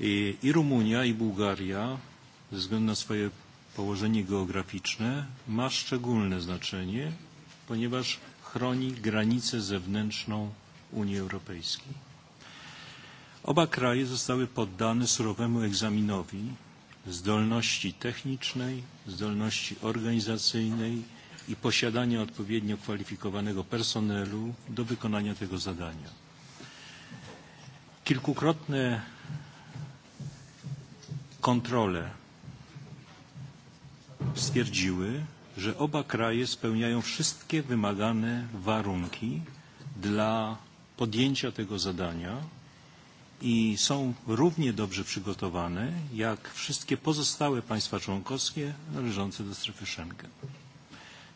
I Rumunia, i Bułgaria, ze względu na swoje położenie geograficzne, ma szczególne znaczenie, ponieważ chroni granicę zewnętrzną Unii Europejskiej. Oba kraje zostały poddane surowemu egzaminowi zdolności technicznej, zdolności organizacyjnej i posiadania odpowiednio kwalifikowanego personelu do wykonania tego zadania. Kilkukrotne Kontrole stwierdziły, że oba kraje spełniają wszystkie wymagane warunki dla podjęcia tego zadania i są równie dobrze przygotowane jak wszystkie pozostałe państwa członkowskie należące do strefy Schengen.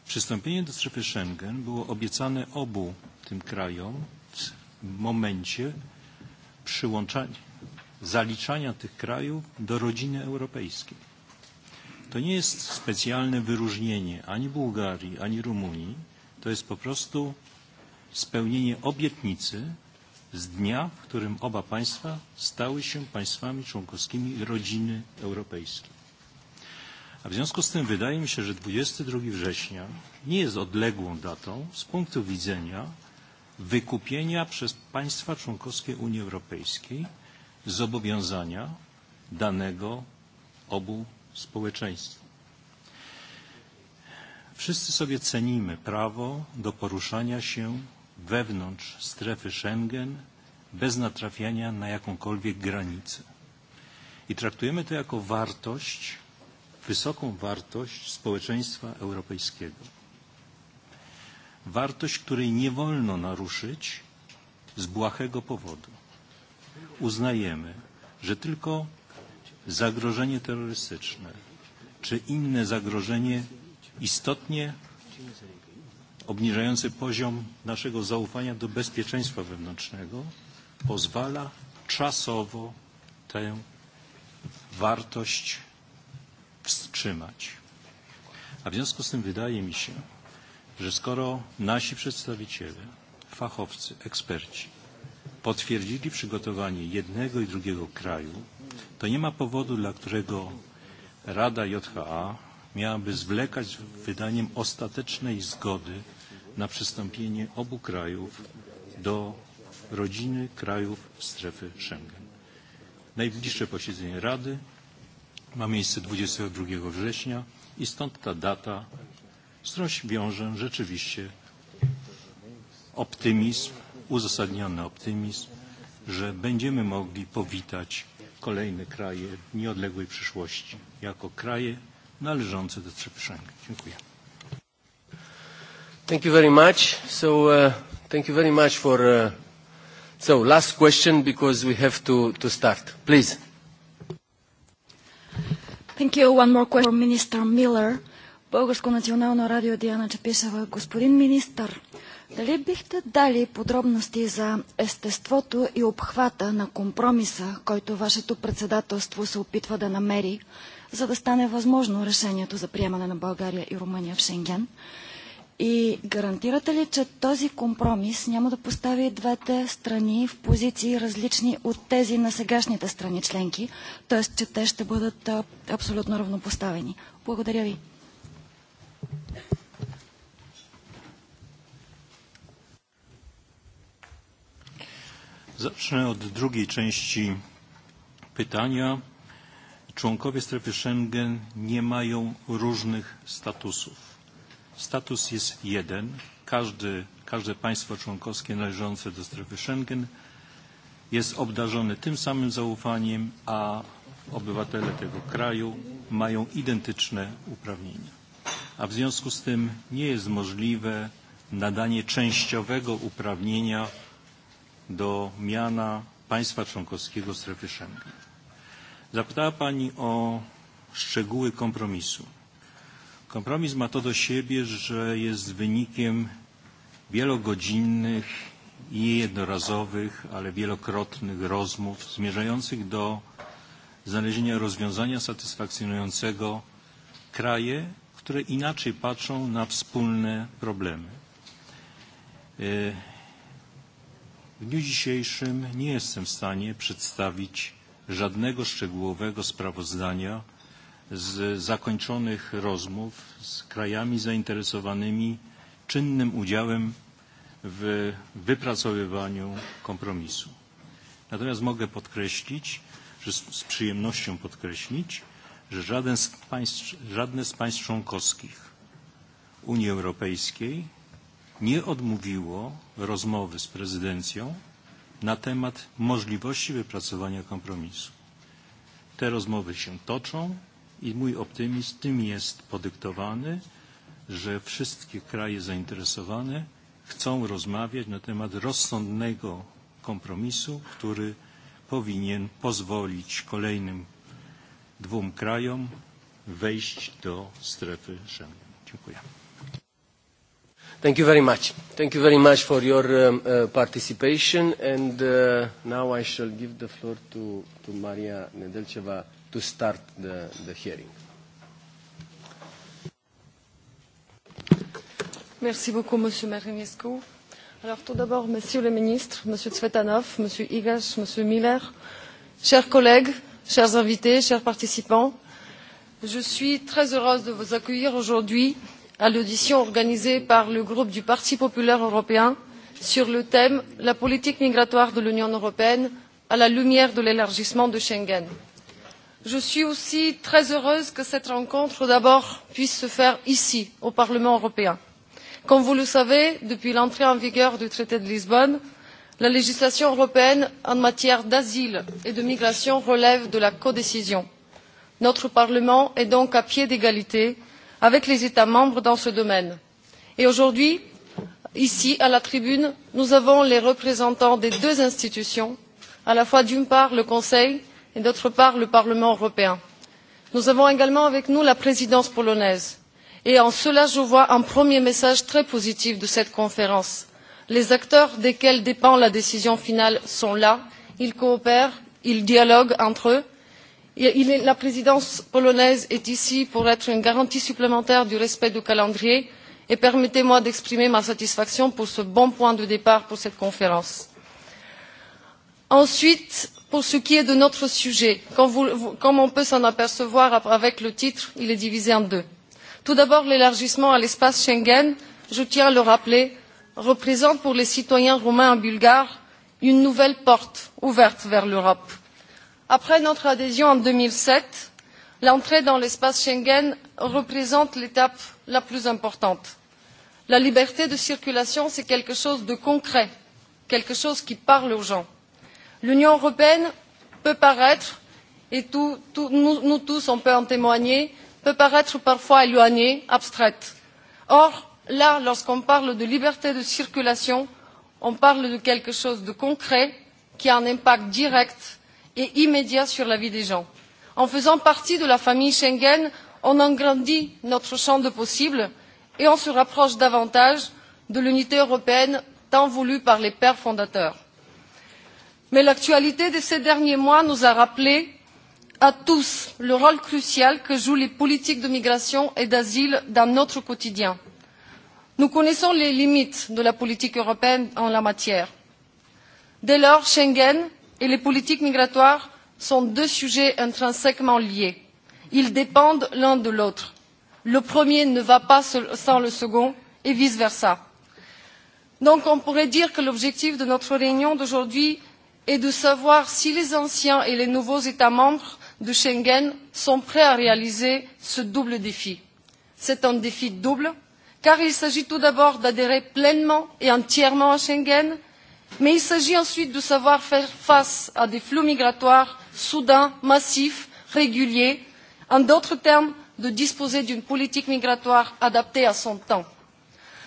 Przystąpienie do strefy Schengen było obiecane obu tym krajom w momencie przyłączania zaliczania tych krajów do rodziny europejskiej. To nie jest specjalne wyróżnienie ani Bułgarii, ani Rumunii. To jest po prostu spełnienie obietnicy z dnia, w którym oba państwa stały się państwami członkowskimi rodziny europejskiej. A w związku z tym wydaje mi się, że 22 września nie jest odległą datą z punktu widzenia wykupienia przez państwa członkowskie Unii Europejskiej zobowiązania danego obu społeczeństw. Wszyscy sobie cenimy prawo do poruszania się wewnątrz strefy Schengen bez natrafiania na jakąkolwiek granicę. I traktujemy to jako wartość, wysoką wartość społeczeństwa europejskiego. Wartość, której nie wolno naruszyć z błahego powodu uznajemy, że tylko zagrożenie terrorystyczne czy inne zagrożenie istotnie obniżające poziom naszego zaufania do bezpieczeństwa wewnętrznego pozwala czasowo tę wartość wstrzymać. A w związku z tym wydaje mi się, że skoro nasi przedstawiciele, fachowcy, eksperci potwierdzili przygotowanie jednego i drugiego kraju, to nie ma powodu, dla którego Rada JHA miałaby zwlekać z wydaniem ostatecznej zgody na przystąpienie obu krajów do rodziny krajów strefy Schengen. Najbliższe posiedzenie Rady ma miejsce 22 września i stąd ta data, z którą wiążę rzeczywiście optymizm uzasadniony optymizm, że będziemy mogli powitać kolejne kraje w nieodległej przyszłości jako kraje należące do strefy Schengen. Dziękuję. Thank you very much. So uh, thank you very much for uh, so last question because we have to to start. Please. Thank you. One more question for Minister Miller. Българско национално радио Диана Чепишева. Господин министър, Дали бихте дали подробности за естеството и обхвата на компромиса, който вашето председателство се опитва да намери, за да стане възможно решението за приемане на България и Румъния в Шенген? И гарантирате ли, че този компромис няма да постави двете страни в позиции различни от тези на сегашните страни членки, т.е. че те ще бъдат абсолютно равнопоставени? Благодаря ви. Zacznę od drugiej części pytania. Członkowie strefy Schengen nie mają różnych statusów. Status jest jeden. Każdy, każde państwo członkowskie należące do strefy Schengen jest obdarzone tym samym zaufaniem, a obywatele tego kraju mają identyczne uprawnienia. A w związku z tym nie jest możliwe nadanie częściowego uprawnienia do miana państwa członkowskiego strefy Schengen. Zapytała Pani o szczegóły kompromisu. Kompromis ma to do siebie, że jest wynikiem wielogodzinnych i jednorazowych, ale wielokrotnych rozmów zmierzających do znalezienia rozwiązania satysfakcjonującego kraje, które inaczej patrzą na wspólne problemy. W dniu dzisiejszym nie jestem w stanie przedstawić żadnego szczegółowego sprawozdania z zakończonych rozmów z krajami zainteresowanymi czynnym udziałem w wypracowywaniu kompromisu. Natomiast mogę podkreślić, że z przyjemnością podkreślić, że żadne z państw członkowskich Unii Europejskiej nie odmówiło rozmowy z prezydencją na temat możliwości wypracowania kompromisu. Te rozmowy się toczą i mój optymizm tym jest podyktowany, że wszystkie kraje zainteresowane chcą rozmawiać na temat rozsądnego kompromisu, który powinien pozwolić kolejnym dwóm krajom wejść do strefy Schengen. Dziękuję. Thank you very much. Thank you very much for your participation. And now I shall give the floor to Maria Nedelcheva to start the hearing. Merci beaucoup, Monsieur Marinescu. Alors tout d'abord, Monsieur le Ministre, Monsieur Tsvetanov, Monsieur Igas, Monsieur Miller, chers collègues, chers invités, chers participants, je suis très heureuse de vous accueillir aujourd'hui à l'audition organisée par le groupe du Parti populaire européen sur le thème La politique migratoire de l'Union européenne à la lumière de l'élargissement de Schengen. Je suis aussi très heureuse que cette rencontre, d'abord, puisse se faire ici, au Parlement européen. Comme vous le savez, depuis l'entrée en vigueur du traité de Lisbonne, la législation européenne en matière d'asile et de migration relève de la codécision. Notre Parlement est donc à pied d'égalité avec les états membres dans ce domaine. et aujourd'hui ici à la tribune nous avons les représentants des deux institutions à la fois d'une part le conseil et d'autre part le parlement européen. nous avons également avec nous la présidence polonaise et en cela je vois un premier message très positif de cette conférence les acteurs desquels dépend la décision finale sont là ils coopèrent ils dialoguent entre eux la présidence polonaise est ici pour être une garantie supplémentaire du respect du calendrier et permettez moi d'exprimer ma satisfaction pour ce bon point de départ pour cette conférence. ensuite pour ce qui est de notre sujet comme on peut s'en apercevoir avec le titre il est divisé en deux. tout d'abord l'élargissement à l'espace schengen je tiens à le rappeler représente pour les citoyens roumains et bulgares une nouvelle porte ouverte vers l'europe après notre adhésion en deux mille sept l'entrée dans l'espace schengen représente l'étape la plus importante. la liberté de circulation c'est quelque chose de concret quelque chose qui parle aux gens. l'union européenne peut paraître et nous tous on peut en témoigner peut paraître parfois éloignée abstraite. or là lorsqu'on parle de liberté de circulation on parle de quelque chose de concret qui a un impact direct et immédiat sur la vie des gens. En faisant partie de la famille Schengen, on agrandit notre champ de possibles et on se rapproche davantage de l'unité européenne tant voulue par les pères fondateurs. Mais l'actualité de ces derniers mois nous a rappelé à tous le rôle crucial que jouent les politiques de migration et d'asile dans notre quotidien. Nous connaissons les limites de la politique européenne en la matière. Dès lors, Schengen et les politiques migratoires sont deux sujets intrinsèquement liés. Ils dépendent l'un de l'autre. Le premier ne va pas sans le second et vice-versa. on pourrait dire que l'objectif de notre réunion d'aujourd'hui est de savoir si les anciens et les nouveaux États membres de Schengen sont prêts à réaliser ce double défi. C'est un défi double, car il s'agit tout d'abord d'adhérer pleinement et entièrement à Schengen, Mais il s'agit ensuite de savoir faire face à des flux migratoires soudains, massifs, réguliers, en d'autres termes, de disposer d'une politique migratoire adaptée à son temps.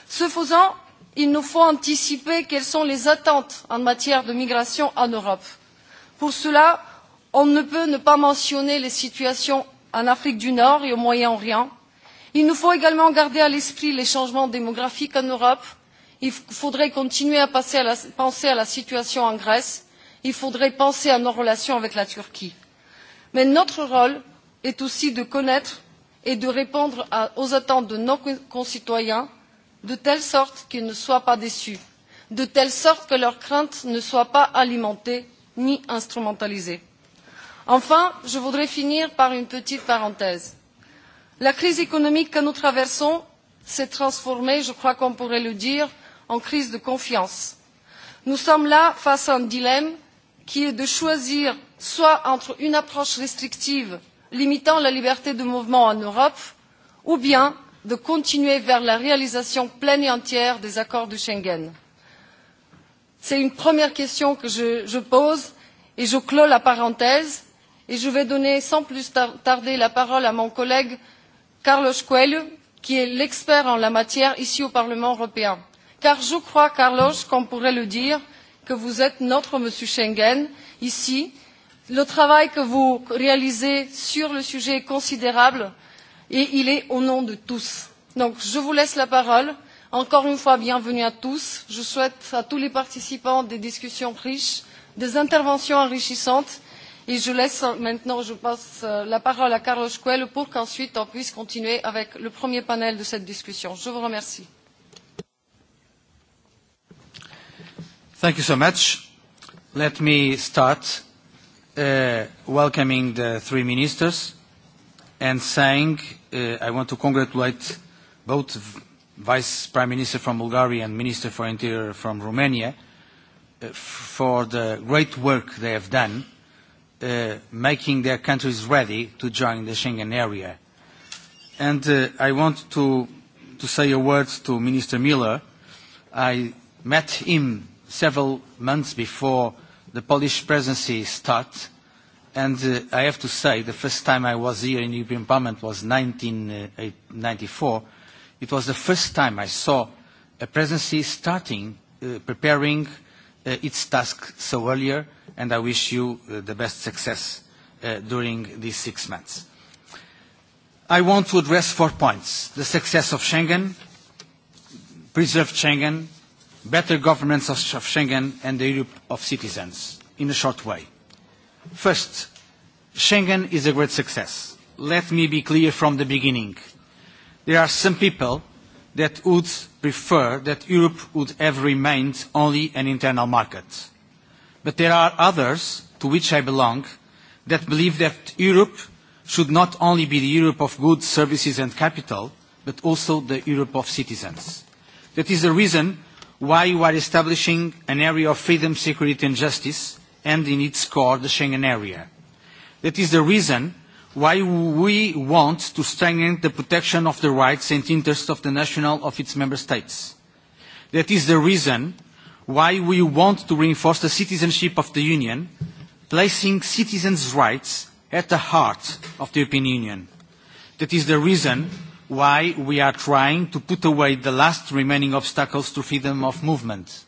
Ce faisant, il nous faut anticiper quelles sont les attentes en matière de migration en Europe. Pour cela, on ne peut ne pas mentionner les situations en Afrique du Nord et au Moyen-Orient. Il nous faut également garder à l'esprit les changements démographiques en Europe il faudrait continuer à penser à la situation en grèce il faudrait penser à nos relations avec la turquie. mais notre rôle est aussi de connaître et de répondre aux attentes de nos concitoyens de telle sorte qu'ils ne soient pas déçus de telle sorte que leurs craintes ne soient pas alimentées ni instrumentalisées. enfin je voudrais finir par une petite parenthèse. la crise économique que nous traversons s'est transformée je crois qu'on pourrait le dire en crise de confiance. Nous sommes là face à un dilemme qui est de choisir soit entre une approche restrictive limitant la liberté de mouvement en Europe, ou bien de continuer vers la réalisation pleine et entière des accords de Schengen. C'est une première question que je pose et je clos la parenthèse et je vais donner sans plus tarder la parole à mon collègue Carlos Coelho, qui est l'expert en la matière ici au Parlement européen car je crois, Carlos, qu'on pourrait le dire, que vous êtes notre Monsieur Schengen ici. Le travail que vous réalisez sur le sujet est considérable et il est au nom de tous. Donc, je vous laisse la parole. Encore une fois, bienvenue à tous. Je souhaite à tous les participants des discussions riches, des interventions enrichissantes. Et je laisse maintenant, je passe la parole à Carlos Coelho pour qu'ensuite on puisse continuer avec le premier panel de cette discussion. Je vous remercie. Thank you so much. Let me start welcoming the three ministers and saying I want to congratulate both Vice Prime Minister from Bulgaria and Minister for Interior from Romania for the great work they have done making their countries ready to join the Schengen area. And I want to say a word to Minister Miller. I met him several months before the Polish presidency starts, and I have to say the first time I was here in the European Parliament was 1994. It was the first time I saw a presidency starting, preparing its task so earlier, and I wish you the best success during these six months. I want to address four points. The success of Schengen, preserved Schengen, better governance of Schengen and the Europe of citizens, in a short way. First, Schengen is a great success. Let me be clear from the beginning. There are some people that would prefer that Europe would have remained only an internal market. But there are others, to which I belong, that believe that Europe should not only be the Europe of goods, services and capital, but also the Europe of citizens. That is the reason why you are establishing an area of freedom, security and justice, and in its core the Schengen area. That is the reason why we want to strengthen the protection of the rights and interests of the national of its member states. That is the reason why we want to reinforce the citizenship of the Union, placing citizens' rights at the heart of the European Union. That is the reason why we are trying to put away the last remaining obstacles to freedom of movement.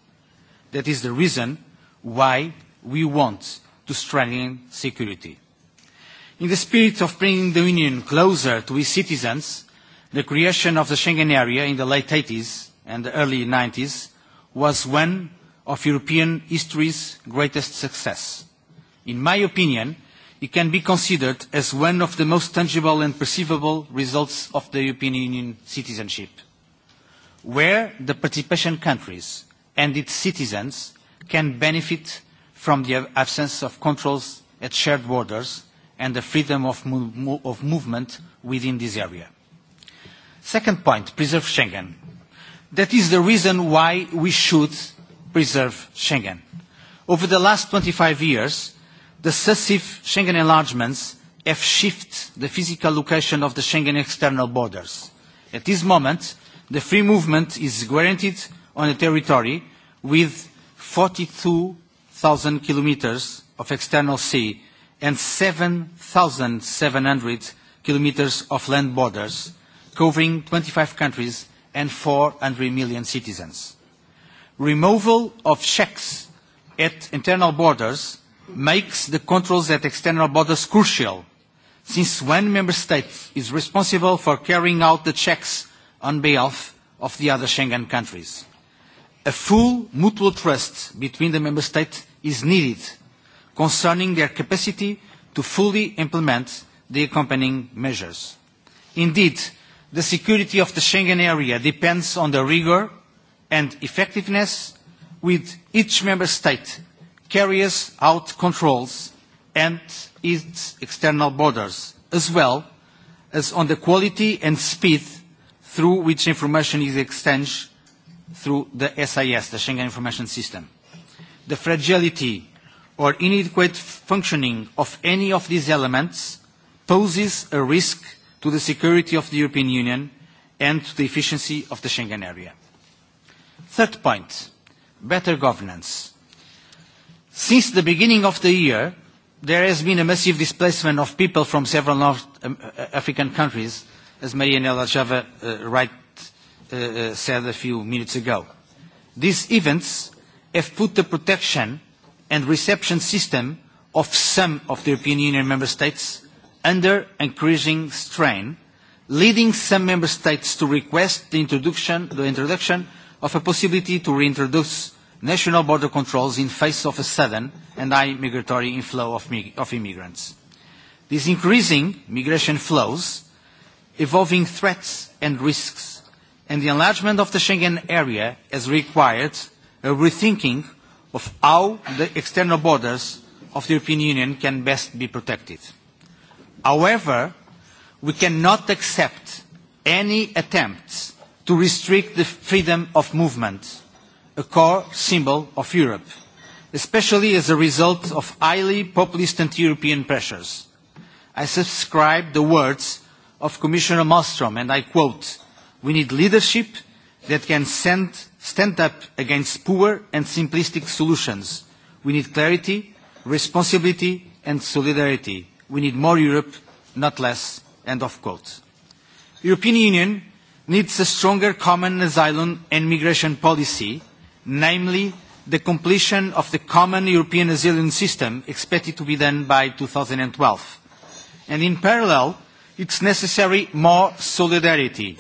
That is the reason why we want to strengthen security. In the spirit of bringing the Union closer to its citizens, the creation of the Schengen area in the late 80s and the early 90s was one of European history's greatest success. In my opinion, it can be considered as one of the most tangible and perceivable results of the European Union citizenship, where the participation countries and its citizens can benefit from the absence of controls at shared borders and the freedom of movement within this area. Second point, preserve Schengen. That is the reason why we should preserve Schengen. Over the last 25 years, The successive Schengen enlargements have shifted the physical location of the Schengen external borders. At this moment, the free movement is guaranteed on a territory with 42,000 kilometers of external sea and 7,700 kilometers of land borders, covering 25 countries and 400 million citizens. Removal of checks at internal borders makes the controls at external borders crucial, since one member state is responsible for carrying out the checks on behalf of the other Schengen countries. A full mutual trust between the member states is needed concerning their capacity to fully implement the accompanying measures. Indeed, the security of the Schengen area depends on the rigor and effectiveness with each member state carries out controls and its external borders, as well as on the quality and speed through which information is exchanged through the SIS, the Schengen Information System. The fragility or inadequate functioning of any of these elements poses a risk to the security of the European Union and to the efficiency of the Schengen area. Third point, better governance. Since the beginning of the year, there has been a massive displacement of people from several North African countries, as Marianela Chava right said a few minutes ago. These events have put the protection and reception system of some of the European Union member states under increasing strain, leading some member states to request the introduction of a possibility to reintroduce national border controls in face of a sudden and high migratory inflow of immigrants. These increasing migration flows, evolving threats and risks, and the enlargement of the Schengen area has required a rethinking of how the external borders of the European Union can best be protected. However, we cannot accept any attempts to restrict the freedom of movement a core symbol of Europe, especially as a result of highly populist and european pressures. I subscribe the words of Commissioner Malmström, and I quote, we need leadership that can stand up against poor and simplistic solutions. We need clarity, responsibility and solidarity. We need more Europe, not less. End of quote. European Union needs a stronger common asylum and migration policy namely the completion of the common European asylum system expected to be done by 2012. And in parallel, it's necessary more solidarity.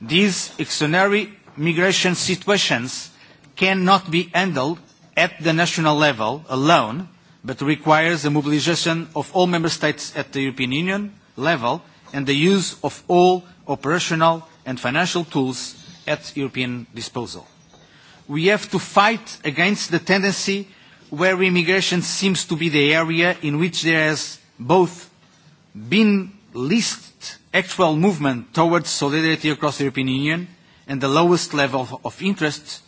These extraordinary migration situations cannot be handled at the national level alone, but requires the mobilisation of all member states at the European Union level and the use of all operational and financial tools at European disposal we have to fight against the tendency where immigration seems to be the area in which there has both been least actual movement towards solidarity across the European Union and the lowest level of interest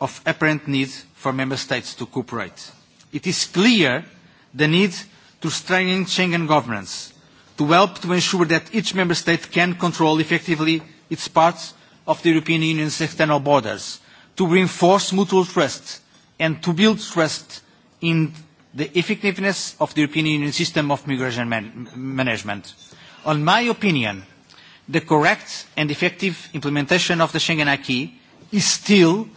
of apparent need for Member States to cooperate. It is clear the need to strengthen Schengen governance, to help to ensure that each Member State can control effectively its parts of the European Union's external borders, to reinforce mutual trust and to build trust in the effectiveness of the European Union system of migration management. On my opinion, the correct and effective implementation of the Schengen Acquis is still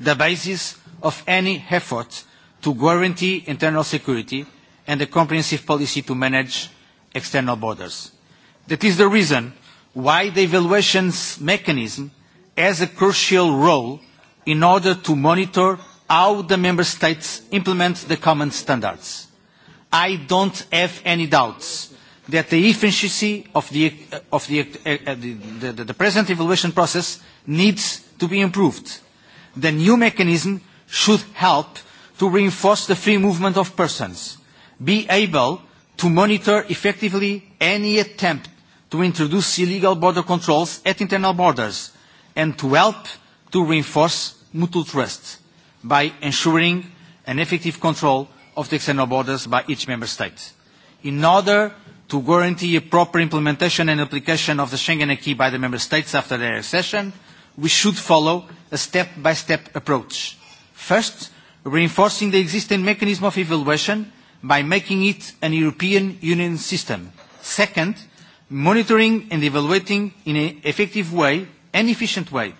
the basis of any effort to guarantee internal security and a comprehensive policy to manage external borders. That is the reason why the evaluation mechanism has a crucial role in order to monitor how the member states implement the common standards. I don't have any doubts that the efficiency of the present evaluation process needs to be improved. The new mechanism should help to reinforce the free movement of persons, be able to monitor effectively any attempt to introduce illegal border controls at internal borders, and to help to reinforce mutual trust by ensuring an effective control of the external borders by each member state. In order to guarantee a proper implementation and application of the Schengen Acquis by the member states after their accession, we should follow a step-by-step approach. First, reinforcing the existing mechanism of evaluation by making it a European Union system. Second, monitoring and evaluating in an effective way An efficient way.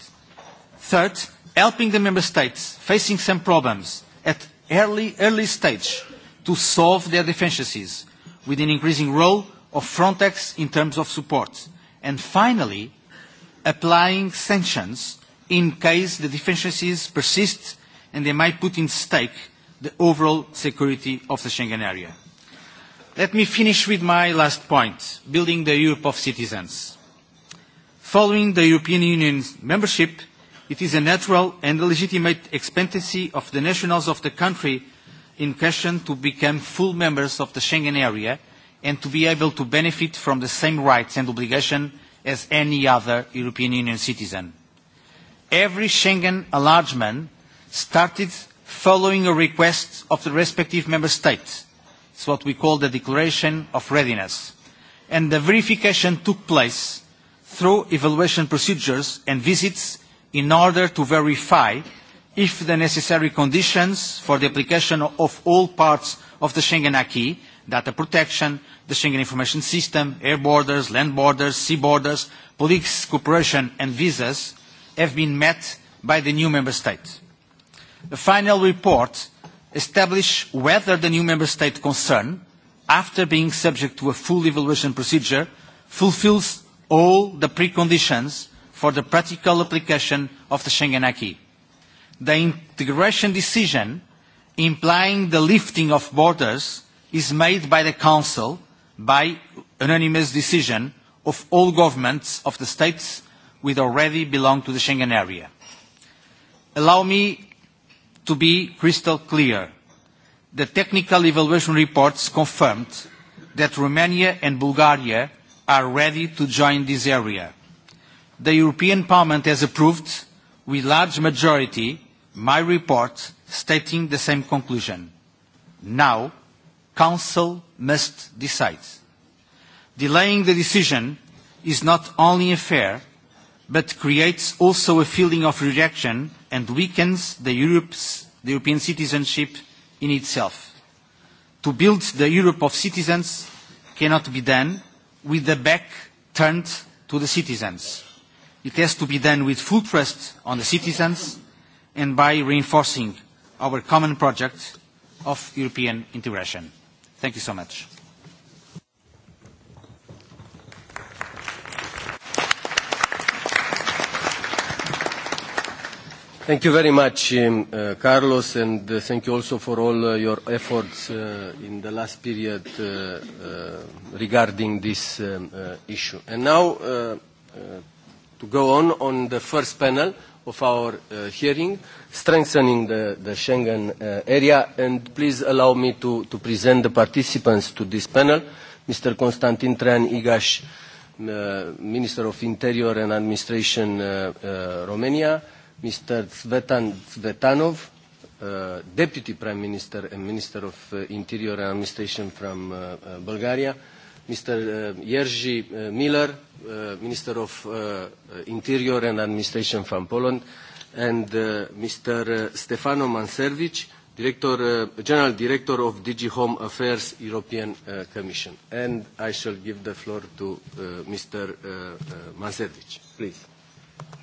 Third, helping the member states facing some problems at early early stage to solve their deficiencies with an increasing role of Frontex in terms of support. And finally, applying sanctions in case the deficiencies persist and they might put in stake the overall security of the Schengen area. Let me finish with my last point, building the Europe of citizens. Following the European Union's membership, it is a natural and legitimate expectancy of the nationals of the country in question to become full members of the Schengen area and to be able to benefit from the same rights and obligations as any other European Union citizen. Every Schengen enlargement started following a request of the respective member states. It's what we call the Declaration of Readiness. And the verification took place through evaluation procedures and visits in order to verify if the necessary conditions for the application of all parts of the Schengen acquis, data protection, the Schengen information system, air borders, land borders, sea borders, police cooperation and visas have been met by the new member state. The final report establishes whether the new member state concerned, after being subject to a full evaluation procedure, fulfills all the preconditions for the practical application of the Schengen Acquis. The integration decision implying the lifting of borders is made by the Council by unanimous decision of all governments of the states which already belong to the Schengen area. Allow me to be crystal clear. The technical evaluation reports confirmed that Romania and Bulgaria are ready to join this area. The European Parliament has approved, with large majority, my report stating the same conclusion. Now, Council must decide. Delaying the decision is not only unfair, but creates also a feeling of rejection and weakens the European citizenship in itself. To build the Europe of citizens cannot be done with the back turned to the citizens. It has to be done with full trust on the citizens and by reinforcing our common project of European integration. Thank you so much. Thank you very much, Carlos, and thank you also for all your efforts in the last period regarding this issue. And now to go on on the first panel of our hearing, strengthening the Schengen area, and please allow me to present the participants to this panel, Mr. Constantin Tran Igaș, Minister of Interior and Administration, Romania, Mr. Svetan Svetanov, Deputy Prime Minister and Minister of Interior and Administration from Bulgaria, Mr. Jerzy Miller, Minister of Interior and Administration from Poland, and Mr. Stefano Manservic, General Director of DG Home Affairs, European Commission. And I shall give the floor to Mr. Manservic, please.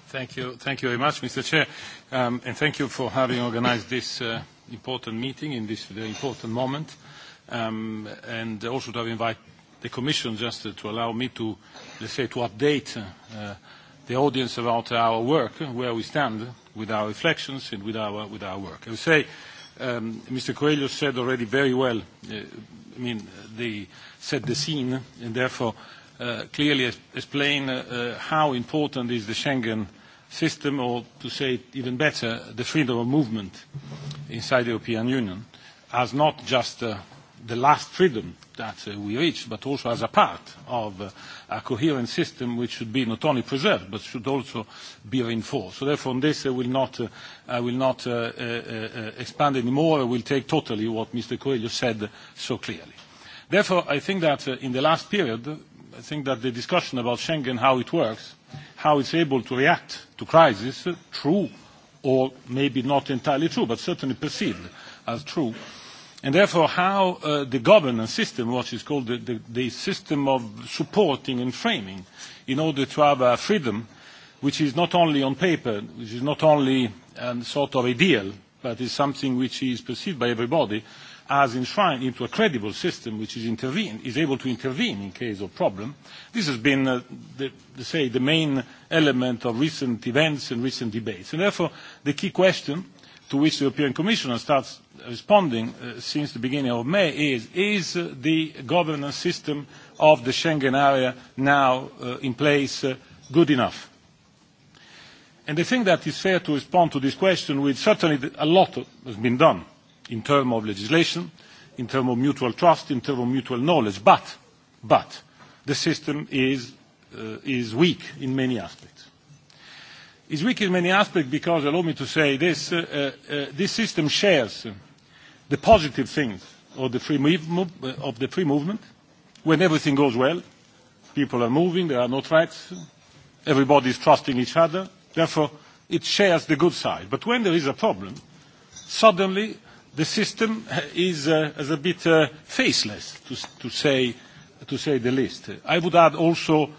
Thank you. Thank you very much, Mr. Chair. And thank you for having organized this important meeting in this very important moment. And also to invite the Commission just to allow me to, let's say, to update the audience about our work, where we stand with our reflections and with our with our work. I would say, Mr. Coelho said already very well, I mean, they set the scene and therefore clearly explain how important is the Schengen system, or to say it even better, the freedom of movement inside the European Union, as not just the last freedom that we reach, but also as a part of a coherent system which should be not only preserved, but should also be reinforced. So therefore, on this, I will not expand more. I will take totally what Mr. Coelho said so clearly. Therefore, I think that in the last period, I think that the discussion about Schengen, how it works, how it's able to react to crisis, true or maybe not entirely true, but certainly perceived as true, and therefore how the governance system, what is called the system of supporting and framing, in order to have a freedom which is not only on paper, which is not only a sort of ideal, but is something which is perceived by everybody as enshrined into a credible system which is able to intervene in case of problem. This has been, say, the main element of recent events and recent debates. And therefore, the key question to which the European has starts responding since the beginning of May is, is the governance system of the Schengen area now in place good enough? And I think that it's fair to respond to this question with certainly a lot has been done in terms of legislation, in terms of mutual trust, in terms of mutual knowledge. But, but, the system is is weak in many aspects. It's weak in many aspects because, allow me to say this, this system shares the positive things of the free movement. When everything goes well, people are moving, there are no tracks, everybody is trusting each other. Therefore, it shares the good side. But when there is a problem, suddenly The system is a bit faceless, to say the least. I would add also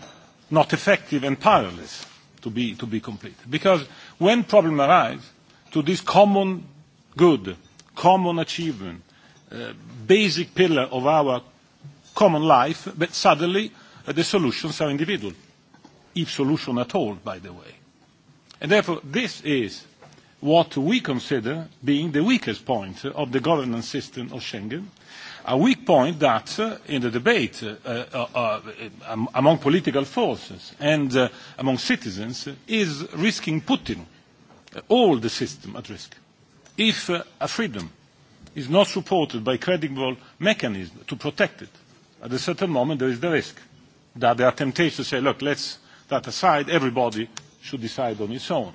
not effective and powerless, to be complete. Because when problems arise to this common good, common achievement, basic pillar of our common life, but suddenly the solutions are individual, if solution at all, by the way. And therefore, this is what we consider being the weakest point of the governance system of Schengen, a weak point that in the debate among political forces and among citizens is risking putting all the system at risk. If a freedom is not supported by credible mechanism to protect it, at a certain moment there is the risk that there are temptations to say, look, let's that aside, everybody should decide on its own.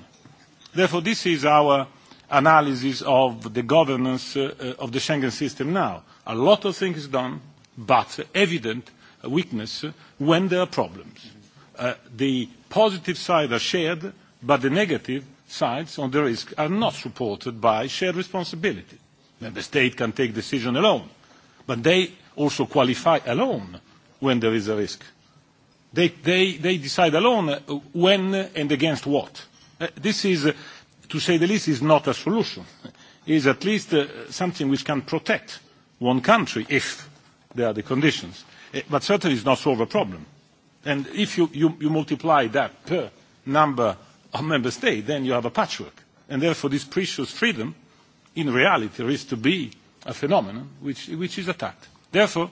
Therefore, this is our analysis of the governance of the Schengen system now. A lot of things done, but evident weakness when there are problems. The positive side are shared, but the negative sides on the risk are not supported by shared responsibility. Member State can take decision alone, but they also qualify alone when there is a risk. They decide alone when and against what. This is, to say the least, is not a solution. It Is at least something which can protect one country if there are the conditions. But certainly is not solve a problem. And if you multiply that per number of member states, then you have a patchwork. And therefore this precious freedom, in reality, is to be a phenomenon which is attacked. Therefore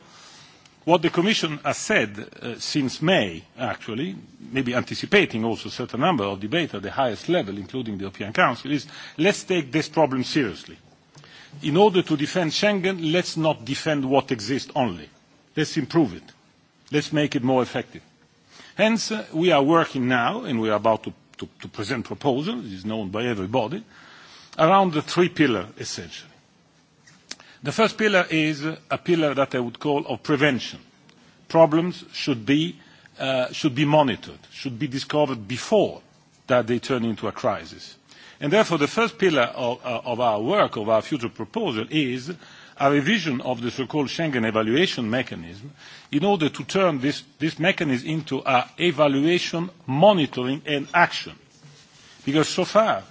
What the Commission has said since May, actually, maybe anticipating also a certain number of debates at the highest level, including the European Council, is let's take this problem seriously. In order to defend Schengen, let's not defend what exists only. Let's improve it. Let's make it more effective. Hence, we are working now, and we are about to present proposals, it is known by everybody, around the three-pillar essential. The first pillar is a pillar that I would call of prevention. Problems should be monitored, should be discovered before that they turn into a crisis. And therefore, the first pillar of our work, of our future proposal, is a revision of the so-called Schengen evaluation mechanism in order to turn this mechanism into an evaluation, monitoring, and action. Because so far,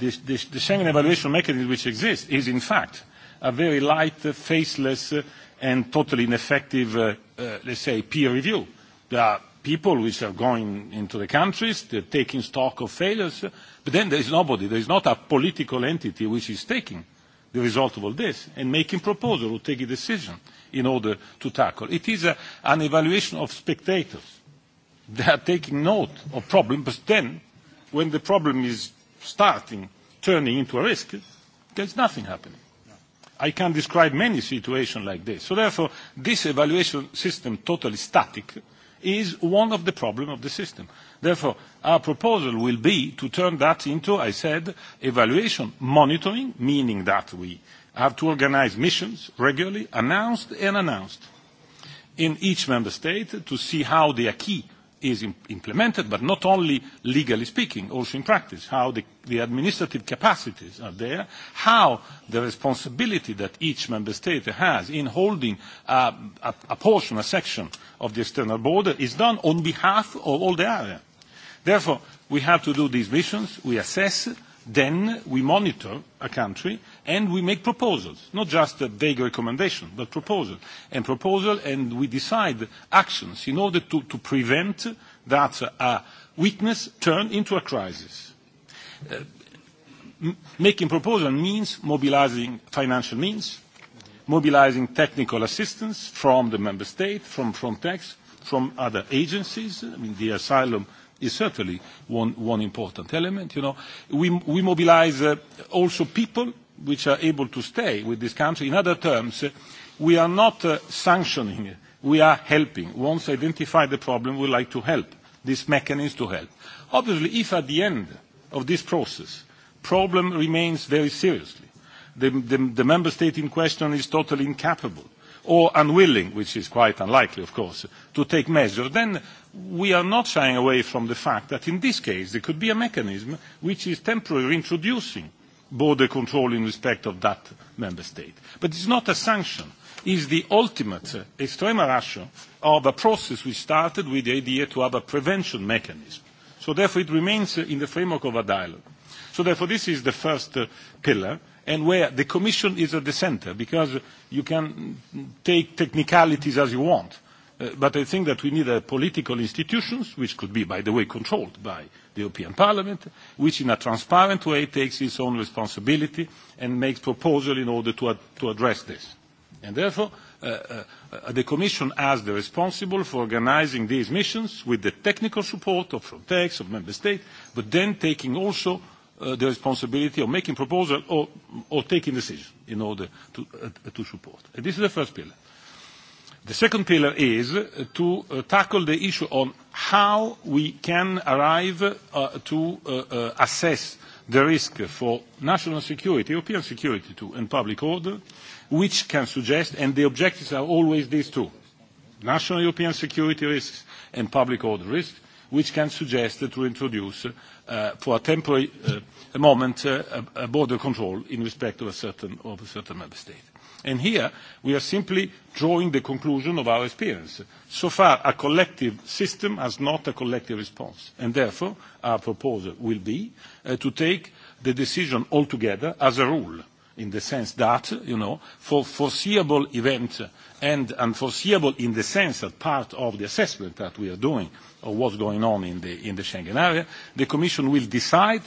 the Schengen evaluation mechanism which exists is, in fact, a very light, faceless, and totally ineffective, let's say, peer review. There are people which are going into the countries, they're taking stock of failures, but then there is nobody, there is not a political entity which is taking the result of all this and making proposal or taking decision in order to tackle. It is an evaluation of spectators. They are taking note of problem, but then when the problem is starting, turning into a risk, there's nothing happening. I can describe many situations like this. So therefore, this evaluation system, totally static, is one of the problems of the system. Therefore, our proposal will be to turn that into, I said, evaluation monitoring, meaning that we have to organize missions regularly, announced and announced, in each member state to see how the acquis is implemented, but not only legally speaking, also in practice, how the administrative capacities are there, how the responsibility that each member state has in holding a portion, a section of the external border is done on behalf of all the area. Therefore, we have to do these missions, we assess, then we monitor a country, and we make proposals, not just a vague recommendation, but proposals, and proposals, and we decide actions in order to prevent that a weakness turn into a crisis. Making proposals means mobilizing financial means, mobilizing technical assistance from the member state, from Frontex, from other agencies. I mean, the asylum is certainly one important element. You know, we mobilize also people which are able to stay with this country. In other terms, we are not sanctioning, we are helping. Once identify the problem, we like to help. This mechanism to help. Obviously, if at the end of this process, problem remains very seriously, the member state in question is totally incapable or unwilling, which is quite unlikely, of course, to take measures, then we are not shying away from the fact that in this case there could be a mechanism which is temporarily introducing border control in respect of that member state. But it's not a sanction. It's the ultimate extrema ratio of a process we started with the idea to have a prevention mechanism. So therefore it remains in the framework of a dialogue. So therefore this is the first pillar and where the Commission is at the centre because you can take technicalities as you want But I think that we need political institutions, which could be, by the way, controlled by the European Parliament, which in a transparent way takes its own responsibility and makes proposals in order to address this. And therefore, the Commission, as the responsible for organizing these missions, with the technical support of Frontex, of Member States, but then taking also the responsibility of making proposals or taking decisions in order to support. This is the first pillar. The second pillar is to tackle the issue on how we can arrive to assess the risk for national security, European security too, and public order, which can suggest, and the objectives are always these two, national European security risks and public order risks, which can suggest to introduce for a temporary moment a border control in respect of a certain member state. And here we are simply drawing the conclusion of our experience. So far, a collective system has not a collective response, and therefore our proposal will be to take the decision altogether as a rule, in the sense that, for foreseeable events and unforeseeable in the sense that part of the assessment that we are doing of what's going on in the Schengen area, the Commission will decide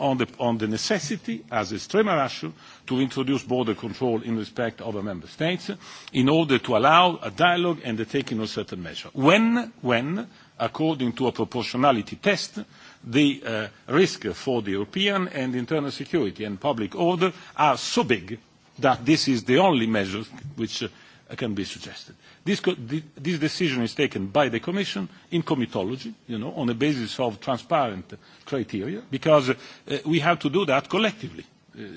on the necessity, as a extrema ratio, to introduce border control in respect of a member state in order to allow a dialogue and the taking of certain measures. When, when, according to a proportionality test, the risk for the European and internal security and public order are so big that this is the only measure which can be suggested. This decision is taken by the Commission in comitology, you know, on the basis of transparent criteria, because we have to do that collectively.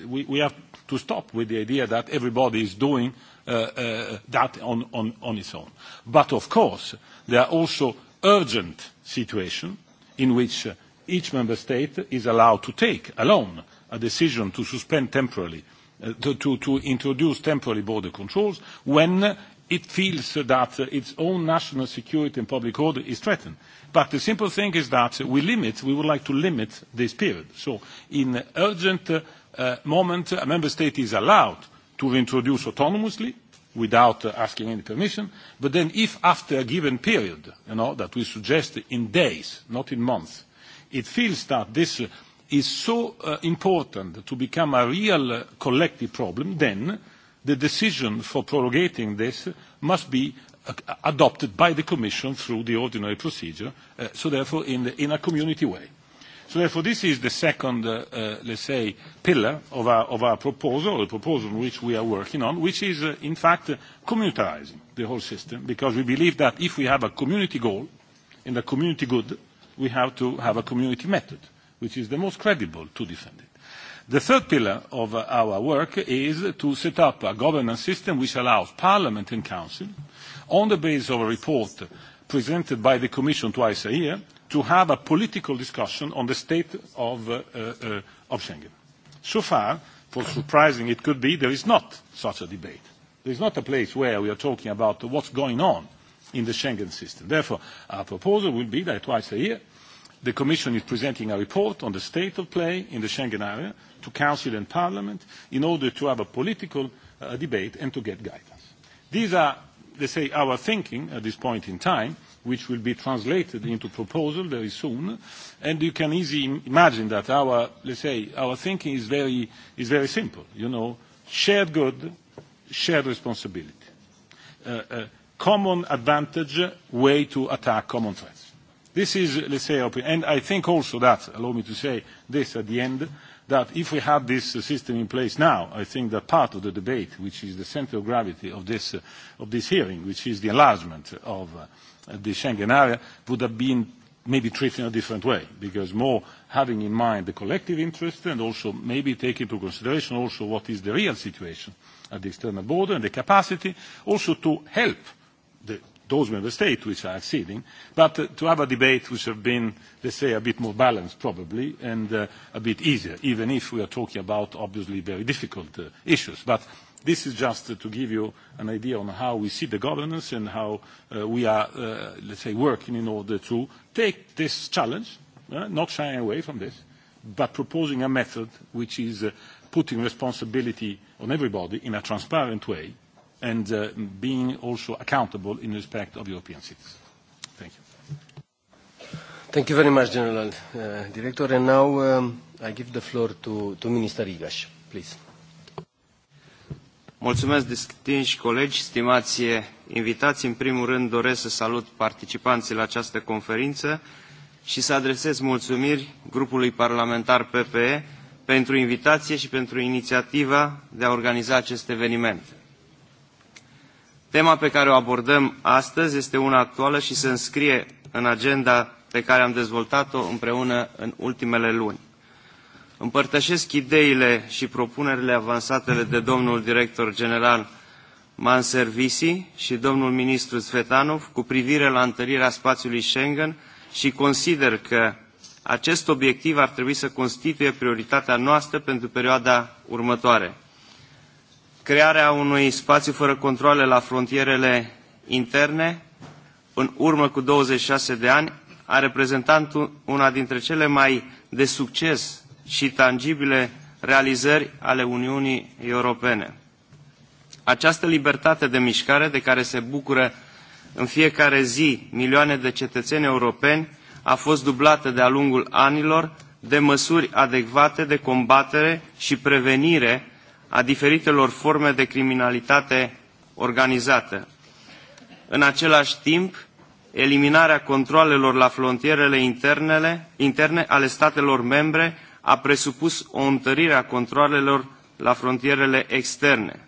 We have to stop with the idea that everybody is doing that on its own. But, of course, there are also urgent situations in which each member state is allowed to take alone a decision to suspend temporarily to introduce temporary border controls when it feels that its own national security and public order is threatened. But the simple thing is that we limit, we would like to limit this period. So in an urgent moment, a member state is allowed to reintroduce autonomously without asking any permission. But then if after a given period, you know, that we suggest in days, not in months, it feels that this is so important to become a real collective problem, then the decision for prorogating this must be adopted by the Commission through the ordinary procedure, so therefore in a community way. So therefore this is the second, let's say, pillar of our proposal, the proposal which we are working on, which is in fact communitarising the whole system, because we believe that if we have a community goal and a community good, we have to have a community method, which is the most credible to defend it. The third pillar of our work is to set up a governance system which allows Parliament and Council, on the basis of a report presented by the Commission twice a year, to have a political discussion on the state of Schengen. So far, for surprising it could be, there is not such a debate. There is not a place where we are talking about what's going on in the Schengen system. Therefore, our proposal will be that twice a year The Commission is presenting a report on the state of play in the Schengen area to Council and Parliament in order to have a political debate and to get guidance. These are, let's say, our thinking at this point in time, which will be translated into proposal very soon. And you can easily imagine that our, let's say, our thinking is very, is very simple. You know, shared good, shared responsibility. Common advantage, way to attack common threat. This is, let's say, and I think also that, allow me to say this at the end, that if we had this system in place now, I think that part of the debate, which is the center of gravity of this of this hearing, which is the enlargement of the Schengen area, would have been maybe treated in a different way, because more having in mind the collective interest and also maybe take into consideration also what is the real situation at the external border and the capacity also to help those member states which are acceding, but to have a debate which have been, let's say, a bit more balanced probably and a bit easier, even if we are talking about obviously very difficult issues. But this is just to give you an idea on how we see the governance and how we are, let's say, working in order to take this challenge, not shying away from this, but proposing a method which is putting responsibility on everybody in a transparent way and being also accountable in respect of European citizens. Thank you. Thank you very much, General Director. now I give the floor to Minister Igaș, please. Mulțumesc, distinși colegi, stimați invitați. În primul rând doresc să salut participanții la această conferință și să adresez mulțumiri grupului parlamentar PPE pentru invitație și pentru inițiativa de a organiza acest eveniment. Tema pe care o abordăm astăzi este una actuală și se înscrie în agenda pe care am dezvoltat-o împreună în ultimele luni. Împărtășesc ideile și propunerile avansatele de domnul director general Manservisi și domnul ministru Svetanov cu privire la întărirea spațiului Schengen și consider că acest obiectiv ar trebui să constituie prioritatea noastră pentru perioada următoare crearea unui spațiu fără controle la frontierele interne, în urmă cu 26 de ani, a reprezentat una dintre cele mai de succes și tangibile realizări ale Uniunii Europene. Această libertate de mișcare de care se bucură în fiecare zi milioane de cetățeni europeni a fost dublată de-a lungul anilor de măsuri adecvate de combatere și prevenire a diferitelor forme de criminalitate organizată. În același timp, eliminarea controalelor la frontierele internele, interne ale statelor membre a presupus o întărire a controalelor la frontierele externe.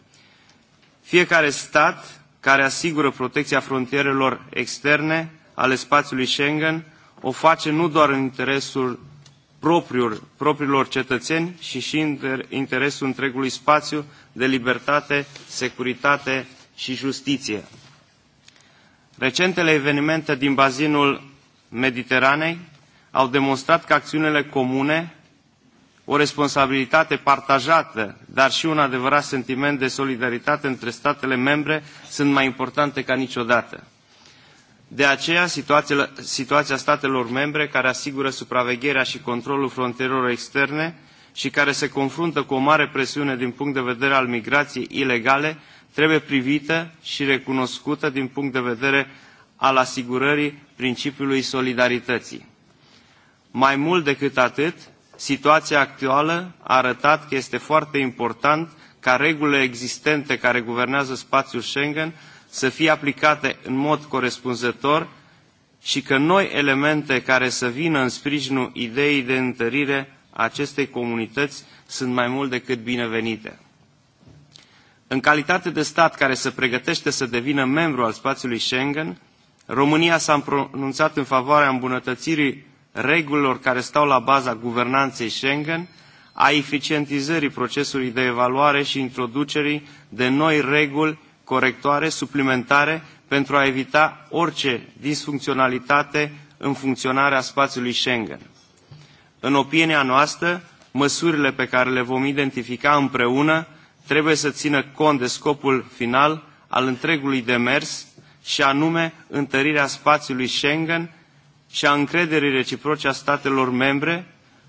Fiecare stat care asigură protecția frontierelor externe ale spațiului Schengen o face nu doar în interesul propriilor cetățeni și și în interesul întregului spațiu de libertate, securitate și justiție. Recentele evenimente din bazinul Mediteranei au demonstrat că acțiunile comune, o responsabilitate partajată, dar și un adevărat sentiment de solidaritate între statele membre sunt mai importante ca niciodată. De aceea, situația statelor membre care asigură supravegherea și controlul frontierelor externe și care se confruntă cu o mare presiune din punct de vedere al migrației ilegale trebuie privită și recunoscută din punct de vedere al asigurării principiului solidarității. Mai mult decât atât, situația actuală a arătat că este foarte important ca regulile existente care guvernează spațiul Schengen să fie aplicate în mod corespunzător și că noi elemente care să vină în sprijinul ideii de întărire a acestei comunități sunt mai mult decât binevenite. În calitate de stat care se pregătește să devină membru al spațiului Schengen, România s-a pronunțat în favoarea îmbunătățirii regulilor care stau la baza guvernanței Schengen, a eficientizării procesului de evaluare și introducerii de noi reguli corectoare suplimentare pentru a evita orice disfuncționalitate în funcționarea spațiului Schengen. În opinia noastră, măsurile pe care le vom identifica împreună trebuie să țină cont de scopul final al întregului demers și anume întărirea spațiului Schengen și a încrederii reciproce a statelor membre,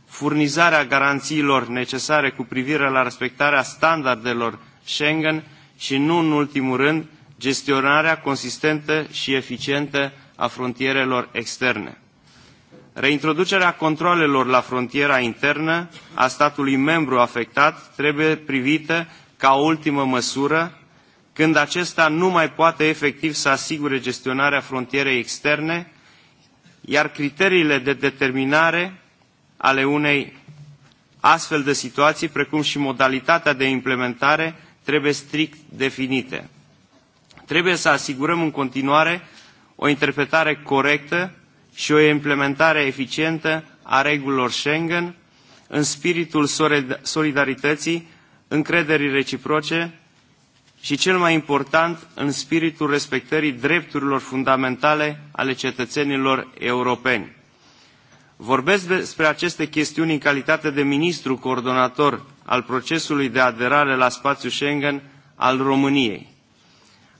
furnizarea garanțiilor necesare cu privire la respectarea standardelor Schengen și nu în ultimul rând gestionarea consistentă și eficientă a frontierelor externe. Reintroducerea controalelor la frontiera internă a statului membru afectat trebuie privită ca o ultimă măsură când acesta nu mai poate efectiv să asigure gestionarea frontierei externe, iar criteriile de determinare ale unei astfel de situații, precum și modalitatea de implementare, trebuie strict definite. Trebuie să asigurăm în continuare o interpretare corectă și o implementare eficientă a regulilor Schengen în spiritul solidarității, încrederii reciproce și, cel mai important, în spiritul respectării drepturilor fundamentale ale cetățenilor europeni. Vorbesc despre aceste chestiuni în calitate de ministru coordonator al procesului de aderare la spațiul Schengen al României.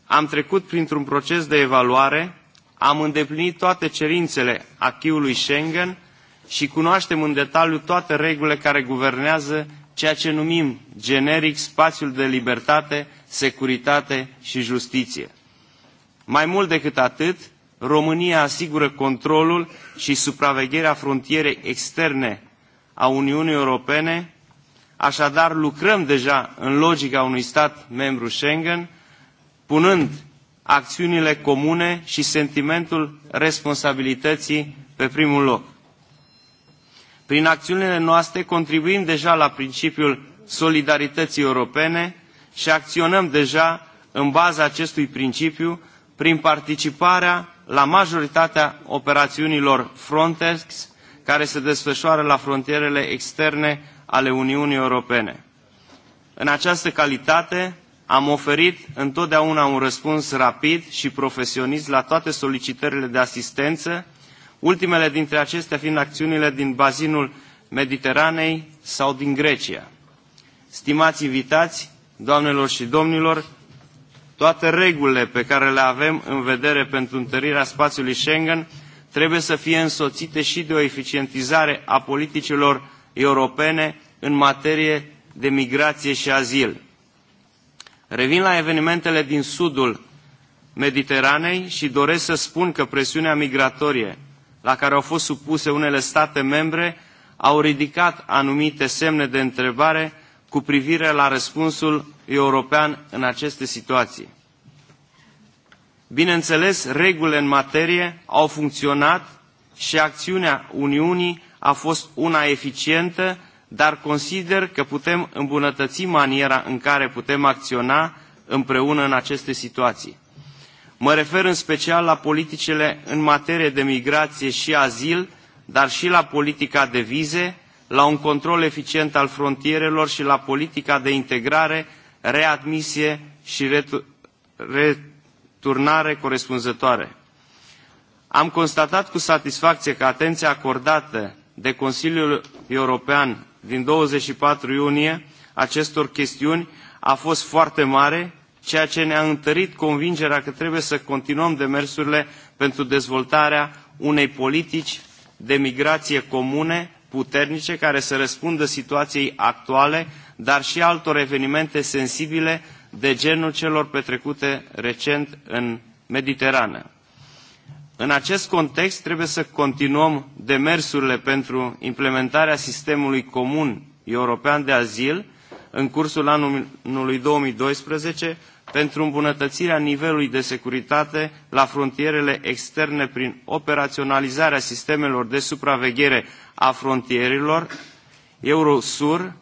Am trecut printr-un proces de evaluare, am îndeplinit toate cerințele Schengen și cunoaștem în detaliu toate regulile care guvernează ceea ce numim generic spațiul de libertate, securitate și justiție. Mai mult decât atât, România asigură controlul și supravegherea frontierei externe a Uniunii Europene Așadar, lucrăm deja în logica unui stat membru Schengen, punând acțiunile comune și sentimentul responsabilității pe primul loc. Prin acțiunile noastre contribuim deja la principiul solidarității europene și acționăm deja în baza acestui principiu prin participarea la majoritatea operațiunilor Frontex care se desfășoară la frontierele externe ale Uniunii Europene. În această calitate am oferit întotdeauna un răspuns rapid și profesionist la toate solicitările de asistență, ultimele dintre acestea fiind acțiunile din bazinul Mediteranei sau din Grecia. Stimați invitați, doamnelor și domnilor, toate regulile pe care le avem în vedere pentru întărirea spațiului Schengen trebuie să fie însoțite și de o eficientizare a politicilor europene în materie de migrație și azil. Revin la evenimentele din sudul Mediteranei și doresc să spun că presiunea migratorie la care au fost supuse unele state membre au ridicat anumite semne de întrebare cu privire la răspunsul european în aceste situații. Bineînțeles, regulile în materie au funcționat și acțiunea Uniunii a fost una eficientă, dar consider că putem îmbunătăți maniera în care putem acționa împreună în aceste situații. Mă refer în special la politicile în materie de migrație și azil, dar și la politica de vize, la un control eficient al frontierelor și la politica de integrare, readmisie și returnare corespunzătoare. Am constatat cu satisfacție că atenția acordată de Consiliul European din 24 iunie acestor chestiuni a fost foarte mare, ceea ce ne-a întărit convingerea că trebuie să continuăm demersurile pentru dezvoltarea unei politici de migrație comune, puternice, care să răspundă situației actuale, dar și altor evenimente sensibile de genul celor petrecute recent în Mediterană. În acest context trebuie să continuăm demersurile pentru implementarea sistemului comun european de azil în cursul anului 2012 pentru îmbunătățirea nivelului de securitate la frontierele externe prin operaționalizarea sistemelor de supraveghere a frontierilor Eurosur,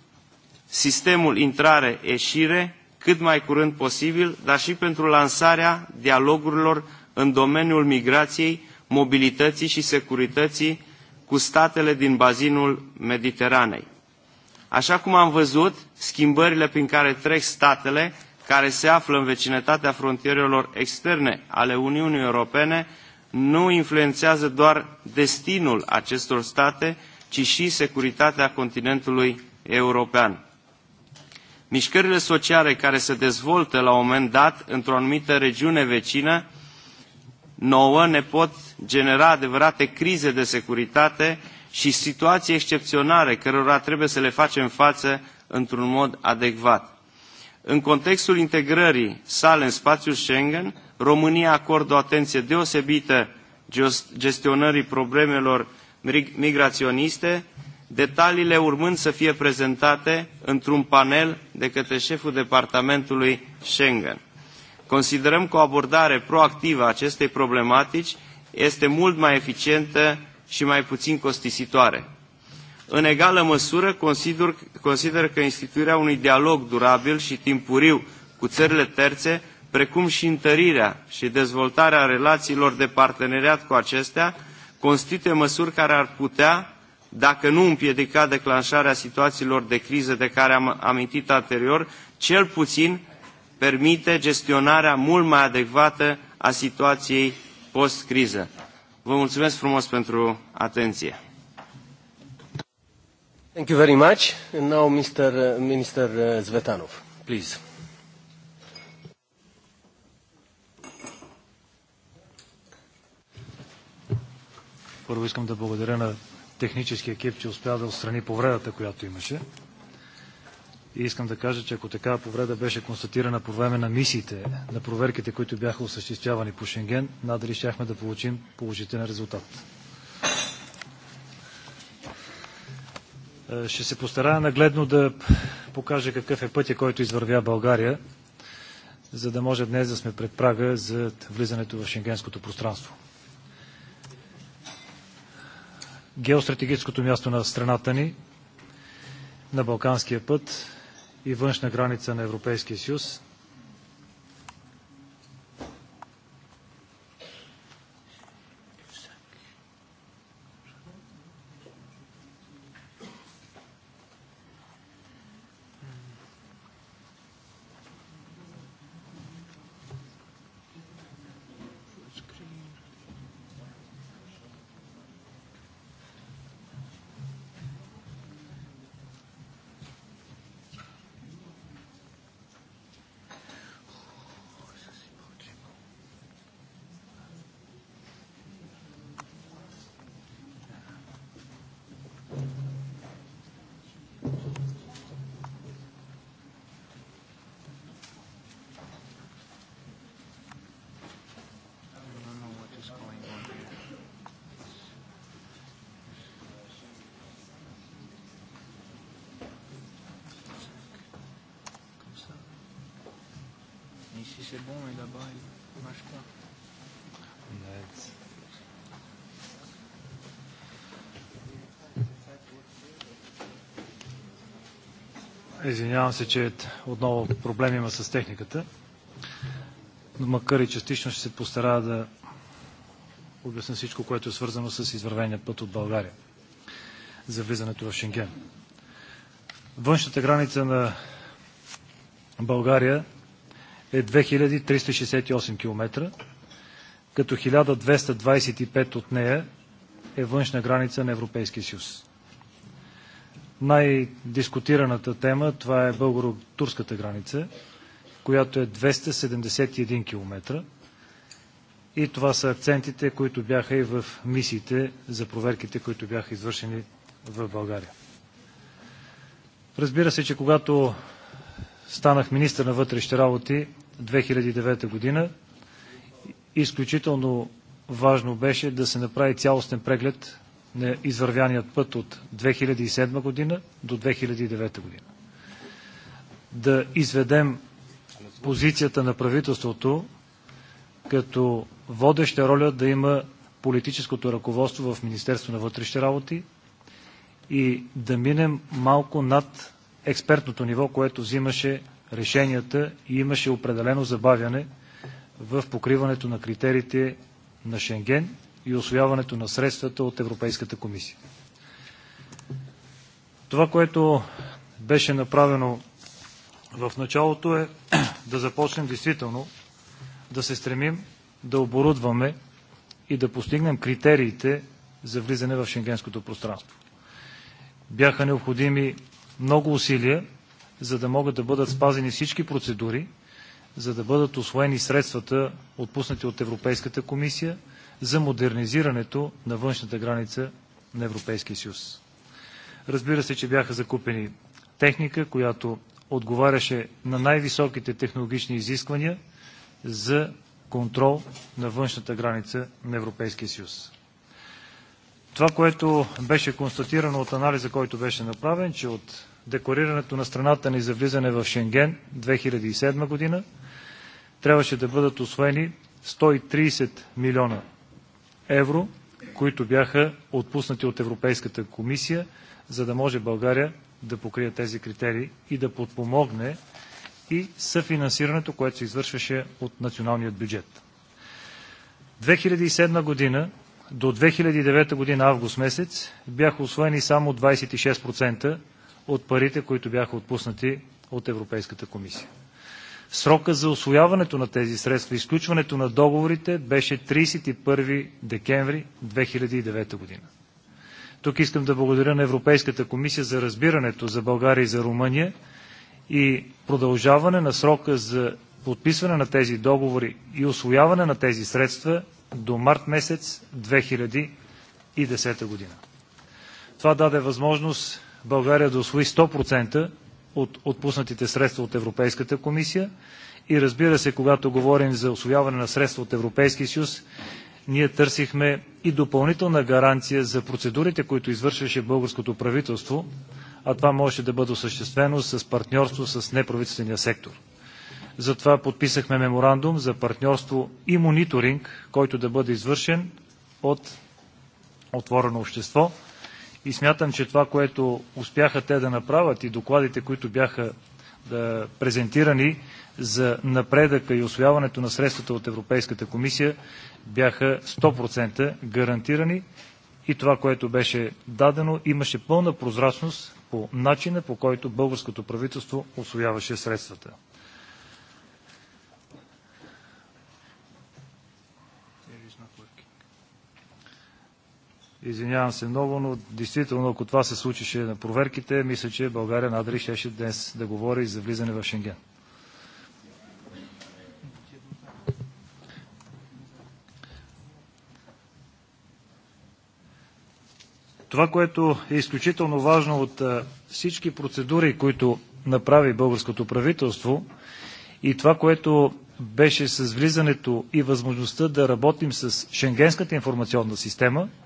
sistemul intrare ieșire, cât mai curând posibil, dar și pentru lansarea dialogurilor în domeniul migrației, mobilității și securității cu statele din bazinul Mediteranei. Așa cum am văzut, schimbările prin care trec statele care se află în vecinătatea frontierelor externe ale Uniunii Europene nu influențează doar destinul acestor state, ci și securitatea continentului european. Mișcările sociale care se dezvoltă la un moment dat într-o anumită regiune vecină nouă ne pot genera adevărate crize de securitate și situații excepționale cărora trebuie să le facem față într-un mod adecvat. În contextul integrării sale în spațiul Schengen, România acordă o atenție deosebită gestionării problemelor migraționiste, detaliile urmând să fie prezentate într-un panel de către șeful departamentului Schengen. Considerăm că o abordare proactivă a acestei problematici este mult mai eficientă și mai puțin costisitoare. În egală măsură, consider, consider că instituirea unui dialog durabil și timpuriu cu țările terțe, precum și întărirea și dezvoltarea relațiilor de parteneriat cu acestea, constituie măsuri care ar putea, dacă nu împiedica declanșarea situațiilor de criză de care am amintit anterior, cel puțin permite gestionarea mult mai adecvată a situației post-criză. Vă mulțumesc frumos pentru atenție. Thank you very much. And now Mr. Minister Zvetanov, please. Първо искам да благодаря на технически екип, че успя да отстрани повредата, която имаше. И искам да кажа, че ако такава повреда беше констатирана по време на мисиите, на проверките, които бяха осъществявани по Шенген, надали щяхме да получим положителен резултат. Ще се постарая нагледно да покажа какъв е пътя, който извървя България, за да може днес да сме пред прага за влизането в шенгенското пространство. Геостратегическото място на страната ни, на Балканския път и външна граница на Европейския съюз Извинявам се, че отново проблем има с техниката. Но макар и частично ще се постара да обясня всичко, което е свързано с извървения път от България за влизането в Шенген. Външната граница на България е 2368 км, като 1225 от нея е външна граница на Европейския съюз най-дискутираната тема, това е българо-турската граница, която е 271 км. И това са акцентите, които бяха и в мисиите за проверките, които бяха извършени в България. Разбира се, че когато станах министър на вътрешните работи 2009 година, изключително важно беше да се направи цялостен преглед на извървяният път от 2007 година до 2009 година. Да изведем позицията на правителството като водеща роля да има политическото ръководство в Министерство на вътрешни работи и да минем малко над експертното ниво, което взимаше решенията и имаше определено забавяне в покриването на критериите на Шенген и освояването на средствата от Европейската комисия. Това, което беше направено в началото е да започнем действително да се стремим да оборудваме и да постигнем критериите за влизане в шенгенското пространство. Бяха необходими много усилия, за да могат да бъдат спазени всички процедури, за да бъдат освоени средствата, отпуснати от Европейската комисия – за модернизирането на външната граница на Европейския съюз. Разбира се, че бяха закупени техника, която отговаряше на най-високите технологични изисквания за контрол на външната граница на Европейския съюз. Това, което беше констатирано от анализа, който беше направен, че от декларирането на страната ни за влизане в Шенген 2007 година трябваше да бъдат освоени 130 милиона евро, които бяха отпуснати от Европейската комисия, за да може България да покрие тези критерии и да подпомогне и съфинансирането, което се извършваше от националния бюджет. 2007 година до 2009 година август месец бяха освоени само 26% от парите, които бяха отпуснати от Европейската комисия. Срока за освояването на тези средства и изключването на договорите беше 31 декември 2009 година. Тук искам да благодаря на Европейската комисия за разбирането за България и за Румъния и продължаване на срока за подписване на тези договори и освояване на тези средства до март месец 2010 година. Това даде възможност България да освои 100% от отпуснатите средства от Европейската комисия. И разбира се, когато говорим за освояване на средства от Европейския съюз, ние търсихме и допълнителна гаранция за процедурите, които извършваше българското правителство, а това можеше да бъде осъществено с партньорство с неправителствения сектор. Затова подписахме меморандум за партньорство и мониторинг, който да бъде извършен от отворено общество и смятам, че това, което успяха те да направят и докладите, които бяха да презентирани за напредъка и освояването на средствата от Европейската комисия, бяха 100% гарантирани и това, което беше дадено, имаше пълна прозрачност по начина, по който българското правителство освояваше средствата. Извинявам се много, но действително, ако това се случише на проверките, мисля, че България надали щеше днес да говори за влизане в Шенген. Това, което е изключително важно от всички процедури, които направи българското правителство и това, което беше с влизането и възможността да работим с Шенгенската информационна система –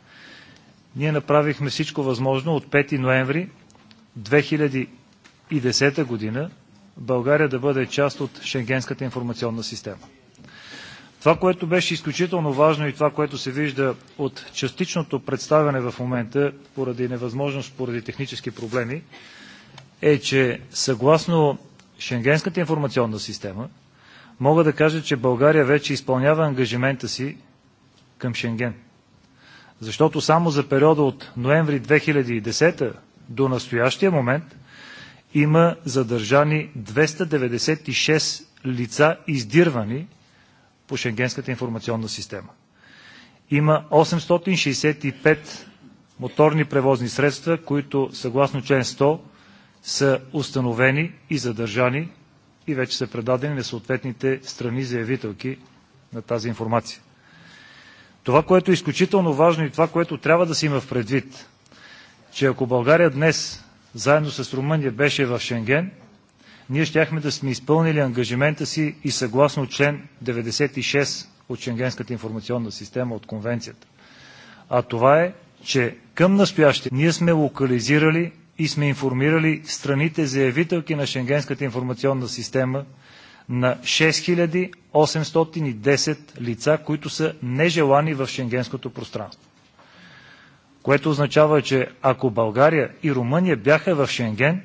ние направихме всичко възможно от 5 ноември 2010 година България да бъде част от Шенгенската информационна система. Това, което беше изключително важно и това, което се вижда от частичното представяне в момента, поради невъзможност, поради технически проблеми, е, че съгласно Шенгенската информационна система, мога да кажа, че България вече изпълнява ангажимента си към Шенген – защото само за периода от ноември 2010 до настоящия момент има задържани 296 лица, издирвани по Шенгенската информационна система. Има 865 моторни превозни средства, които съгласно член 100 са установени и задържани и вече са предадени на съответните страни заявителки на тази информация. Това, което е изключително важно и това, което трябва да се има в предвид, че ако България днес, заедно с Румъния, беше в Шенген, ние щяхме да сме изпълнили ангажимента си и съгласно член 96 от Шенгенската информационна система, от конвенцията. А това е, че към настояще ние сме локализирали и сме информирали страните заявителки на Шенгенската информационна система – на 6810 лица, които са нежелани в шенгенското пространство. Което означава, че ако България и Румъния бяха в Шенген,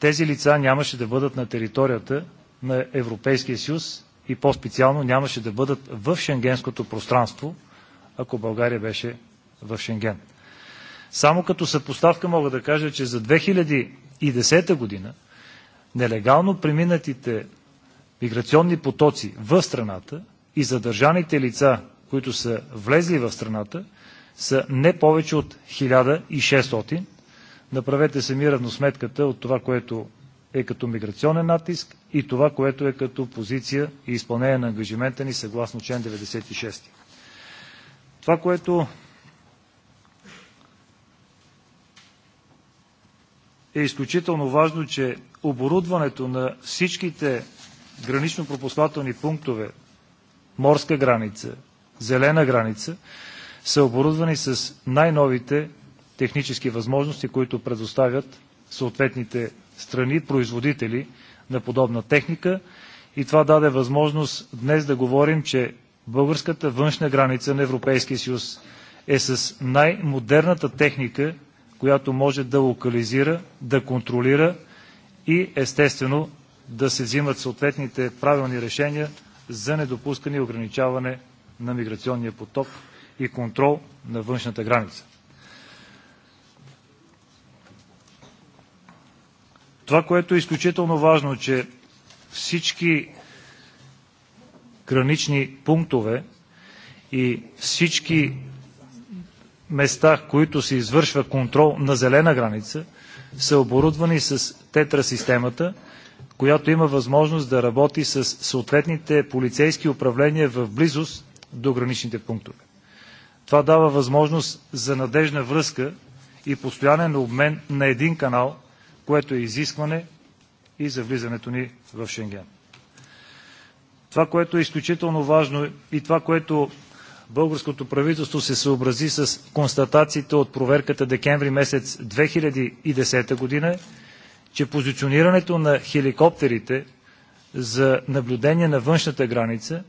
тези лица нямаше да бъдат на територията на Европейския съюз и по-специално нямаше да бъдат в шенгенското пространство, ако България беше в Шенген. Само като съпоставка мога да кажа, че за 2010 година нелегално преминатите миграционни потоци в страната и задържаните лица, които са влезли в страната, са не повече от 1600. Направете сами равносметката от това, което е като миграционен натиск и това, което е като позиция и изпълнение на ангажимента ни съгласно член 96. Това, което е изключително важно, че оборудването на всичките гранично-пропускателни пунктове, морска граница, зелена граница, са оборудвани с най-новите технически възможности, които предоставят съответните страни, производители на подобна техника. И това даде възможност днес да говорим, че българската външна граница на Европейския съюз е с най-модерната техника, която може да локализира, да контролира и естествено да се взимат съответните правилни решения за недопускане и ограничаване на миграционния поток и контрол на външната граница. Това, което е изключително важно, че всички гранични пунктове и всички места, които се извършва контрол на зелена граница, са оборудвани с тетра системата която има възможност да работи с съответните полицейски управления в близост до граничните пунктове. Това дава възможност за надежна връзка и постоянен обмен на един канал, което е изискване и за влизането ни в Шенген. Това, което е изключително важно и това, което българското правителство се съобрази с констатациите от проверката декември месец 2010 година че позиционирането на хеликоптерите за наблюдение на външната граница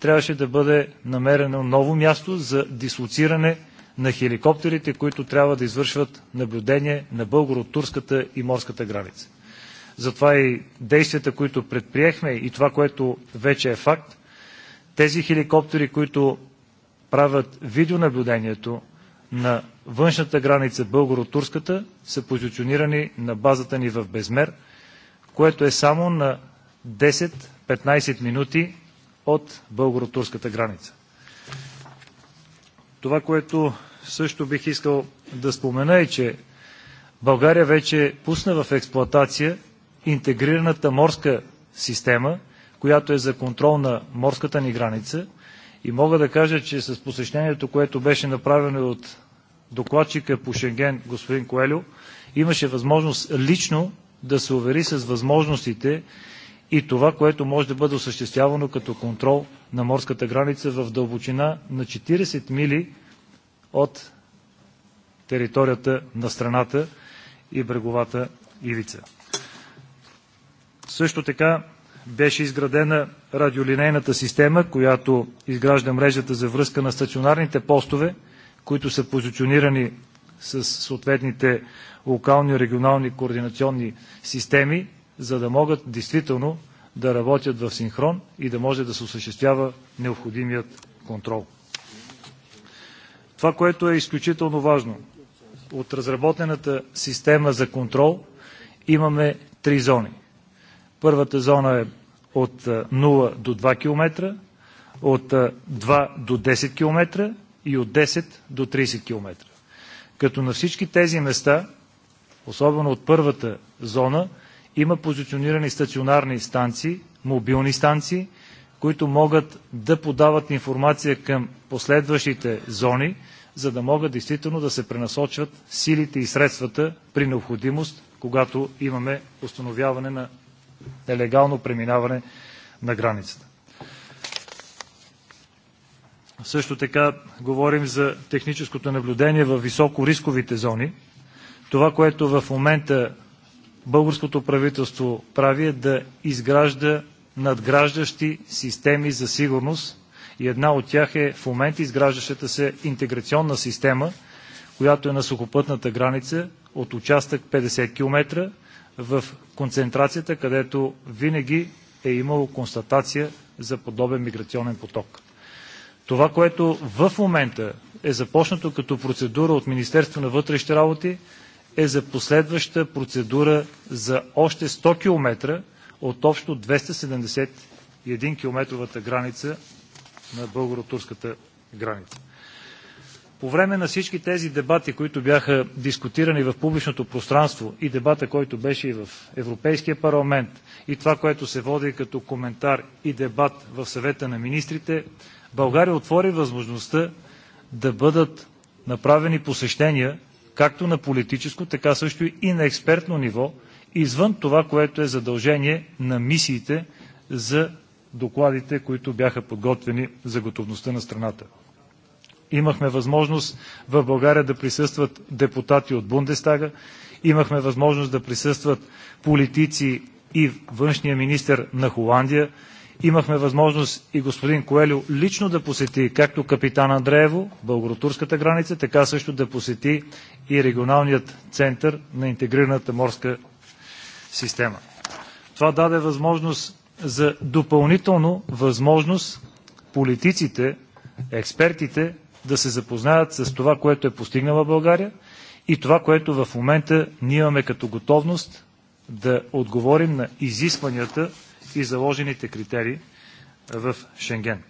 трябваше да бъде намерено ново място за дислоциране на хеликоптерите, които трябва да извършват наблюдение на българо-турската и морската граница. Затова и действията, които предприехме и това, което вече е факт, тези хеликоптери, които правят видеонаблюдението на външната граница българо-турската са позиционирани на базата ни в Безмер, което е само на 10-15 минути от българо-турската граница. Това, което също бих искал да спомена е, че България вече пусна в експлоатация интегрираната морска система, която е за контрол на морската ни граница. И мога да кажа, че с посещението, което беше направено от докладчика по Шенген господин Коелю имаше възможност лично да се увери с възможностите и това, което може да бъде осъществявано като контрол на морската граница в дълбочина на 40 мили от територията на страната и бреговата ивица. Също така беше изградена радиолинейната система, която изгражда мрежата за връзка на стационарните постове които са позиционирани с съответните локални, регионални координационни системи, за да могат действително да работят в синхрон и да може да се осъществява необходимият контрол. Това, което е изключително важно, от разработената система за контрол имаме три зони. Първата зона е от 0 до 2 км, от 2 до 10 км и от 10 до 30 км. Като на всички тези места, особено от първата зона, има позиционирани стационарни станции, мобилни станции, които могат да подават информация към последващите зони, за да могат действително да се пренасочват силите и средствата при необходимост, когато имаме установяване на нелегално преминаване на границата. Също така говорим за техническото наблюдение в високо рисковите зони. Това, което в момента българското правителство прави е да изгражда надграждащи системи за сигурност и една от тях е в момента изграждащата се интеграционна система, която е на сухопътната граница от участък 50 км в концентрацията, където винаги е имало констатация за подобен миграционен поток. Това, което в момента е започнато като процедура от Министерство на вътрешните работи, е за последваща процедура за още 100 км от общо 271 км граница на българо-турската граница. По време на всички тези дебати, които бяха дискутирани в публичното пространство и дебата, който беше и в Европейския парламент и това, което се води като коментар и дебат в съвета на министрите, България отвори възможността да бъдат направени посещения както на политическо, така също и на експертно ниво, извън това, което е задължение на мисиите за докладите, които бяха подготвени за готовността на страната. Имахме възможност в България да присъстват депутати от Бундестага, имахме възможност да присъстват политици и външния министър на Холандия, Имахме възможност и господин Коелю лично да посети както капитан Андреево, българо-турската граница, така също да посети и регионалният център на интегрираната морска система. Това даде възможност за допълнително възможност политиците, експертите да се запознаят с това, което е постигнала България и това, което в момента ние имаме като готовност да отговорим на изискванията и заложените критерии в Шенген.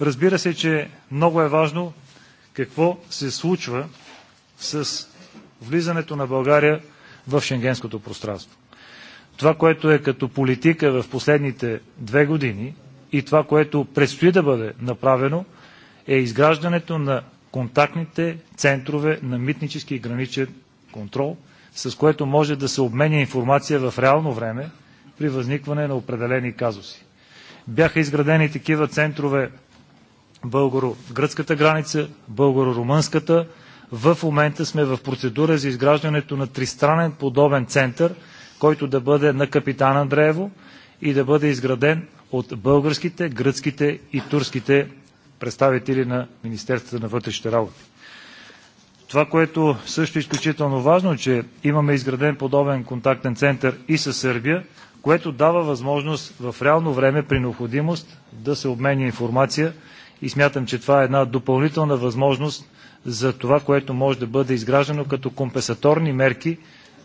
Разбира се, че много е важно какво се случва с влизането на България в шенгенското пространство. Това, което е като политика в последните две години и това, което предстои да бъде направено, е изграждането на контактните центрове на митнически и граничен контрол, с което може да се обменя информация в реално време при възникване на определени казуси. Бяха изградени такива центрове българо-гръцката граница, българо-румънската. В момента сме в процедура за изграждането на тристранен подобен център, който да бъде на капитан Андреево и да бъде изграден от българските, гръцките и турските представители на Министерството на вътрешните работи. Това, което също е изключително важно, че имаме изграден подобен контактен център и със Сърбия, което дава възможност в реално време при необходимост да се обменя информация и смятам, че това е една допълнителна възможност за това, което може да бъде изграждано като компенсаторни мерки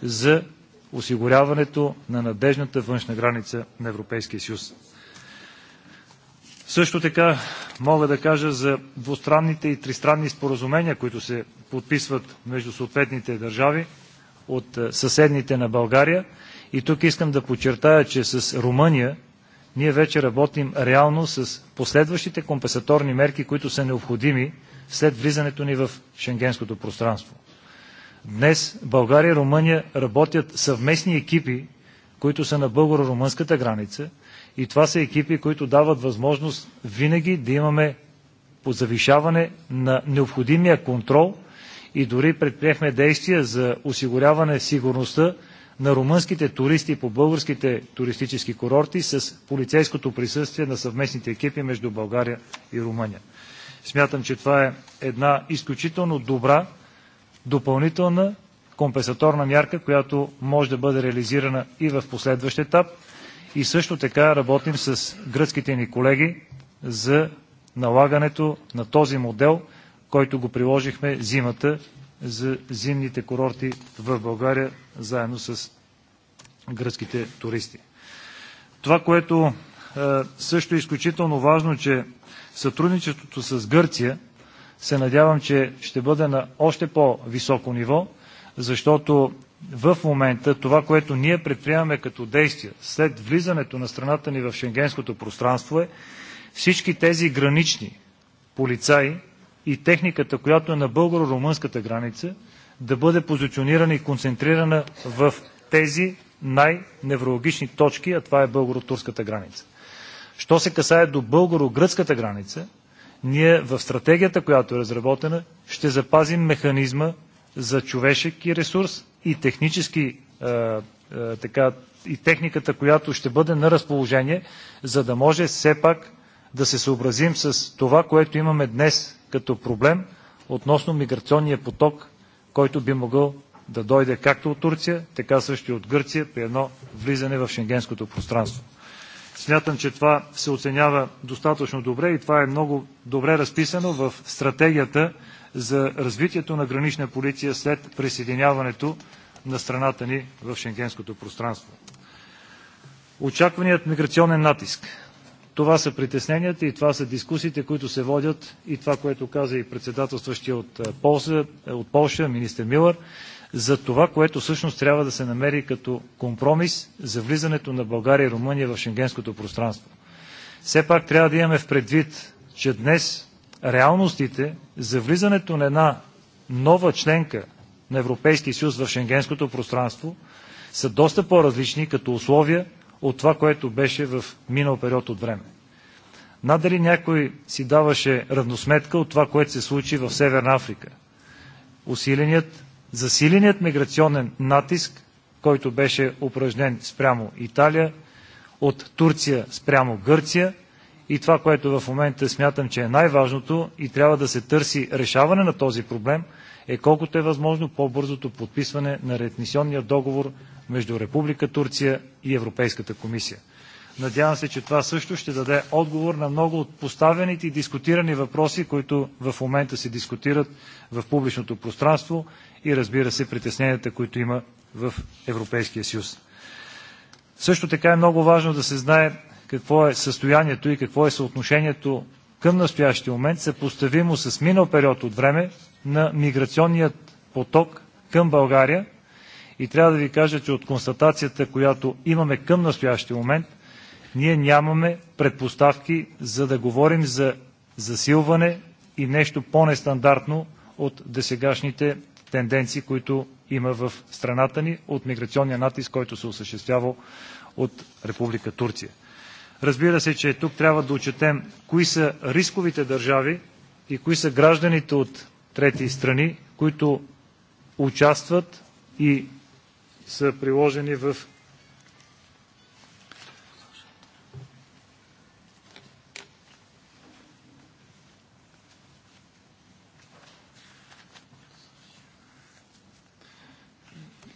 за осигуряването на надежната външна граница на Европейския съюз. Също така мога да кажа за двустранните и тристранни споразумения, които се подписват между съответните държави от съседните на България. И тук искам да подчертая, че с Румъния ние вече работим реално с последващите компенсаторни мерки, които са необходими след влизането ни в шенгенското пространство. Днес България и Румъния работят съвместни екипи, които са на българо-румънската граница и това са екипи, които дават възможност винаги да имаме по завишаване на необходимия контрол и дори предприехме действия за осигуряване сигурността на румънските туристи по българските туристически курорти с полицейското присъствие на съвместните екипи между България и Румъния. Смятам, че това е една изключително добра, допълнителна компенсаторна мярка, която може да бъде реализирана и в последващ етап. И също така работим с гръцките ни колеги за налагането на този модел, който го приложихме зимата за зимните курорти в България, заедно с гръцките туристи. Това, което също е изключително важно, че сътрудничеството с Гърция се надявам, че ще бъде на още по-високо ниво, защото в момента това, което ние предприемаме като действия след влизането на страната ни в шенгенското пространство е всички тези гранични полицаи, и техниката, която е на българо-румънската граница, да бъде позиционирана и концентрирана в тези най-неврологични точки, а това е българо-турската граница. Що се касае до българо-гръцката граница, ние в стратегията, която е разработена, ще запазим механизма за човешки ресурс и технически така, и техниката, която ще бъде на разположение, за да може все пак да се съобразим с това, което имаме днес като проблем относно миграционния поток, който би могъл да дойде както от Турция, така също и от Гърция при едно влизане в шенгенското пространство. Смятам, че това се оценява достатъчно добре и това е много добре разписано в стратегията за развитието на гранична полиция след присъединяването на страната ни в шенгенското пространство. Очакваният миграционен натиск Това са притесненията и това са дискусиите, които се водят и това, което каза и председателстващия от Полша, от Полша министър Милър, за това, което всъщност трябва да се намери като компромис за влизането на България и Румъния в шенгенското пространство. Все пак трябва да имаме в предвид, че днес реалностите за влизането на една нова членка на Европейския съюз в шенгенското пространство са доста по-различни като условия, от това, което беше в минал период от време. Надали някой си даваше равносметка от това, което се случи в Северна Африка. Усиленият, засиленият миграционен натиск, който беше упражнен спрямо Италия, от Турция спрямо Гърция и това, което в момента смятам, че е най-важното и трябва да се търси решаване на този проблем, е колкото е възможно по-бързото подписване на ретмисионния договор между Република Турция и Европейската комисия. Надявам се, че това също ще даде отговор на много от поставените и дискутирани въпроси, които в момента се дискутират в публичното пространство и разбира се притесненията, които има в Европейския съюз. Също така е много важно да се знае какво е състоянието и какво е съотношението към настоящия момент, съпоставимо с минал период от време на миграционният поток към България И трябва да ви кажа, че от констатацията, която имаме към настоящия момент, ние нямаме предпоставки за да говорим за засилване и нещо по-нестандартно от десегашните тенденции, които има в страната ни от миграционния натиск, който се осъществява от Република Турция. Разбира се, че тук трябва да отчетем кои са рисковите държави и кои са гражданите от трети страни, които участват и са приложени в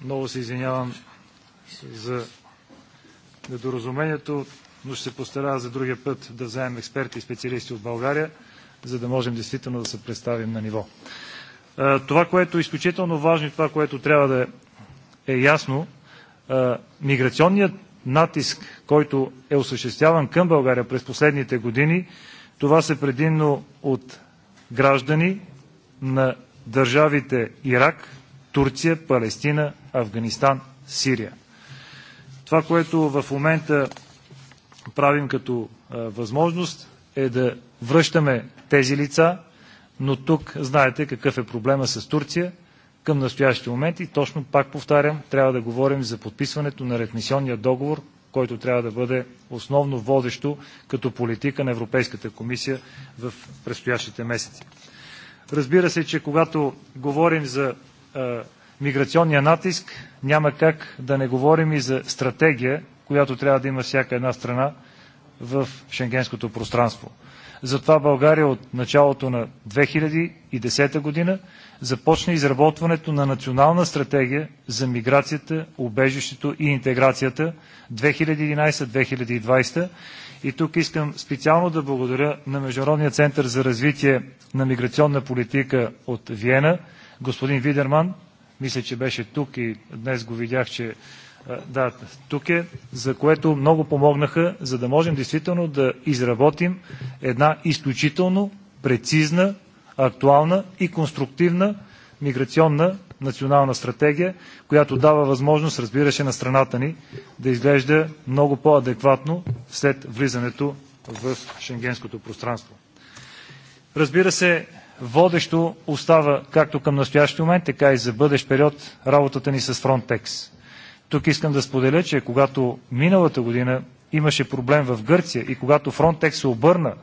Много се извинявам за недоразумението, но ще се постарая за другия път да вземем експерти и специалисти от България, за да можем действително да се представим на ниво. Това, което е изключително важно и това, което трябва да е е ясно, миграционният натиск, който е осъществяван към България през последните години, това са предимно от граждани на държавите Ирак, Турция, Палестина, Афганистан, Сирия. Това, което в момента правим като възможност е да връщаме тези лица, но тук знаете какъв е проблема с Турция. Към настоящия момент и точно пак повтарям, трябва да говорим за подписването на ретмисионния договор, който трябва да бъде основно водещо като политика на Европейската комисия в предстоящите месеци. Разбира се, че когато говорим за миграционния натиск, няма как да не говорим и за стратегия, която трябва да има всяка една страна в шенгенското пространство. Затова България от началото на 2010 година започна изработването на национална стратегия за миграцията, убежището и интеграцията 2011-2020. И тук искам специално да благодаря на Международния център за развитие на миграционна политика от Виена, господин Видерман, мисля, че беше тук и днес го видях, че да, тук е, за което много помогнаха, за да можем действително да изработим една изключително прецизна, актуална и конструктивна миграционна национална стратегия, която дава възможност, разбира се, на страната ни да изглежда много по-адекватно след влизането в шенгенското пространство. Разбира се, водещо остава както към настоящия момент, така и за бъдещ период работата ни с Frontex. Тук искам да споделя, че когато миналата година имаше проблем в Гърция и когато Фронтекс се обърна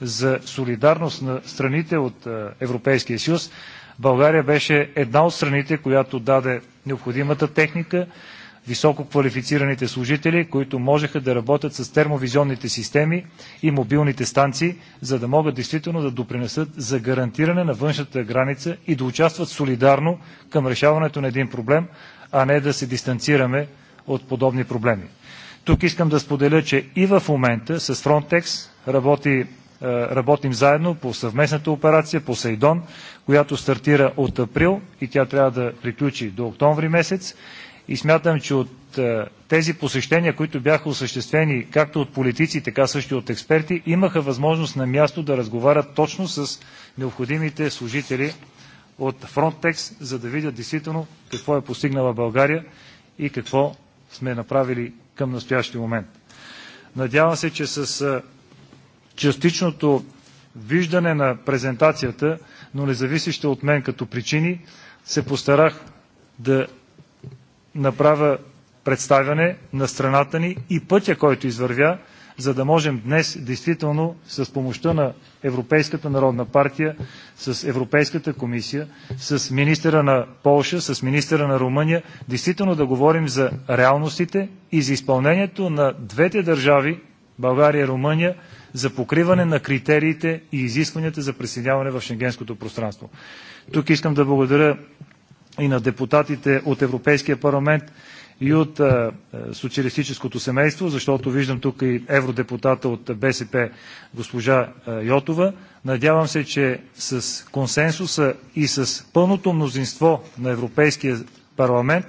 за солидарност на страните от Европейския съюз, България беше една от страните, която даде необходимата техника, високо квалифицираните служители, които можеха да работят с термовизионните системи и мобилните станции, за да могат действително да допринесат за гарантиране на външната граница и да участват солидарно към решаването на един проблем, а не да се дистанцираме от подобни проблеми. Тук искам да споделя, че и в момента с Frontex работи работим заедно по съвместната операция Посейдон, която стартира от април и тя трябва да приключи до октомври месец. И смятам, че от тези посещения, които бяха осъществени както от политици, така също и от експерти, имаха възможност на място да разговарят точно с необходимите служители от Frontex, за да видят действително какво е постигнала България и какво сме направили към настоящия момент. Надявам се, че с частичното виждане на презентацията, но независище от мен като причини, се постарах да направя представяне на страната ни и пътя, който извървя, за да можем днес действително с помощта на Европейската народна партия, с Европейската комисия, с министъра на Полша, с министъра на Румъния, действително да говорим за реалностите и за изпълнението на двете държави, България и Румъния, за покриване на критериите и изискванията за присъединяване в шенгенското пространство. Тук искам да благодаря и на депутатите от Европейския парламент, и от социалистическото семейство, защото виждам тук и евродепутата от БСП госпожа Йотова. Надявам се, че с консенсуса и с пълното мнозинство на Европейския парламент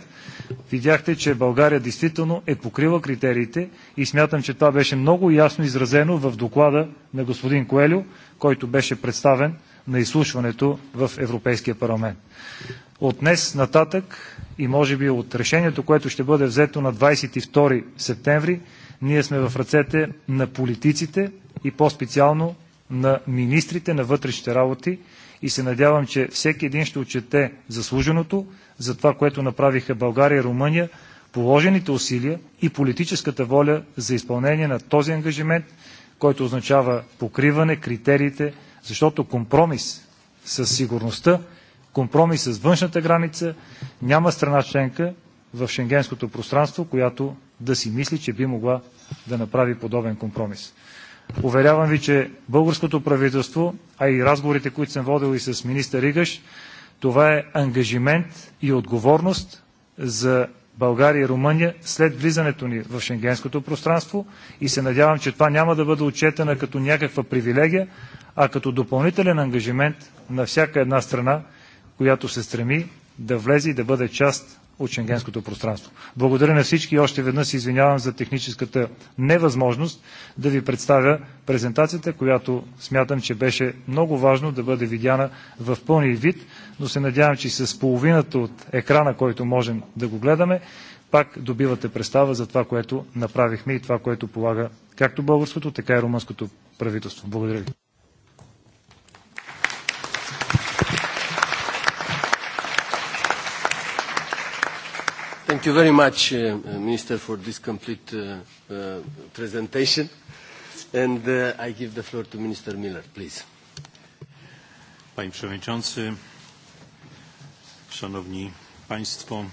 видяхте, че България действително е покрила критериите и смятам, че това беше много ясно изразено в доклада на господин Коелю, който беше представен на изслушването в Европейския парламент. От днес нататък и може би от решението, което ще бъде взето на 22 септември, ние сме в ръцете на политиците и по-специално на министрите на вътрешните работи и се надявам, че всеки един ще отчете заслуженото за това, което направиха България и Румъния, положените усилия и политическата воля за изпълнение на този ангажимент, който означава покриване критериите, защото компромис със сигурността компромис с външната граница, няма страна членка в шенгенското пространство, която да си мисли, че би могла да направи подобен компромис. Уверявам ви, че българското правителство, а и разговорите, които съм водил и с министър Ригаш, това е ангажимент и отговорност за България и Румъния след влизането ни в шенгенското пространство и се надявам, че това няма да бъде отчетена като някаква привилегия, а като допълнителен ангажимент на всяка една страна която се стреми да влезе и да бъде част от шенгенското пространство. Благодаря на всички и още веднъж се извинявам за техническата невъзможност да ви представя презентацията, която смятам, че беше много важно да бъде видяна в пълния вид, но се надявам, че с половината от екрана, който можем да го гледаме, пак добивате представа за това, което направихме и това, което полага както българското, така и румънското правителство. Благодаря ви. Thank you very much, Minister, for this complete presentation. And I give the floor to Minister Miller, please. Panie Przewodniczący, Szanowni Państwo,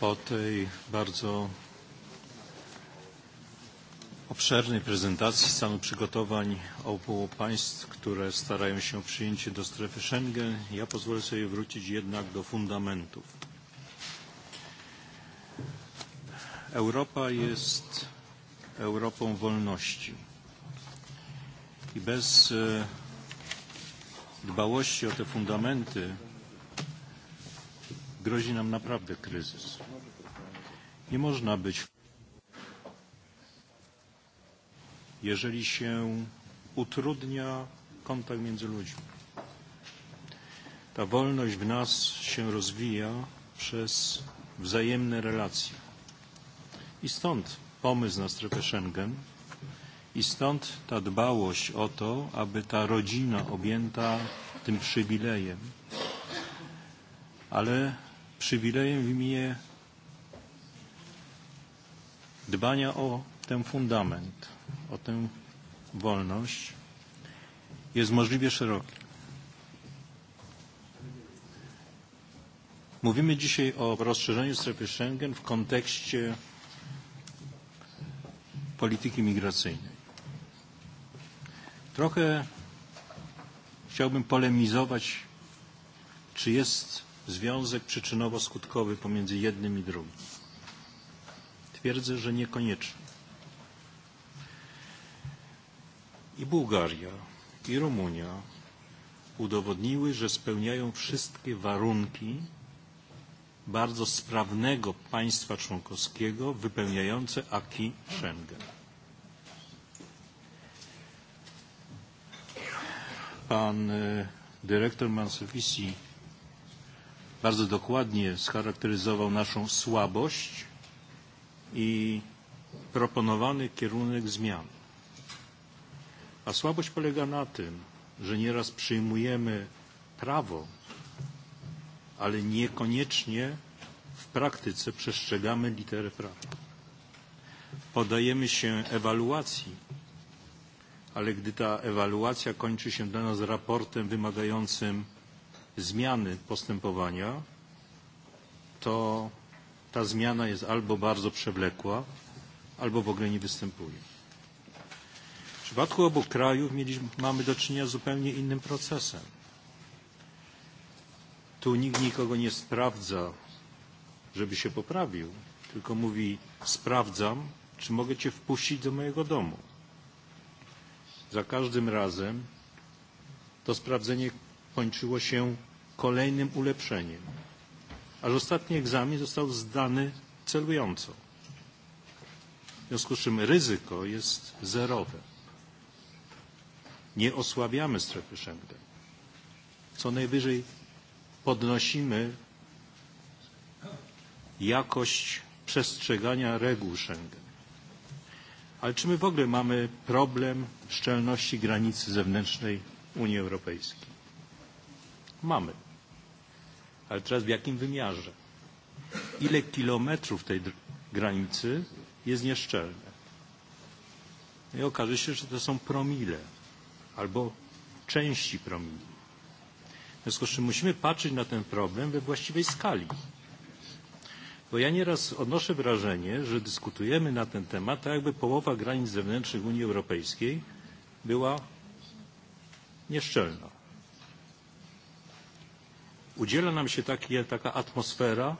po tej bardzo obszernej prezentacji stanu przygotowań obu państw, które starają się o przyjęcie do strefy Schengen. Ja pozwolę sobie wrócić jednak do fundamentów. Europa jest Europą wolności i bez dbałości o te fundamenty grozi nam naprawdę kryzys. Nie można być jeżeli się utrudnia kontakt między ludźmi. Ta wolność w nas się rozwija przez wzajemne relacje. I stąd pomysł na strefę Schengen i stąd ta dbałość o to, aby ta rodzina objęta tym przywilejem, ale przywilejem w imię dbania o ten fundament, o tę wolność jest możliwie szeroki. Mówimy dzisiaj o rozszerzeniu strefy Schengen w kontekście polityki migracyjnej. Trochę chciałbym polemizować, czy jest związek przyczynowo-skutkowy pomiędzy jednym i drugim. Twierdzę, że niekoniecznie. i Bułgaria, i Rumunia udowodniły, że spełniają wszystkie warunki bardzo sprawnego państwa członkowskiego wypełniające Aki Schengen. Pan dyrektor Mansowisi bardzo dokładnie scharakteryzował naszą słabość i proponowany kierunek zmian. A słabość polega na tym, że nieraz przyjmujemy prawo, ale niekoniecznie w praktyce przestrzegamy literę prawa. Podajemy się ewaluacji, ale gdy ta ewaluacja kończy się dla nas raportem wymagającym zmiany postępowania, to ta zmiana jest albo bardzo przewlekła, albo w ogóle nie występuje. W przypadku obu krajów mamy do czynienia z zupełnie innym procesem. Tu nikt nikogo nie sprawdza, żeby się poprawił, tylko mówi sprawdzam, czy mogę cię wpuścić do mojego domu. Za każdym razem to sprawdzenie kończyło się kolejnym ulepszeniem, aż ostatni egzamin został zdany celująco. W związku z czym ryzyko jest zerowe nie osłabiamy strefy Schengen. Co najwyżej podnosimy jakość przestrzegania reguł Schengen. Ale czy my w ogóle mamy problem szczelności granicy zewnętrznej Unii Europejskiej? Mamy. Ale teraz w jakim wymiarze? Ile kilometrów tej granicy jest nieszczelne? I okaże się, że to są promile albo części promili. W związku z czym musimy patrzeć na ten problem we właściwej skali. Bo ja nieraz odnoszę wrażenie, że dyskutujemy na ten temat, tak jakby połowa granic zewnętrznych Unii Europejskiej była nieszczelna. Udziela nam się taka atmosfera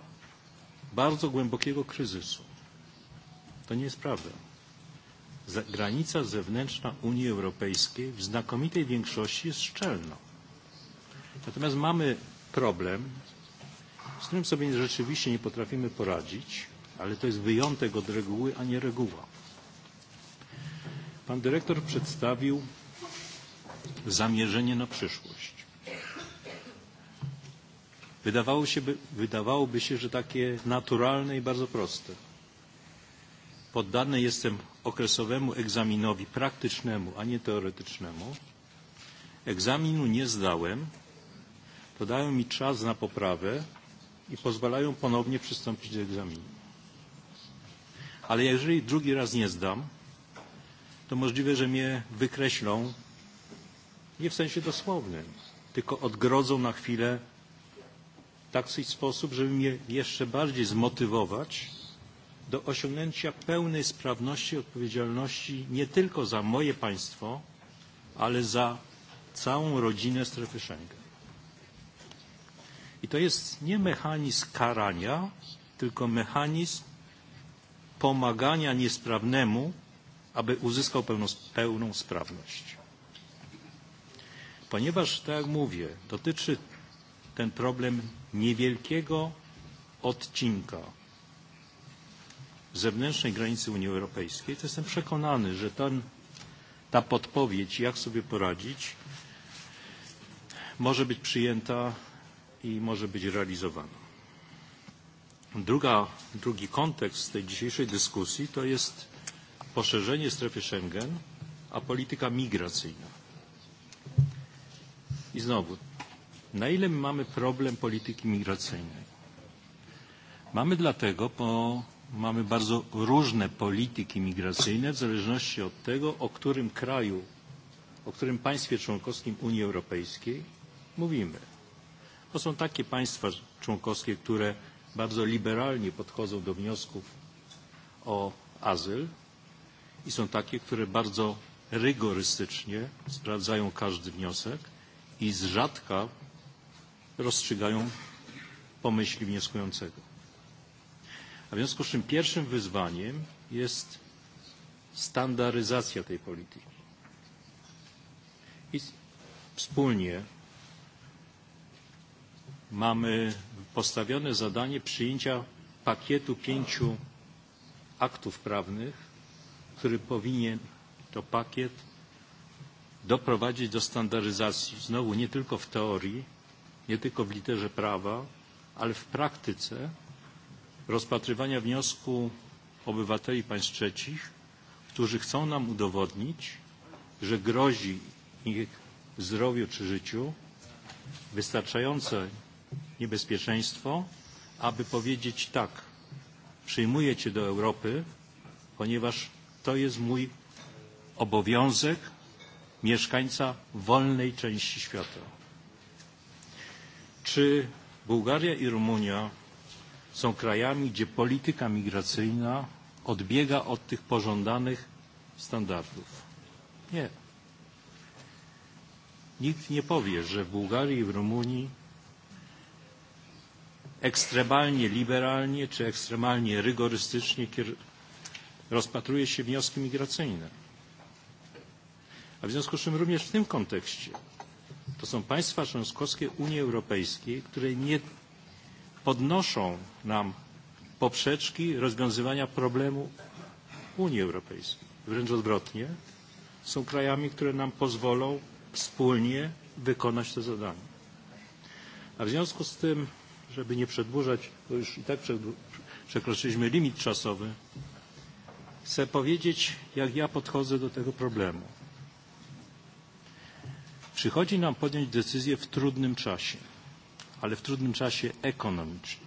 bardzo głębokiego kryzysu. To nie jest prawda granica zewnętrzna Unii Europejskiej w znakomitej większości jest szczelna. Natomiast mamy problem, z którym sobie rzeczywiście nie potrafimy poradzić, ale to jest wyjątek od reguły, a nie reguła. Pan dyrektor przedstawił zamierzenie na przyszłość. Wydawało się, wydawałoby się, że takie naturalne i bardzo proste. Poddany jestem okresowemu egzaminowi praktycznemu, a nie teoretycznemu. Egzaminu nie zdałem, to dają mi czas na poprawę i pozwalają ponownie przystąpić do egzaminu. Ale jeżeli drugi raz nie zdam, to możliwe, że mnie wykreślą nie w sensie dosłownym, tylko odgrodzą na chwilę w taki sposób, żeby mnie jeszcze bardziej zmotywować do osiągnięcia pełnej sprawności i odpowiedzialności nie tylko za moje państwo, ale za całą rodzinę strefy Schengen. I to jest nie mechanizm karania, tylko mechanizm pomagania niesprawnemu, aby uzyskał pełną sprawność. Ponieważ, tak jak mówię, dotyczy ten problem niewielkiego odcinka zewnętrznej granicy Unii Europejskiej, to jestem przekonany, że ta podpowiedź, jak sobie poradzić, może być przyjęta i może być realizowana. Drugi kontekst tej dzisiejszej dyskusji to jest poszerzenie strefy Schengen, a polityka migracyjna. I znowu, na ile my mamy problem polityki migracyjnej? Mamy dlatego, bo mamy bardzo różne polityki migracyjne w zależności od tego, o którym kraju, o którym państwie członkowskim Unii Europejskiej mówimy. To są takie państwa członkowskie, które bardzo liberalnie podchodzą do wniosków o azyl i są takie, które bardzo rygorystycznie sprawdzają każdy wniosek i z rzadka rozstrzygają pomyśli wnioskującego. W związku z czym pierwszym wyzwaniem jest standaryzacja tej polityki. I wspólnie mamy postawione zadanie przyjęcia pakietu pięciu aktów prawnych, który powinien to pakiet doprowadzić do standaryzacji, znowu nie tylko w teorii, nie tylko w literze prawa, ale w praktyce rozpatrywania wniosku obywateli państw trzecich, którzy chcą nam udowodnić, że grozi ich zdrowiu czy życiu wystarczające niebezpieczeństwo, aby powiedzieć tak, przyjmuję Cię do Europy, ponieważ to jest mój obowiązek mieszkańca wolnej części świata. Czy Bułgaria i Rumunia są krajami, gdzie polityka migracyjna odbiega od tych pożądanych standardów. Nie. Nikt nie powie, że w Bułgarii i w Rumunii ekstremalnie liberalnie czy ekstremalnie rygorystycznie rozpatruje się wnioski migracyjne. A w związku z czym również w tym kontekście to są państwa członkowskie Unii Europejskiej, które nie podnoszą nam poprzeczki rozwiązywania problemu Unii Europejskiej. Wręcz odwrotnie, są krajami, które nam pozwolą wspólnie wykonać to zadanie. A w związku z tym, żeby nie przedłużać, bo już i tak przekroczyliśmy limit czasowy, chcę powiedzieć, jak ja podchodzę do tego problemu. Przychodzi nam podjąć decyzję w trudnym czasie ale w trudnym czasie ekonomicznie,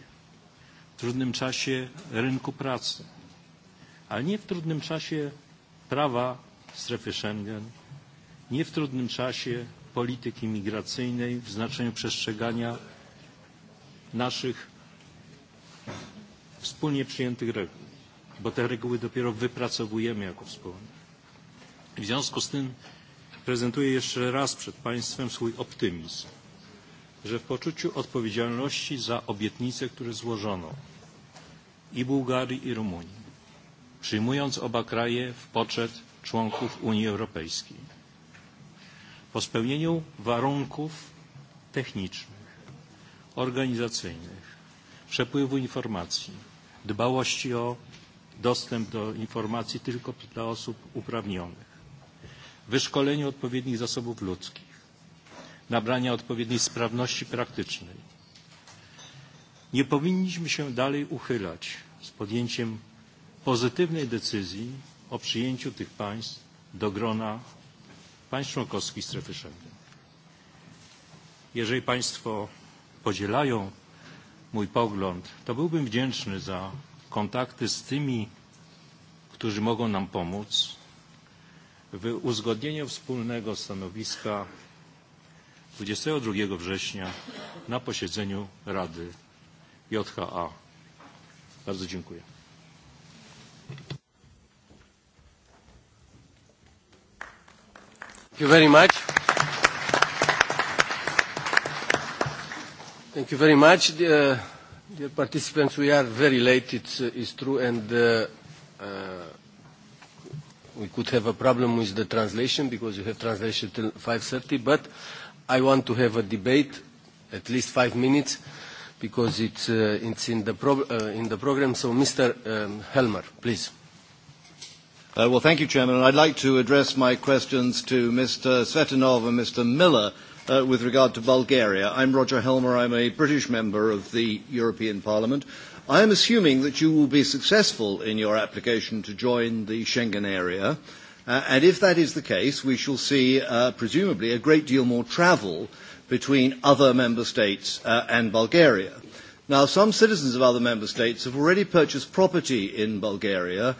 w trudnym czasie rynku pracy, ale nie w trudnym czasie prawa strefy Schengen, nie w trudnym czasie polityki migracyjnej w znaczeniu przestrzegania naszych wspólnie przyjętych reguł, bo te reguły dopiero wypracowujemy jako wspólne. W związku z tym prezentuję jeszcze raz przed Państwem swój optymizm że w poczuciu odpowiedzialności za obietnice, które złożono i Bułgarii, i Rumunii, przyjmując oba kraje w poczet członków Unii Europejskiej, po spełnieniu warunków technicznych, organizacyjnych, przepływu informacji, dbałości o dostęp do informacji tylko dla osób uprawnionych, wyszkoleniu odpowiednich zasobów ludzkich, nabrania odpowiedniej sprawności praktycznej. Nie powinniśmy się dalej uchylać z podjęciem pozytywnej decyzji o przyjęciu tych państw do grona państw członkowskich strefy Schengen. Jeżeli Państwo podzielają mój pogląd, to byłbym wdzięczny za kontakty z tymi, którzy mogą nam pomóc w uzgodnieniu wspólnego stanowiska 22 września na posiedzeniu Rady JHA. Bardzo dziękuję. Thank you very much. Thank you very much. Dear participants, we very late, it's true, and we could have problem with the translation because you have translation till 5.30, but I want to have a debate, at least five minutes, because it's in the program. So, Mr. Helmer, please. Well, thank you, Chairman. I'd like to address my questions to Mr. Svetinov and Mr. Miller with regard to Bulgaria. I'm Roger Helmer. I'm a British member of the European Parliament. I am assuming that you will be successful in your application to join the Schengen area And if that is the case, we shall see presumably a great deal more travel between other member states and Bulgaria. Now, some citizens of other member states have already purchased property in Bulgaria,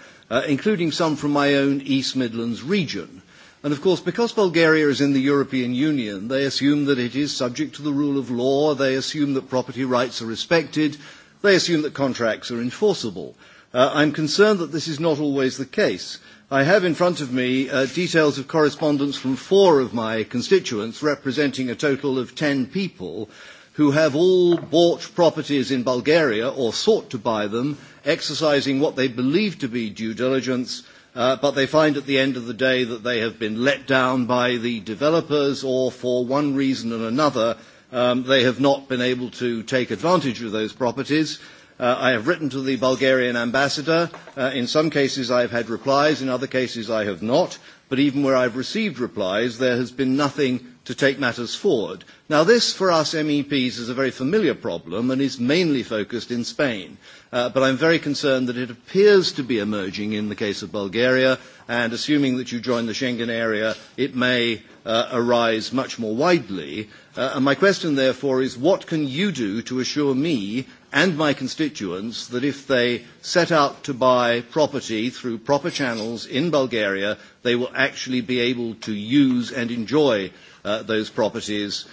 including some from my own East Midlands region. And, of course, because Bulgaria is in the European Union, they assume that it is subject to the rule of law, they assume that property rights are respected, they assume that contracts are enforceable. I am concerned that this is not always the case. I have in front of me details of correspondence from four of my constituents, representing a total of 10 people, who have all bought properties in Bulgaria or sought to buy them, exercising what they believe to be due diligence, but they find at the end of the day that they have been let down by the developers or for one reason or another they have not been able to take advantage of those properties. I have written to the Bulgarian ambassador. In some cases I have had replies, in other cases I have not. But even where I have received replies, there has been nothing to take matters forward. Now this for us MEPs is a very familiar problem and is mainly focused in Spain. But I am very concerned that it appears to be emerging in the case of Bulgaria and assuming that you join the Schengen area it may arise much more widely. And my question therefore is what can you do to assure me and my constituents that if they set out to buy property through proper channels in Bulgaria, they will actually be able to use and enjoy those properties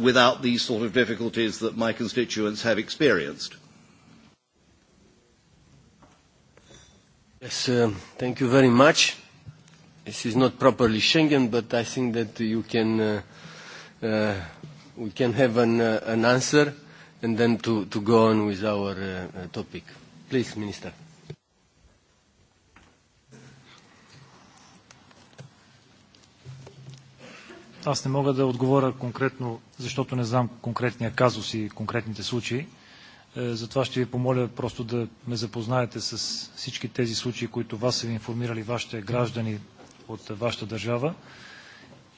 without these sort of difficulties that my constituents have experienced. Yes, thank you very much. This is not properly Schengen, but I think that you we can have an answer and then to, to go on with our topic. Please, Minister. Аз не мога да отговоря конкретно, защото не знам конкретния казус и конкретните случаи. Затова ще ви помоля просто да ме запознаете с всички тези случаи, които вас са ви информирали вашите граждани от вашата държава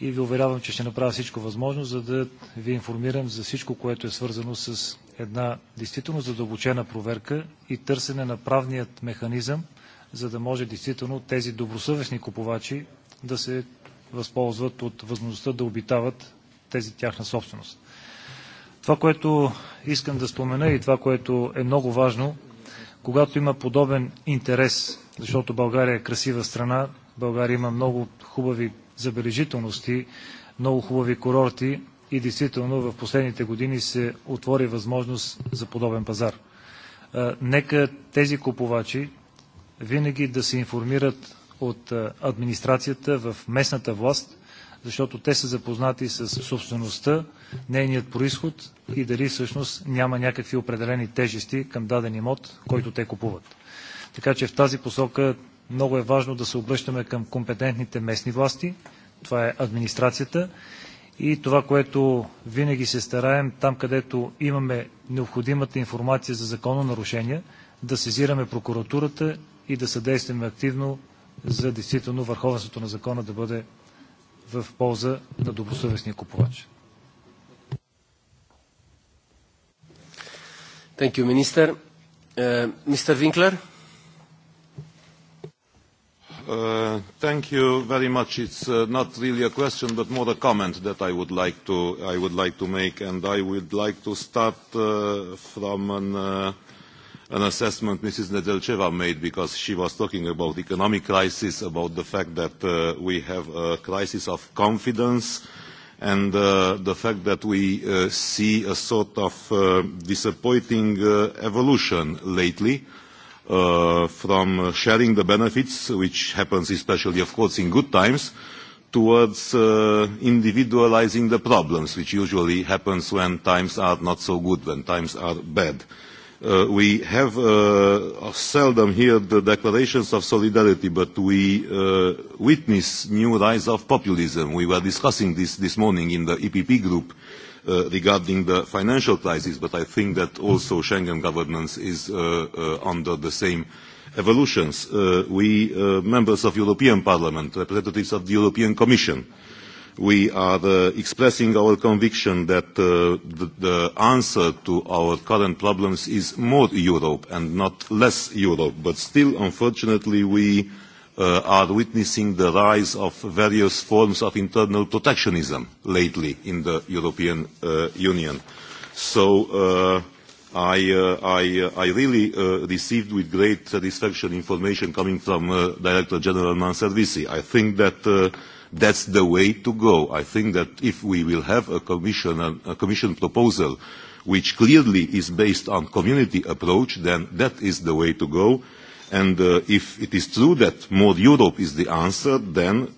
и ви уверявам, че ще направя всичко възможно, за да ви информирам за всичко, което е свързано с една действително задълбочена проверка и търсене на правният механизъм, за да може действително тези добросъвестни купувачи да се възползват от възможността да обитават тези тяхна собственост. Това, което искам да спомена и това, което е много важно, когато има подобен интерес, защото България е красива страна, България има много хубави забележителности, много хубави курорти и действително в последните години се отвори възможност за подобен пазар. Нека тези купувачи винаги да се информират от администрацията в местната власт, защото те са запознати с собствеността, нейният происход и дали всъщност няма някакви определени тежести към даден имот, който те купуват. Така че в тази посока Много е важно да се обръщаме към компетентните местни власти. Това е администрацията. И това, което винаги се стараем, там където имаме необходимата информация за закононарушения, да сезираме прокуратурата и да съдействаме активно за действително върховенството на закона да бъде в полза на добросъвестния купувач. Thank you, Minister. Uh, Mr. Winkler? Thank you very much. It's not really a question, but more a comment that I would like to make, and I would like to start from an an assessment Mrs. Nedelcheva made because she was talking about economic crisis, about the fact that we have a crisis of confidence and the fact that we see a sort of disappointing evolution lately from sharing the benefits, which happens especially, of course, in good times, towards individualizing the problems, which usually happens when times are not so good, when times are bad. We have seldom heard the declarations of solidarity, but we witness new rise of populism. We were discussing this this morning in the EPP group regarding the financial crisis, but I think that also Schengen governance is under the same evolutions. We, members of European Parliament, representatives of the European Commission, we are expressing our conviction that the answer to our current problems is more Europe and not less Europe. But still, unfortunately, we are witnessing the rise of various forms of internal protectionism lately in the European Union. So I really received with great satisfaction information coming from Director General Manservisi. I think that that's the way to go. I think that if we will have a Commission proposal which clearly is based on community approach, then that is the way to go And if it is true that more Europe is the answer, then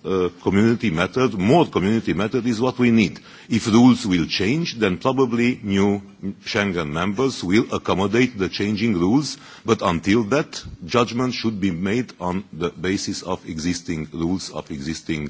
community method, more community method is what we need. If rules will change, then probably new Schengen members will accommodate the changing rules, but until that, judgment should be made on the basis of existing rules, of existing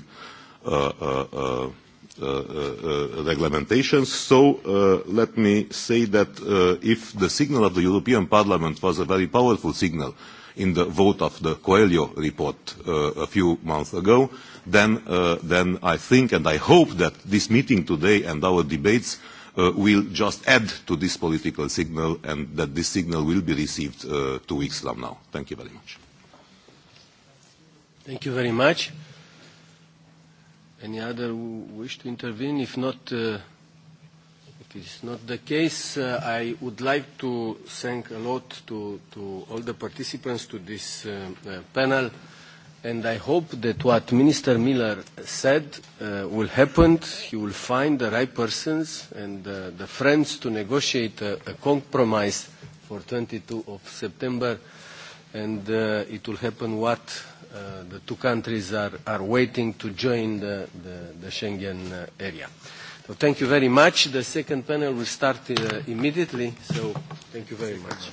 regulations. So let me say that if the signal of the European Parliament was a very powerful signal, in the vote of the Coelho report a few months ago, then I think and I hope that this meeting today and our debates will just add to this political signal and that this signal will be received two weeks from now. Thank you very much. Thank you very much. Any other who wish to intervene? If not, it is not the case. I would like to thank a lot to all the participants to this panel, and I hope that what Minister Miller said will happen. He will find the right persons and the friends to negotiate a compromise for 22 of September, and it will happen what the two countries are waiting to join the Schengen area. So thank you very much. The second panel will start immediately. So thank you very much.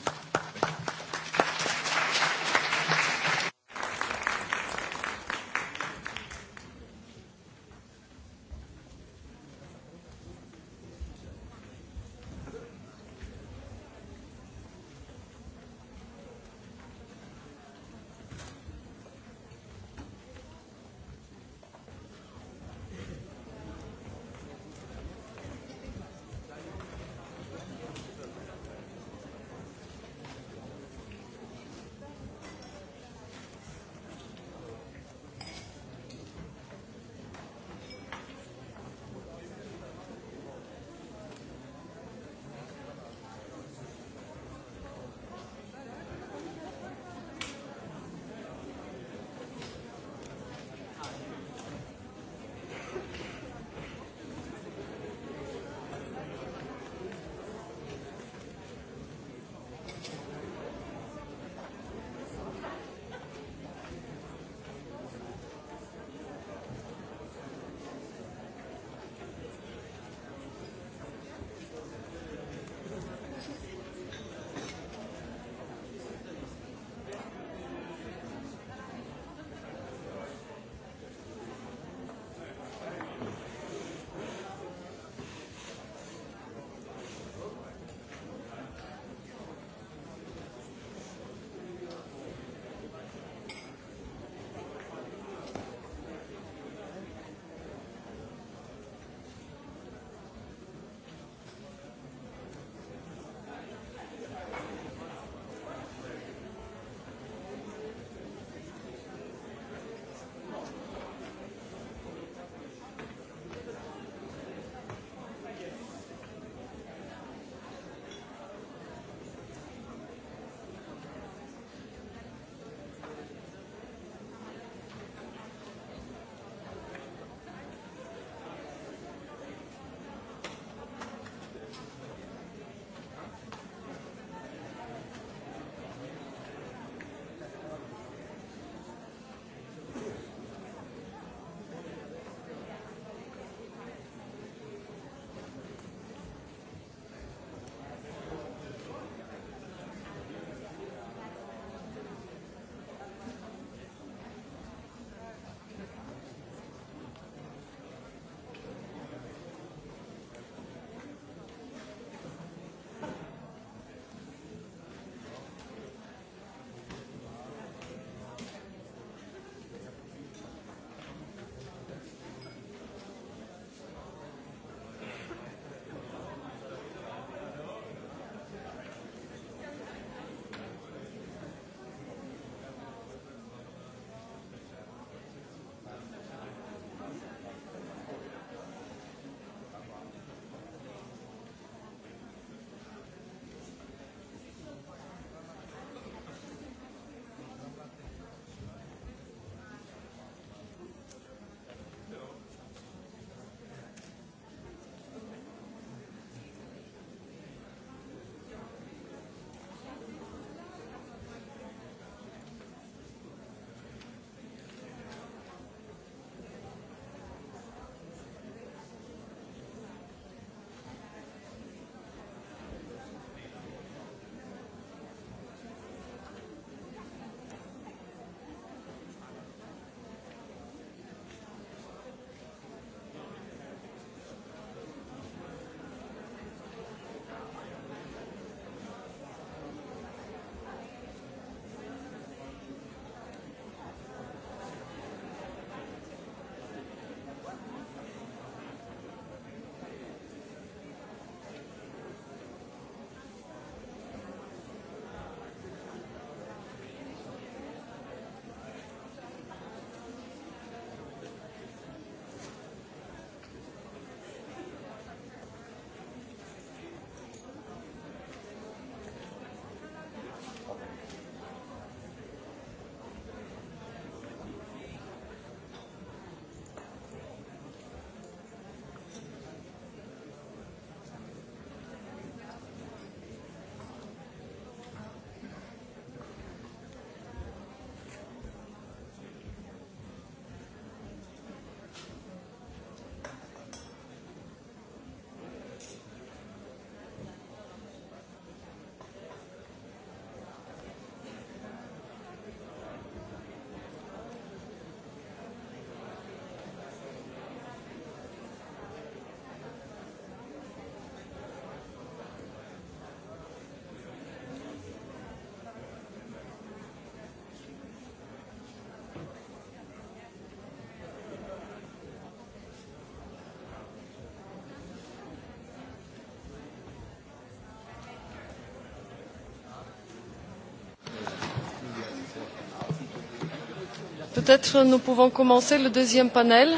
Peut-être nous pouvons commencer le deuxième panel.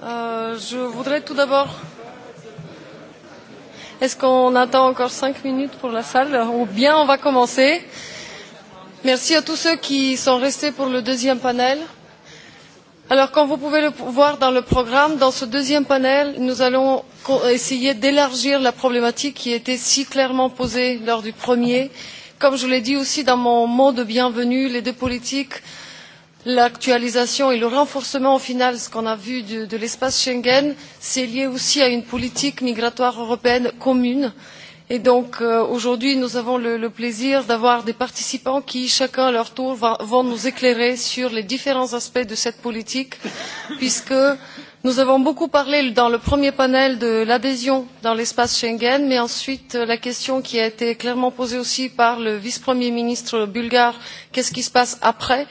Je voudrais tout d'abord. Est-ce qu'on attend encore cinq minutes pour la salle ou bien on va commencer Merci à tous ceux qui sont restés pour le deuxième panel. Alors, comme vous pouvez le voir dans le programme, dans ce deuxième panel, nous allons essayer d'élargir la problématique qui a été si clairement posée lors du premier. Comme je l'ai dit aussi dans mon mot de bienvenue, les deux politiques l'actualisation et le renforcement au final ce qu'on a vu de l'espace Schengen, c'est lié aussi à une politique migratoire européenne commune. Et donc aujourd'hui, nous avons le plaisir d'avoir des participants qui, chacun à leur tour, vont nous éclairer sur les différents aspects de cette politique, puisque nous avons beaucoup parlé dans le premier panel de l'adhésion dans l'espace Schengen, mais ensuite la question qui a été clairement posée aussi par le vice premier ministre bulgare qu'est ce qui se passe après?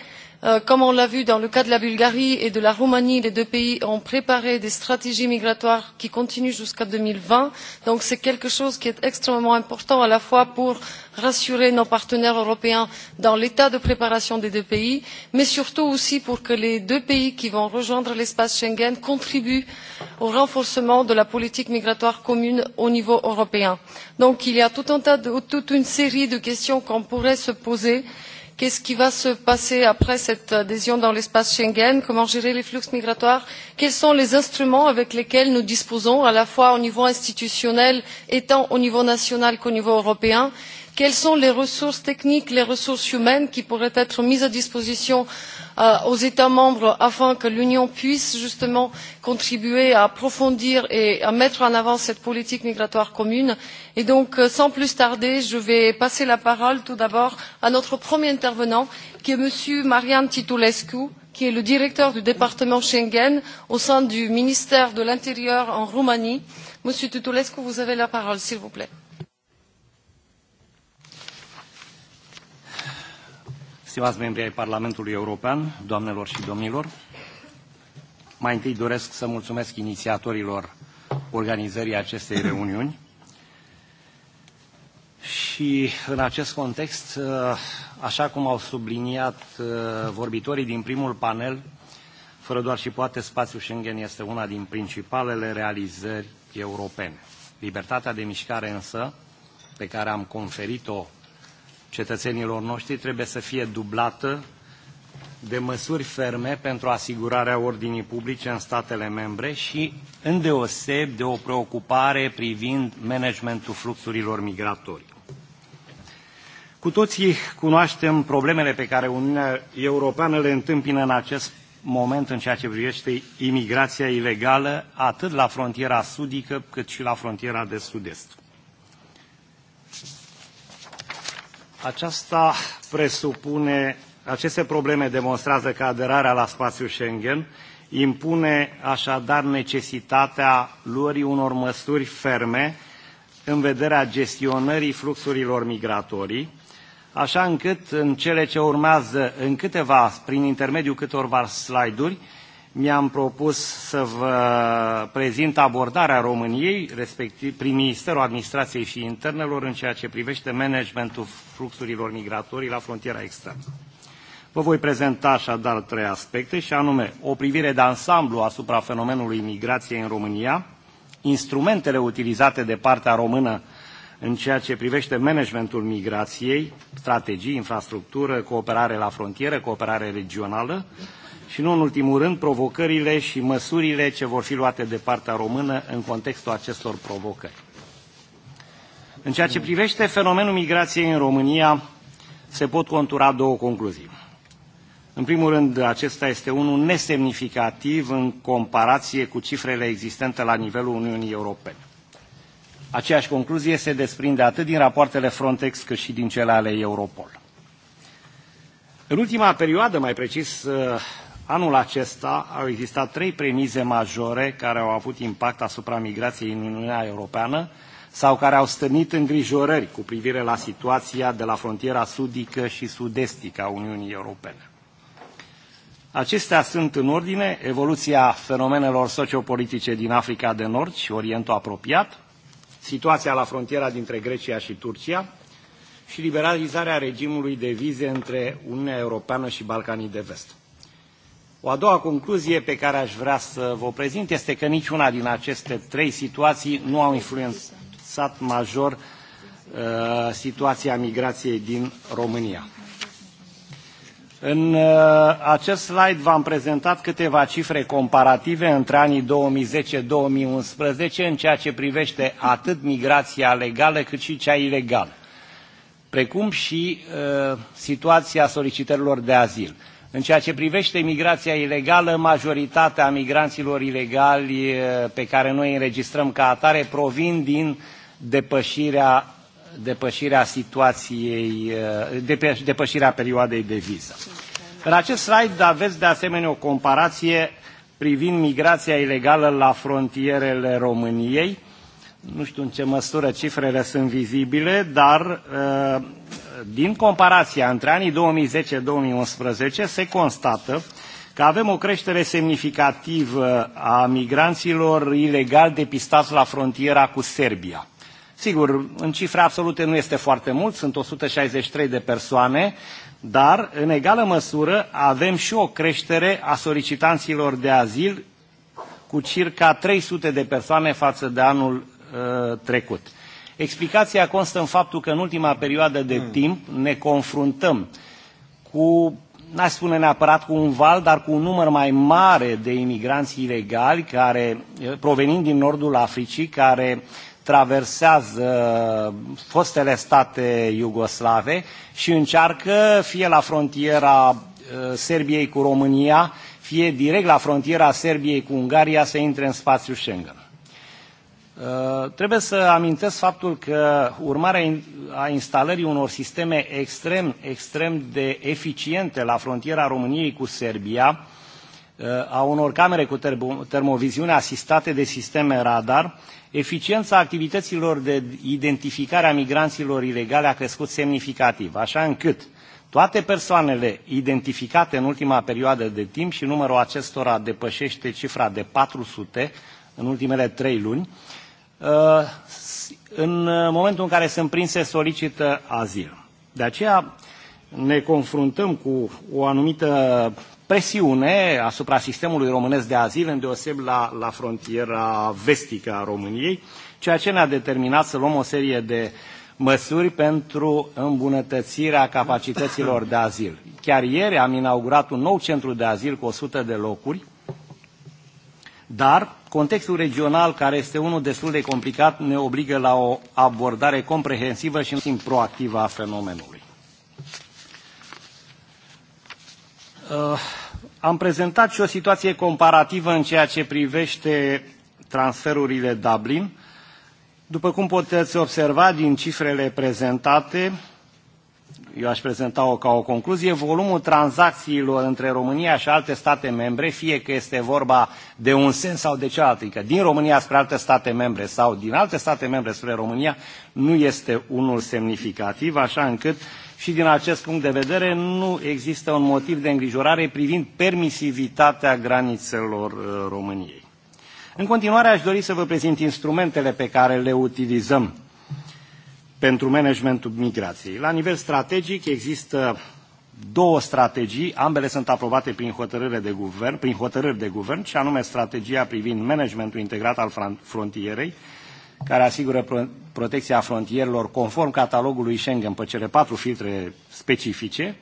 comme on l'a vu dans le cas de la bulgarie et de la roumanie les deux pays ont préparé des stratégies migratoires qui continuent jusqu'en deux mille vingt donc c'est quelque chose qui est extrêmement important à la fois pour rassurer nos partenaires européens dans l'état de préparation des deux pays mais surtout aussi pour que les deux pays qui vont rejoindre l'espace schengen contribuent au renforcement de la politique migratoire commune au niveau européen. il y a toute une série de questions qu'on pourrait se poser Qu'est-ce qui va se passer après cette adhésion dans l'espace Schengen Comment gérer les flux migratoires Quels sont les instruments avec lesquels nous disposons, à la fois au niveau institutionnel, tant au niveau national qu'au niveau européen Quelles sont les ressources techniques, les ressources humaines qui pourraient être mises à disposition aux États membres afin que l'Union puisse justement contribuer à approfondir et à mettre en avant cette politique migratoire commune. Et donc, sans plus tarder, je vais passer la parole tout d'abord à notre premier intervenant, qui est M. Marian Titulescu, qui est le directeur du département Schengen au sein du ministère de l'Intérieur en Roumanie. Monsieur Titulescu, vous avez la parole, s'il vous plaît. stimați membri ai Parlamentului European, doamnelor și domnilor, mai întâi doresc să mulțumesc inițiatorilor organizării acestei reuniuni și în acest context, așa cum au subliniat vorbitorii din primul panel, fără doar și poate, spațiul Schengen este una din principalele realizări europene. Libertatea de mișcare însă, pe care am conferit-o cetățenilor noștri trebuie să fie dublată de măsuri ferme pentru asigurarea ordinii publice în statele membre și îndeoseb de o preocupare privind managementul fluxurilor migratorii. Cu toții cunoaștem problemele pe care Uniunea Europeană le întâmpină în acest moment în ceea ce privește imigrația ilegală, atât la frontiera sudică cât și la frontiera de sud-est. Aceasta presupune, aceste probleme demonstrează că aderarea la spațiul Schengen impune așadar necesitatea luării unor măsuri ferme în vederea gestionării fluxurilor migratorii, așa încât în cele ce urmează, în câteva, prin intermediul câtorva slide-uri, mi-am propus să vă prezint abordarea României, respectiv prin Ministerul Administrației și Internelor, în ceea ce privește managementul fluxurilor migratorii la frontiera externă. Vă voi prezenta așadar trei aspecte, și anume o privire de ansamblu asupra fenomenului migrației în România, instrumentele utilizate de partea română în ceea ce privește managementul migrației, strategii, infrastructură, cooperare la frontieră, cooperare regională, și nu în ultimul rând provocările și măsurile ce vor fi luate de partea română în contextul acestor provocări. În ceea ce privește fenomenul migrației în România, se pot contura două concluzii. În primul rând, acesta este unul nesemnificativ în comparație cu cifrele existente la nivelul Uniunii Europene. Aceeași concluzie se desprinde atât din rapoartele Frontex cât și din cele ale Europol. În ultima perioadă, mai precis Anul acesta au existat trei premize majore care au avut impact asupra migrației în Uniunea Europeană sau care au stârnit îngrijorări cu privire la situația de la frontiera sudică și sud-estică a Uniunii Europene. Acestea sunt în ordine evoluția fenomenelor sociopolitice din Africa de Nord și Orientul apropiat, situația la frontiera dintre Grecia și Turcia și liberalizarea regimului de vize între Uniunea Europeană și Balcanii de Vest. O a doua concluzie pe care aș vrea să vă prezint este că niciuna din aceste trei situații nu au influențat major situația migrației din România. În acest slide v-am prezentat câteva cifre comparative între anii 2010-2011 în ceea ce privește atât migrația legală cât și cea ilegală, precum și situația solicitărilor de azil. În ceea ce privește migrația ilegală, majoritatea migranților ilegali pe care noi înregistrăm ca atare provin din depășirea, depășirea situației, depășirea perioadei de viză. În acest slide aveți de asemenea o comparație privind migrația ilegală la frontierele României nu știu în ce măsură cifrele sunt vizibile, dar din comparația între anii 2010-2011 se constată că avem o creștere semnificativă a migranților ilegal depistați la frontiera cu Serbia. Sigur, în cifre absolute nu este foarte mult, sunt 163 de persoane, dar în egală măsură avem și o creștere a solicitanților de azil cu circa 300 de persoane față de anul trecut. Explicația constă în faptul că în ultima perioadă de timp ne confruntăm cu, n-aș spune neapărat cu un val, dar cu un număr mai mare de imigranți ilegali care, provenind din nordul Africii, care traversează fostele state iugoslave și încearcă fie la frontiera Serbiei cu România, fie direct la frontiera Serbiei cu Ungaria să intre în spațiul Schengen. Trebuie să amintesc faptul că urmarea a instalării unor sisteme extrem, extrem de eficiente la frontiera României cu Serbia, a unor camere cu termoviziune asistate de sisteme radar, eficiența activităților de identificare a migranților ilegale a crescut semnificativ, așa încât toate persoanele identificate în ultima perioadă de timp și numărul acestora depășește cifra de 400 în ultimele trei luni, în momentul în care sunt prinse solicită azil. De aceea ne confruntăm cu o anumită presiune asupra sistemului românesc de azil, îndeoseb la, la frontiera vestică a României, ceea ce ne-a determinat să luăm o serie de măsuri pentru îmbunătățirea capacităților de azil. Chiar ieri am inaugurat un nou centru de azil cu 100 de locuri, dar Contextul regional, care este unul destul de complicat, ne obligă la o abordare comprehensivă și în proactivă a fenomenului. Am prezentat și o situație comparativă în ceea ce privește transferurile Dublin. După cum puteți observa din cifrele prezentate, eu aș prezenta-o ca o concluzie, volumul tranzacțiilor între România și alte state membre, fie că este vorba de un sens sau de cealaltă, adică din România spre alte state membre sau din alte state membre spre România, nu este unul semnificativ, așa încât și din acest punct de vedere nu există un motiv de îngrijorare privind permisivitatea granițelor României. În continuare aș dori să vă prezint instrumentele pe care le utilizăm pentru managementul migrației. La nivel strategic există două strategii, ambele sunt aprobate prin hotărâre de guvern, prin hotărâri de guvern, și anume strategia privind managementul integrat al frontierei, care asigură protecția frontierelor conform catalogului Schengen pe cele patru filtre specifice,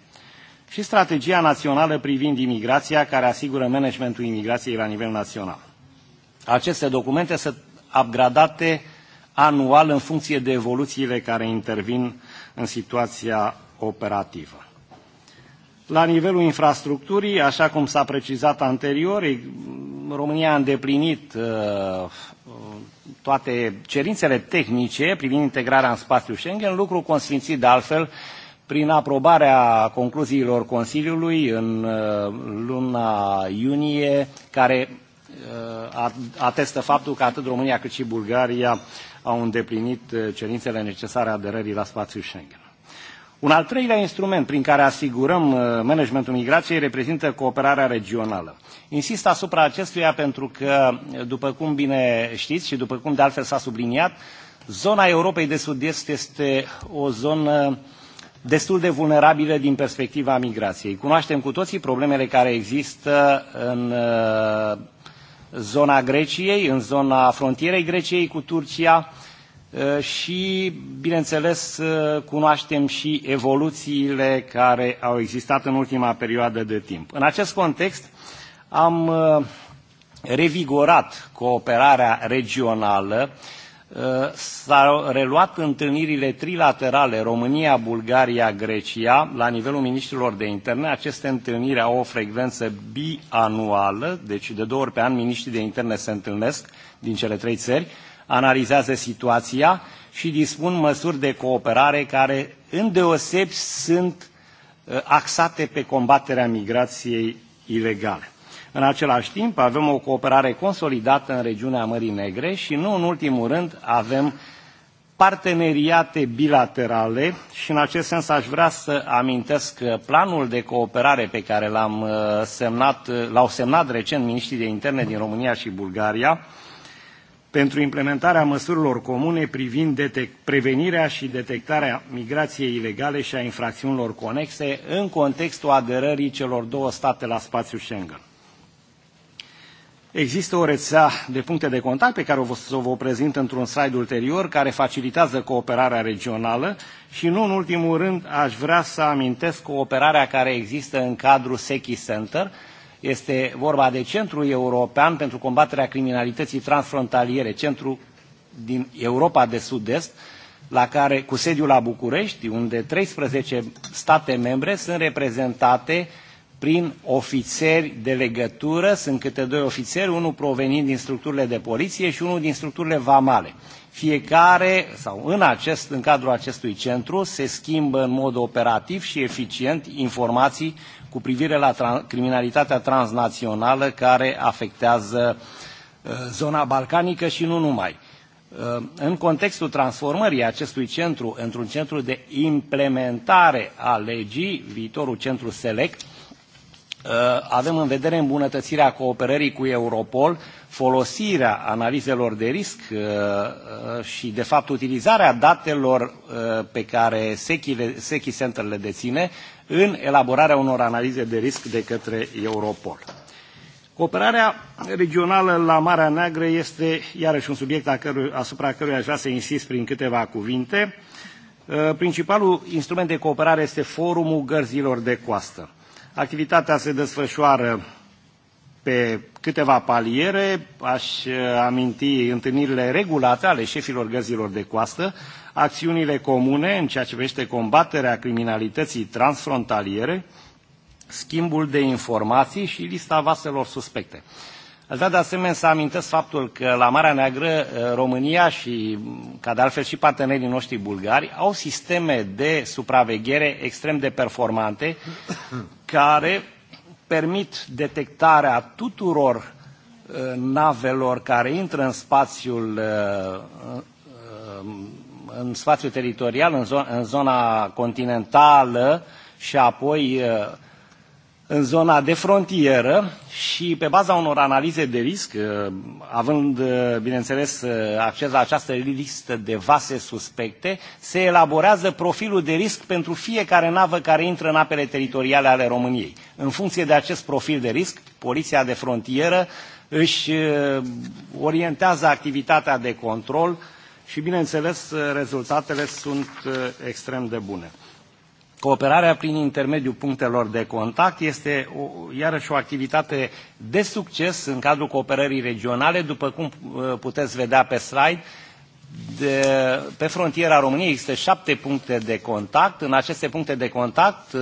și strategia națională privind imigrația, care asigură managementul imigrației la nivel național. Aceste documente sunt upgradate anual în funcție de evoluțiile care intervin în situația operativă. La nivelul infrastructurii, așa cum s-a precizat anterior, România a îndeplinit toate cerințele tehnice privind integrarea în spațiul Schengen, lucru consfințit de altfel prin aprobarea concluziilor Consiliului în luna iunie, care atestă faptul că atât România cât și Bulgaria au îndeplinit cerințele necesare aderării la spațiul Schengen. Un al treilea instrument prin care asigurăm managementul migrației reprezintă cooperarea regională. Insist asupra acestuia pentru că, după cum bine știți și după cum de altfel s-a subliniat, zona Europei de Sud-Est este o zonă destul de vulnerabilă din perspectiva migrației. Cunoaștem cu toții problemele care există în zona Greciei, în zona frontierei Greciei cu Turcia și, bineînțeles, cunoaștem și evoluțiile care au existat în ultima perioadă de timp. În acest context am revigorat cooperarea regională s-au reluat întâlnirile trilaterale România, Bulgaria, Grecia la nivelul ministrilor de interne. Aceste întâlniri au o frecvență bianuală, deci de două ori pe an miniștrii de interne se întâlnesc din cele trei țări, analizează situația și dispun măsuri de cooperare care îndeosebi sunt axate pe combaterea migrației ilegale. În același timp, avem o cooperare consolidată în regiunea Mării Negre și, nu în ultimul rând, avem parteneriate bilaterale și în acest sens aș vrea să amintesc că planul de cooperare pe care l-am semnat, l-au semnat recent miniștrii de interne din România și Bulgaria pentru implementarea măsurilor comune privind prevenirea și detectarea migrației ilegale și a infracțiunilor conexe în contextul aderării celor două state la spațiul Schengen. Există o rețea de puncte de contact pe care o să vă prezint într-un slide ulterior, care facilitează cooperarea regională și, nu în ultimul rând, aș vrea să amintesc cooperarea care există în cadrul SECI Center. Este vorba de Centrul European pentru combaterea criminalității transfrontaliere, centru din Europa de Sud-Est, la care, cu sediul la București, unde 13 state membre sunt reprezentate prin ofițeri de legătură, sunt câte doi ofițeri, unul provenind din structurile de poliție și unul din structurile vamale. Fiecare, sau în, acest, în cadrul acestui centru, se schimbă în mod operativ și eficient informații cu privire la criminalitatea transnațională care afectează zona balcanică și nu numai. În contextul transformării acestui centru într-un centru de implementare a legii, viitorul centru SELECT, avem în vedere îmbunătățirea cooperării cu Europol, folosirea analizelor de risc și, de fapt, utilizarea datelor pe care sechi Center le deține în elaborarea unor analize de risc de către Europol. Cooperarea regională la Marea Neagră este iarăși un subiect asupra căruia aș vrea să insist prin câteva cuvinte. Principalul instrument de cooperare este Forumul Gărzilor de Coastă. Activitatea se desfășoară pe câteva paliere. Aș aminti întâlnirile regulate ale șefilor găzilor de coastă, acțiunile comune în ceea ce privește combaterea criminalității transfrontaliere, schimbul de informații și lista vaselor suspecte. Aș vrea de asemenea să amintesc faptul că la Marea Neagră România și, ca de altfel și partenerii noștri bulgari, au sisteme de supraveghere extrem de performante care permit detectarea tuturor navelor care intră în spațiul în spațiul teritorial, în zona continentală și apoi în zona de frontieră și pe baza unor analize de risc, având, bineînțeles, acces la această listă de vase suspecte, se elaborează profilul de risc pentru fiecare navă care intră în apele teritoriale ale României. În funcție de acest profil de risc, Poliția de Frontieră își orientează activitatea de control și, bineînțeles, rezultatele sunt extrem de bune. Cooperarea prin intermediul punctelor de contact este iarăși o activitate de succes în cadrul cooperării regionale, după cum puteți vedea pe slide. pe frontiera României există șapte puncte de contact. În aceste puncte de contact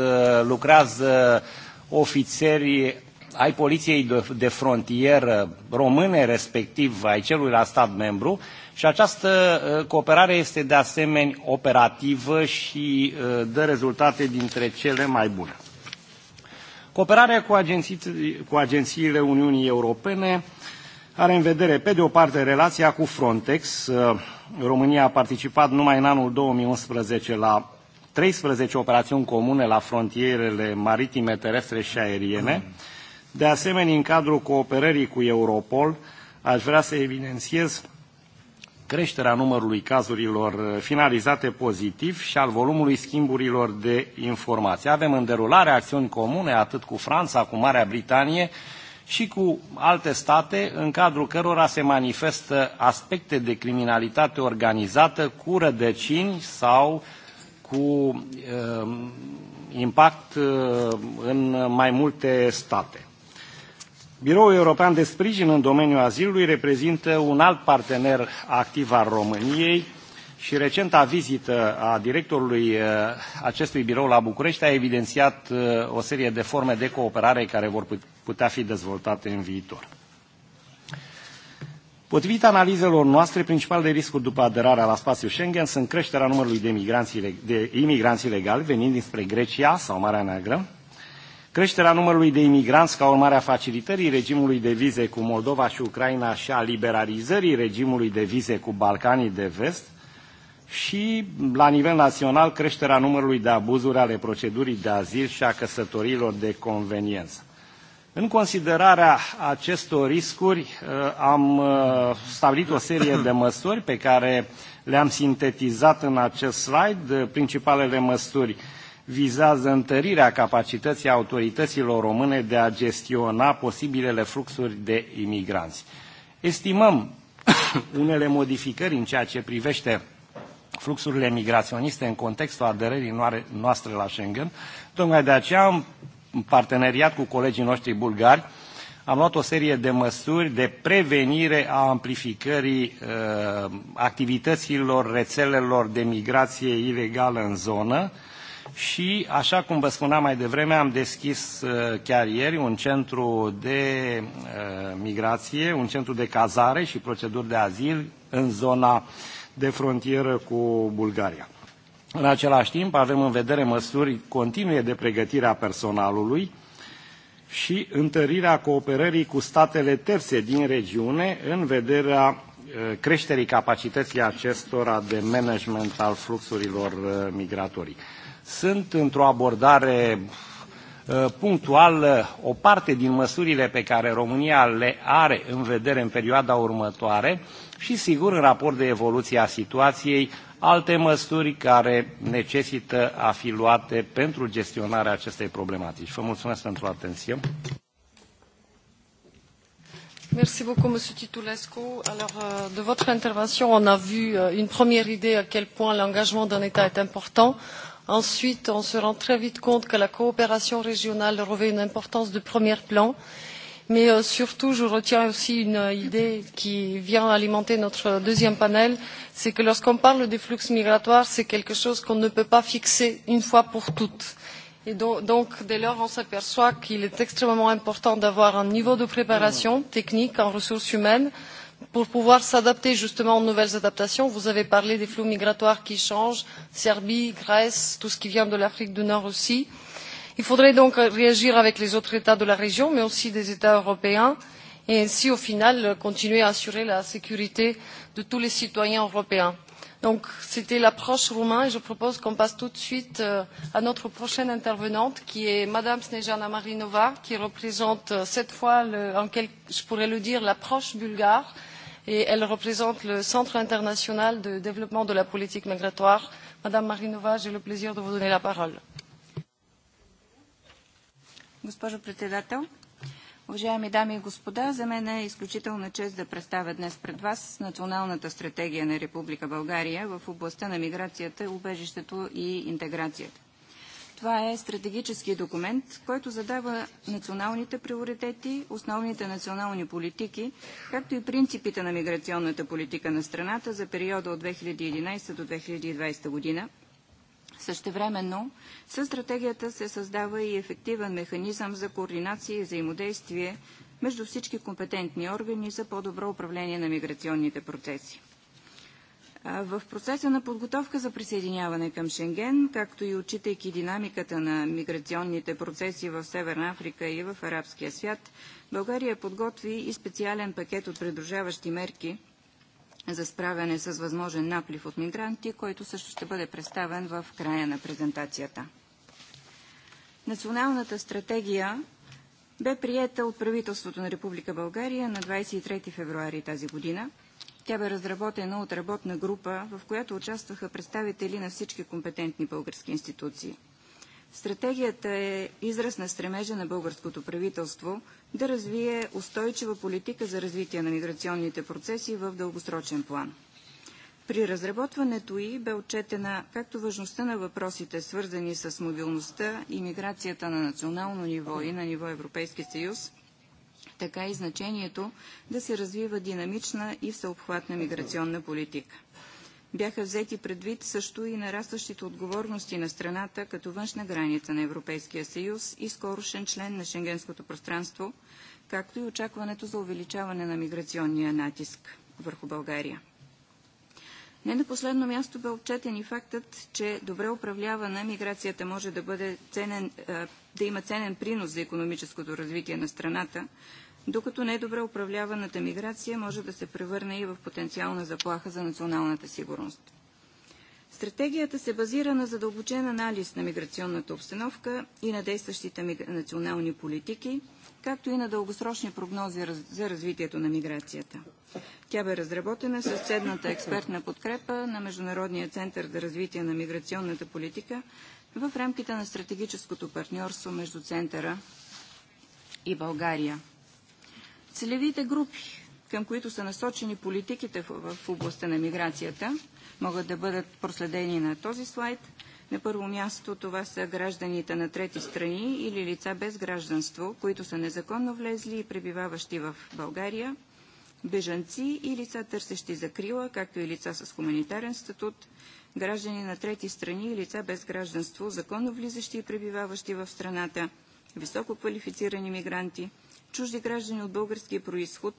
lucrează ofițerii ai poliției de, de frontieră române, respectiv ai celuilalt stat membru, Și această cooperare este de asemenea operativă și dă rezultate dintre cele mai bune. Cooperarea cu, agenții, cu agențiile Uniunii Europene are în vedere, pe de o parte, relația cu Frontex. România a participat numai în anul 2011 la 13 operațiuni comune la frontierele maritime, terestre și aeriene. De asemenea, în cadrul cooperării cu Europol, aș vrea să evidențiez creșterea numărului cazurilor finalizate pozitiv și al volumului schimburilor de informații. Avem în derulare acțiuni comune atât cu Franța, cu Marea Britanie și cu alte state în cadrul cărora se manifestă aspecte de criminalitate organizată cu rădăcini sau cu uh, impact uh, în mai multe state. Biroul European de Sprijin în domeniul azilului reprezintă un alt partener activ al României și recenta vizită a directorului acestui birou la București a evidențiat o serie de forme de cooperare care vor putea fi dezvoltate în viitor. Potrivit analizelor noastre, principalele riscuri după aderarea la spațiul Schengen sunt creșterea numărului de, de imigranți ilegali venind dinspre Grecia sau Marea Neagră, creșterea numărului de imigranți ca urmare a facilitării regimului de vize cu Moldova și Ucraina și a liberalizării regimului de vize cu Balcanii de Vest și, la nivel național, creșterea numărului de abuzuri ale procedurii de azil și a căsătorilor de conveniență. În considerarea acestor riscuri am stabilit o serie de măsuri pe care le-am sintetizat în acest slide. Principalele măsuri vizează întărirea capacității autorităților române de a gestiona posibilele fluxuri de imigranți. Estimăm unele modificări în ceea ce privește fluxurile migraționiste în contextul aderării noastre la Schengen. Tocmai de aceea, în parteneriat cu colegii noștri bulgari, am luat o serie de măsuri de prevenire a amplificării uh, activităților rețelelor de migrație ilegală în zonă, și, așa cum vă spuneam mai devreme, am deschis chiar ieri un centru de migrație, un centru de cazare și proceduri de azil în zona de frontieră cu Bulgaria. În același timp, avem în vedere măsuri continue de pregătire a personalului și întărirea cooperării cu statele terțe din regiune în vederea creșterii capacității acestora de management al fluxurilor migratorii sunt într-o abordare punctuală o parte din măsurile pe care România le are în vedere în perioada următoare și, sigur, în raport de evoluție a situației, alte măsuri care necesită a fi luate pentru gestionarea acestei problematici. Vă mulțumesc pentru atenție. Merci beaucoup, Monsieur Titulescu. Alors, de votre intervention, on a vu une première idée à quel point l'engagement d'un État est important Ensuite, on se rend très vite compte que la coopération régionale revêt une importance de premier plan. Mais surtout, je retiens aussi une idée qui vient alimenter notre deuxième panel, c'est que lorsqu'on parle des flux migratoires, c'est quelque chose qu'on ne peut pas fixer une fois pour toutes. Et donc, dès lors, on s'aperçoit qu'il est extrêmement important d'avoir un niveau de préparation technique en ressources humaines pour pouvoir s'adapter justement aux nouvelles adaptations. Vous avez parlé des flux migratoires qui changent, Serbie, Grèce, tout ce qui vient de l'Afrique du Nord aussi. Il faudrait donc réagir avec les autres États de la région, mais aussi des États européens, et ainsi, au final, continuer à assurer la sécurité de tous les citoyens européens. Donc, c'était l'approche roumaine et je propose qu'on passe tout de suite à notre prochaine intervenante, qui est Madame Snejana Marinova, qui représente cette fois, je pourrais le dire, l'approche bulgare et elle représente le Centre international de développement de la politique migratoire. Madame Marinova, j'ai le plaisir de vous donner la parole. Госпожо председател, уважаеми дами и господа, за мен е изключителна чест да представя днес пред вас Националната стратегия на Република България в областта на миграцията, убежището и интеграцията. Това е стратегически документ, който задава националните приоритети, основните национални политики, както и принципите на миграционната политика на страната за периода от 2011 до 2020 година. Същевременно, със стратегията се създава и ефективен механизъм за координация и взаимодействие между всички компетентни органи за по-добро управление на миграционните процеси. В процеса на подготовка за присъединяване към Шенген, както и отчитайки динамиката на миграционните процеси в Северна Африка и в арабския свят, България подготви и специален пакет от придружаващи мерки за справяне с възможен наплив от мигранти, който също ще бъде представен в края на презентацията. Националната стратегия бе приета от правителството на Република България на 23 февруари тази година – Тя бе разработена от работна група, в която участваха представители на всички компетентни български институции. Стратегията е израз на стремежа на българското правителство да развие устойчива политика за развитие на миграционните процеси в дългосрочен план. При разработването й бе отчетена както важността на въпросите, свързани с мобилността и миграцията на национално ниво и на ниво Европейски съюз, така и значението да се развива динамична и всеобхватна миграционна политика. Бяха взети предвид също и нарастващите отговорности на страната като външна граница на Европейския съюз и скорошен член на Шенгенското пространство, както и очакването за увеличаване на миграционния натиск върху България. Не на последно място бе отчетен и фактът, че добре управлявана миграцията може да, бъде ценен, да има ценен принос за економическото развитие на страната, докато недобре управляваната миграция може да се превърне и в потенциална заплаха за националната сигурност. Стратегията се базира на задълбочен анализ на миграционната обстановка и на действащите национални политики, както и на дългосрочни прогнози за развитието на миграцията. Тя бе разработена със седната експертна подкрепа на Международния център за развитие на миграционната политика в рамките на стратегическото партньорство между Центъра и България – Целевите групи, към които са насочени политиките в областта на миграцията, могат да бъдат проследени на този слайд. На първо място това са гражданите на трети страни или лица без гражданство, които са незаконно влезли и пребиваващи в България, бежанци и лица търсещи закрила, както и лица с хуманитарен статут, граждани на трети страни и лица без гражданство, законно влизащи и пребиваващи в страната, висококвалифицирани мигранти – чужди граждани от български происход,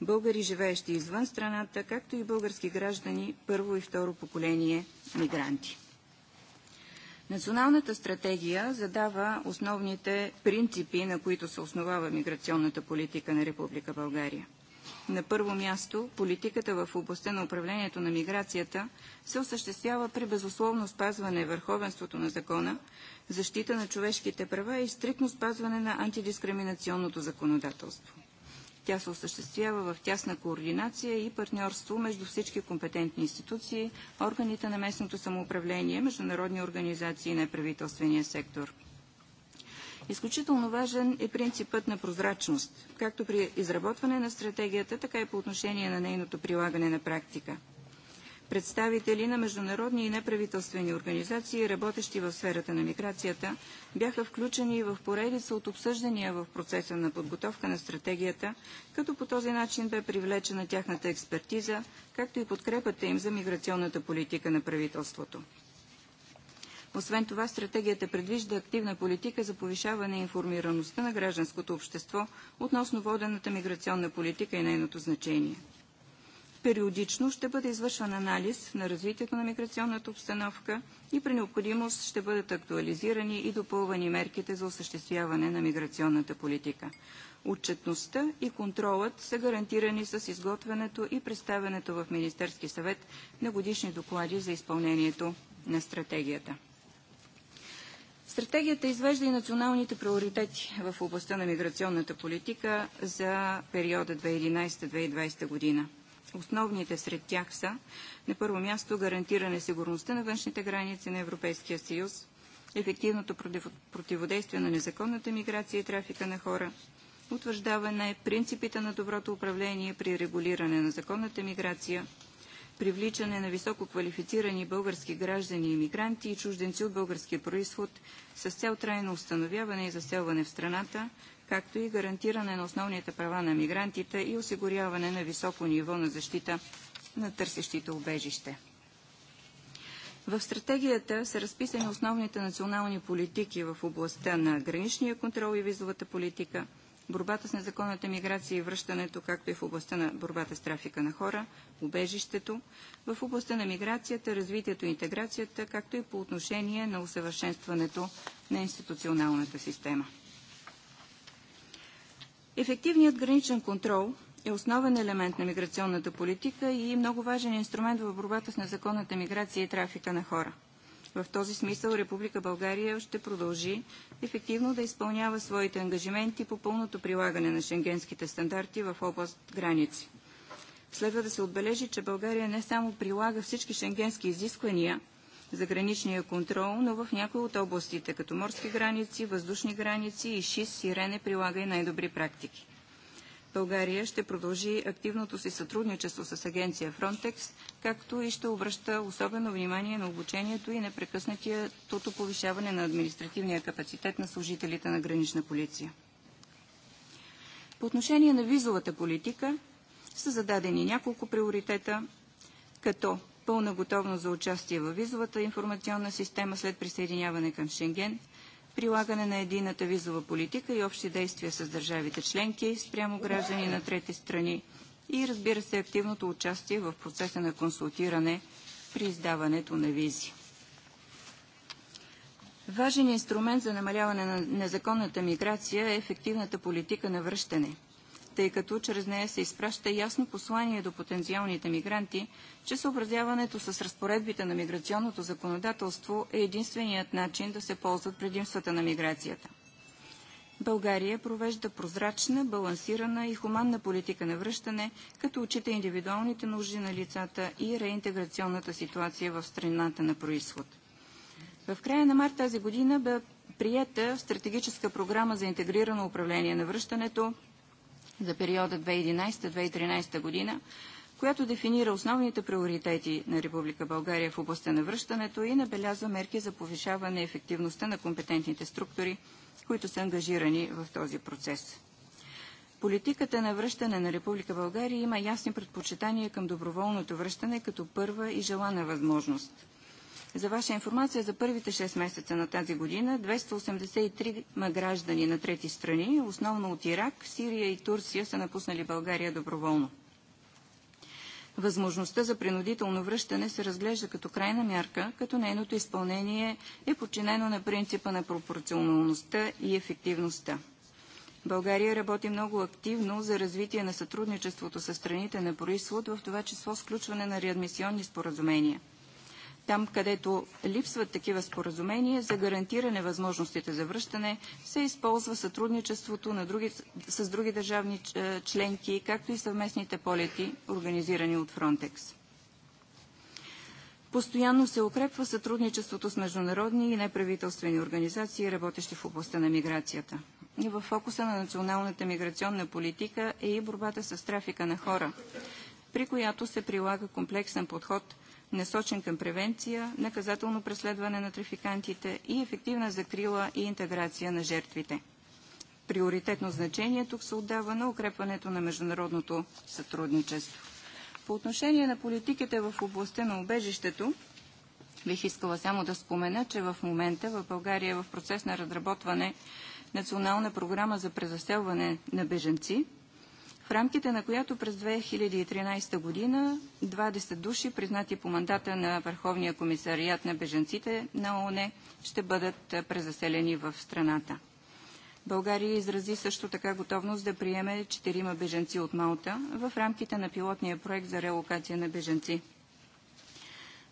българи, живеещи извън страната, както и български граждани първо и второ поколение мигранти. Националната стратегия задава основните принципи, на които се основава миграционната политика на Република България – На първо място, политиката в областта на управлението на миграцията се осъществява при безусловно спазване върховенството на закона, защита на човешките права и стрикно спазване на антидискриминационното законодателство. Тя се осъществява в тясна координация и партньорство между всички компетентни институции, органите на местното самоуправление, международни организации и неправителствения сектор. Изключително важен е принципът на прозрачност, както при изработване на стратегията, така и по отношение на нейното прилагане на практика. Представители на международни и неправителствени организации, работещи в сферата на миграцията, бяха включени в поредица от обсъждания в процеса на подготовка на стратегията, като по този начин бе привлечена тяхната експертиза, както и подкрепата им за миграционната политика на правителството. Освен това, стратегията предвижда активна политика за повишаване информираността на гражданското общество относно водената миграционна политика и нейното значение. Периодично ще бъде извършван анализ на развитието на миграционната обстановка и при необходимост ще бъдат актуализирани и допълвани мерките за осъществяване на миграционната политика. Отчетността и контролът са гарантирани с изготвянето и представянето в Министерски съвет на годишни доклади за изпълнението на стратегията. Стратегията извежда и националните приоритети в областта на миграционната политика за периода 2011-2020 година. Основните сред тях са на първо място гарантиране сигурността на външните граници на Европейския съюз, ефективното противодействие на незаконната миграция и трафика на хора, утвърждаване принципите на доброто управление при регулиране на законната миграция – привличане на висококвалифицирани български граждани и мигранти и чужденци от български происход с цел трайно установяване и заселване в страната, както и гарантиране на основните права на мигрантите и осигуряване на високо ниво на защита на търсещите убежище. В стратегията са разписани основните национални политики в областта на граничния контрол и визовата политика – борбата с незаконната миграция и връщането, както и в областта на борбата с трафика на хора, убежището, в областта на миграцията, развитието и интеграцията, както и по отношение на усъвършенстването на институционалната система. Ефективният граничен контрол е основен елемент на миграционната политика и много важен инструмент в борбата с незаконната миграция и трафика на хора. В този смисъл Република България ще продължи ефективно да изпълнява своите ангажименти по пълното прилагане на шенгенските стандарти в област граници. Следва да се отбележи, че България не само прилага всички шенгенски изисквания за граничния контрол, но в някои от областите, като морски граници, въздушни граници и ШИС, Сирене прилага и най-добри практики. България ще продължи активното си сътрудничество с агенция Frontex, както и ще обръща особено внимание на обучението и непрекъснатието повишаване на административния капацитет на служителите на гранична полиция. По отношение на визовата политика са зададени няколко приоритета, като пълна готовност за участие в визовата информационна система след присъединяване към Шенген – прилагане на едината визова политика и общи действия с държавите членки спрямо граждани на трети страни и разбира се активното участие в процеса на консултиране при издаването на визи. Важен инструмент за намаляване на незаконната миграция е ефективната политика на връщане тъй като чрез нея се изпраща ясно послание до потенциалните мигранти, че съобразяването с разпоредбите на миграционното законодателство е единственият начин да се ползват предимствата на миграцията. България провежда прозрачна, балансирана и хуманна политика на връщане, като отчита индивидуалните нужди на лицата и реинтеграционната ситуация в страната на происход. В края на март тази година бе приета стратегическа програма за интегрирано управление на връщането, за периода 2011-2013 година, която дефинира основните приоритети на Република България в областта на връщането и набелязва мерки за повишаване ефективността на компетентните структури, които са ангажирани в този процес. Политиката на връщане на Република България има ясни предпочитания към доброволното връщане като първа и желана възможност. За ваша информация, за първите 6 месеца на тази година 283 граждани на трети страни, основно от Ирак, Сирия и Турция, са напуснали България доброволно. Възможността за принудително връщане се разглежда като крайна мярка, като нейното изпълнение е подчинено на принципа на пропорционалността и ефективността. България работи много активно за развитие на сътрудничеството с страните на происход, в това число сключване на реадмисионни споразумения – там където липсват такива споразумения за гарантиране възможностите за връщане, се използва сътрудничеството на други, с други държавни членки, както и съвместните полети, организирани от Фронтекс. Постоянно се укрепва сътрудничеството с международни и неправителствени организации, работещи в областта на миграцията. И в фокуса на националната миграционна политика е и борбата с трафика на хора, при която се прилага комплексен подход – насочен към превенция, наказателно преследване на трафикантите и ефективна закрила и интеграция на жертвите. Приоритетно значение тук се отдава на укрепването на международното сътрудничество. По отношение на политиките в областта на убежището, бих искала само да спомена, че в момента в България е в процес на разработване национална програма за презаселване на беженци – В рамките на която през 2013 година 20 души, признати по мандата на Върховния комисариат на беженците на ООН, ще бъдат презаселени в страната. България изрази също така готовност да приеме 4 беженци от Малта в рамките на пилотния проект за релокация на беженци.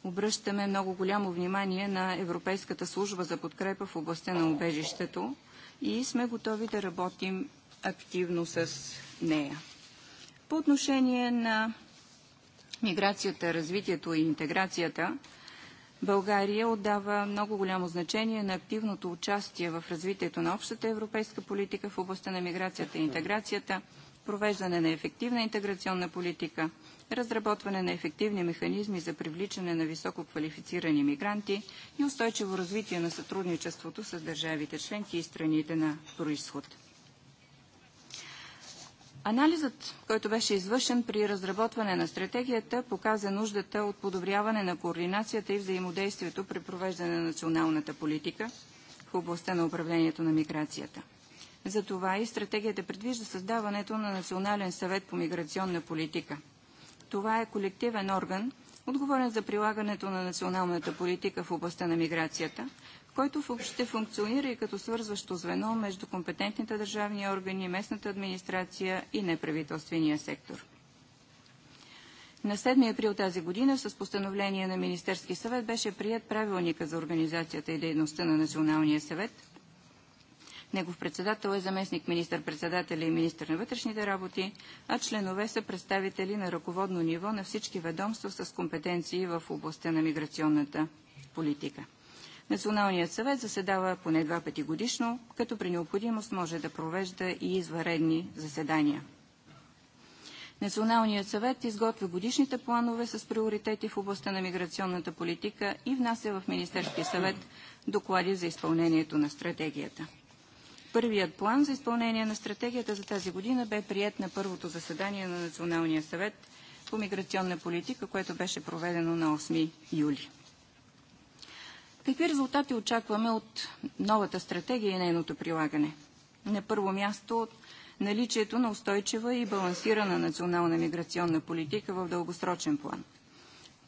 Обръщаме много голямо внимание на Европейската служба за подкрепа в областта на убежището и сме готови да работим активно с нея. По отношение на миграцията, развитието и интеграцията, България отдава много голямо значение на активното участие в развитието на общата европейска политика в областта на миграцията и интеграцията, провеждане на ефективна интеграционна политика, разработване на ефективни механизми за привличане на високо квалифицирани мигранти и устойчиво развитие на сътрудничеството с държавите членки и страните на происход. Анализът, който беше извършен при разработване на стратегията, показа нуждата от подобряване на координацията и взаимодействието при провеждане на националната политика в областта на управлението на миграцията. Затова и стратегията предвижда създаването на Национален съвет по миграционна политика. Това е колективен орган, отговорен за прилагането на националната политика в областта на миграцията, който ще функционира и като свързващо звено между компетентните държавни органи, местната администрация и неправителствения сектор. На 7 април тази година с постановление на Министерски съвет беше прият правилника за организацията и дейността на Националния съвет. Негов председател е заместник министър-председателя и министър на вътрешните работи, а членове са представители на ръководно ниво на всички ведомства с компетенции в областта на миграционната политика. Националният съвет заседава поне два пъти годишно, като при необходимост може да провежда и извънредни заседания. Националният съвет изготвя годишните планове с приоритети в областта на миграционната политика и внася в Министерския съвет доклади за изпълнението на стратегията. Първият план за изпълнение на стратегията за тази година бе прият на първото заседание на Националния съвет по миграционна политика, което беше проведено на 8 юли. Какви резултати очакваме от новата стратегия и нейното прилагане? На първо място наличието на устойчива и балансирана национална миграционна политика в дългосрочен план.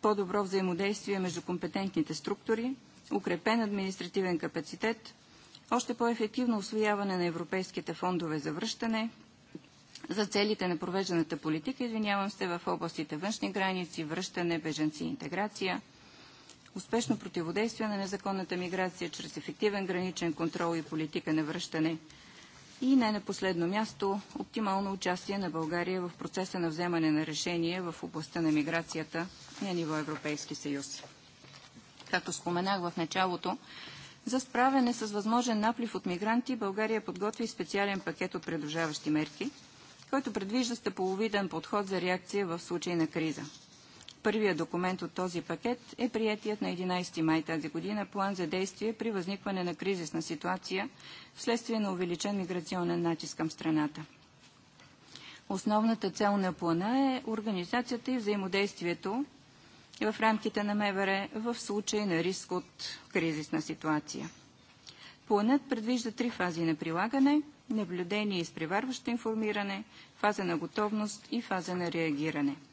По-добро взаимодействие между компетентните структури, укрепен административен капацитет, още по-ефективно освояване на европейските фондове за връщане, за целите на провежданата политика, извинявам се, в областите външни граници, връщане, беженци, интеграция – успешно противодействие на незаконната миграция чрез ефективен граничен контрол и политика на връщане. И не на последно място, оптимално участие на България в процеса на вземане на решение в областта на миграцията на ниво Европейски съюз. Както споменах в началото, за справяне с възможен наплив от мигранти България подготви специален пакет от придружаващи мерки, който предвижда стъполовиден подход за реакция в случай на криза. Първият документ от този пакет е приятият на 11 май тази година план за действие при възникване на кризисна ситуация вследствие на увеличен миграционен натиск към страната. Основната цел на плана е организацията и взаимодействието в рамките на МВР в случай на риск от кризисна ситуация. Планът предвижда три фази на прилагане – наблюдение и изпреварващо информиране, фаза на готовност и фаза на реагиране –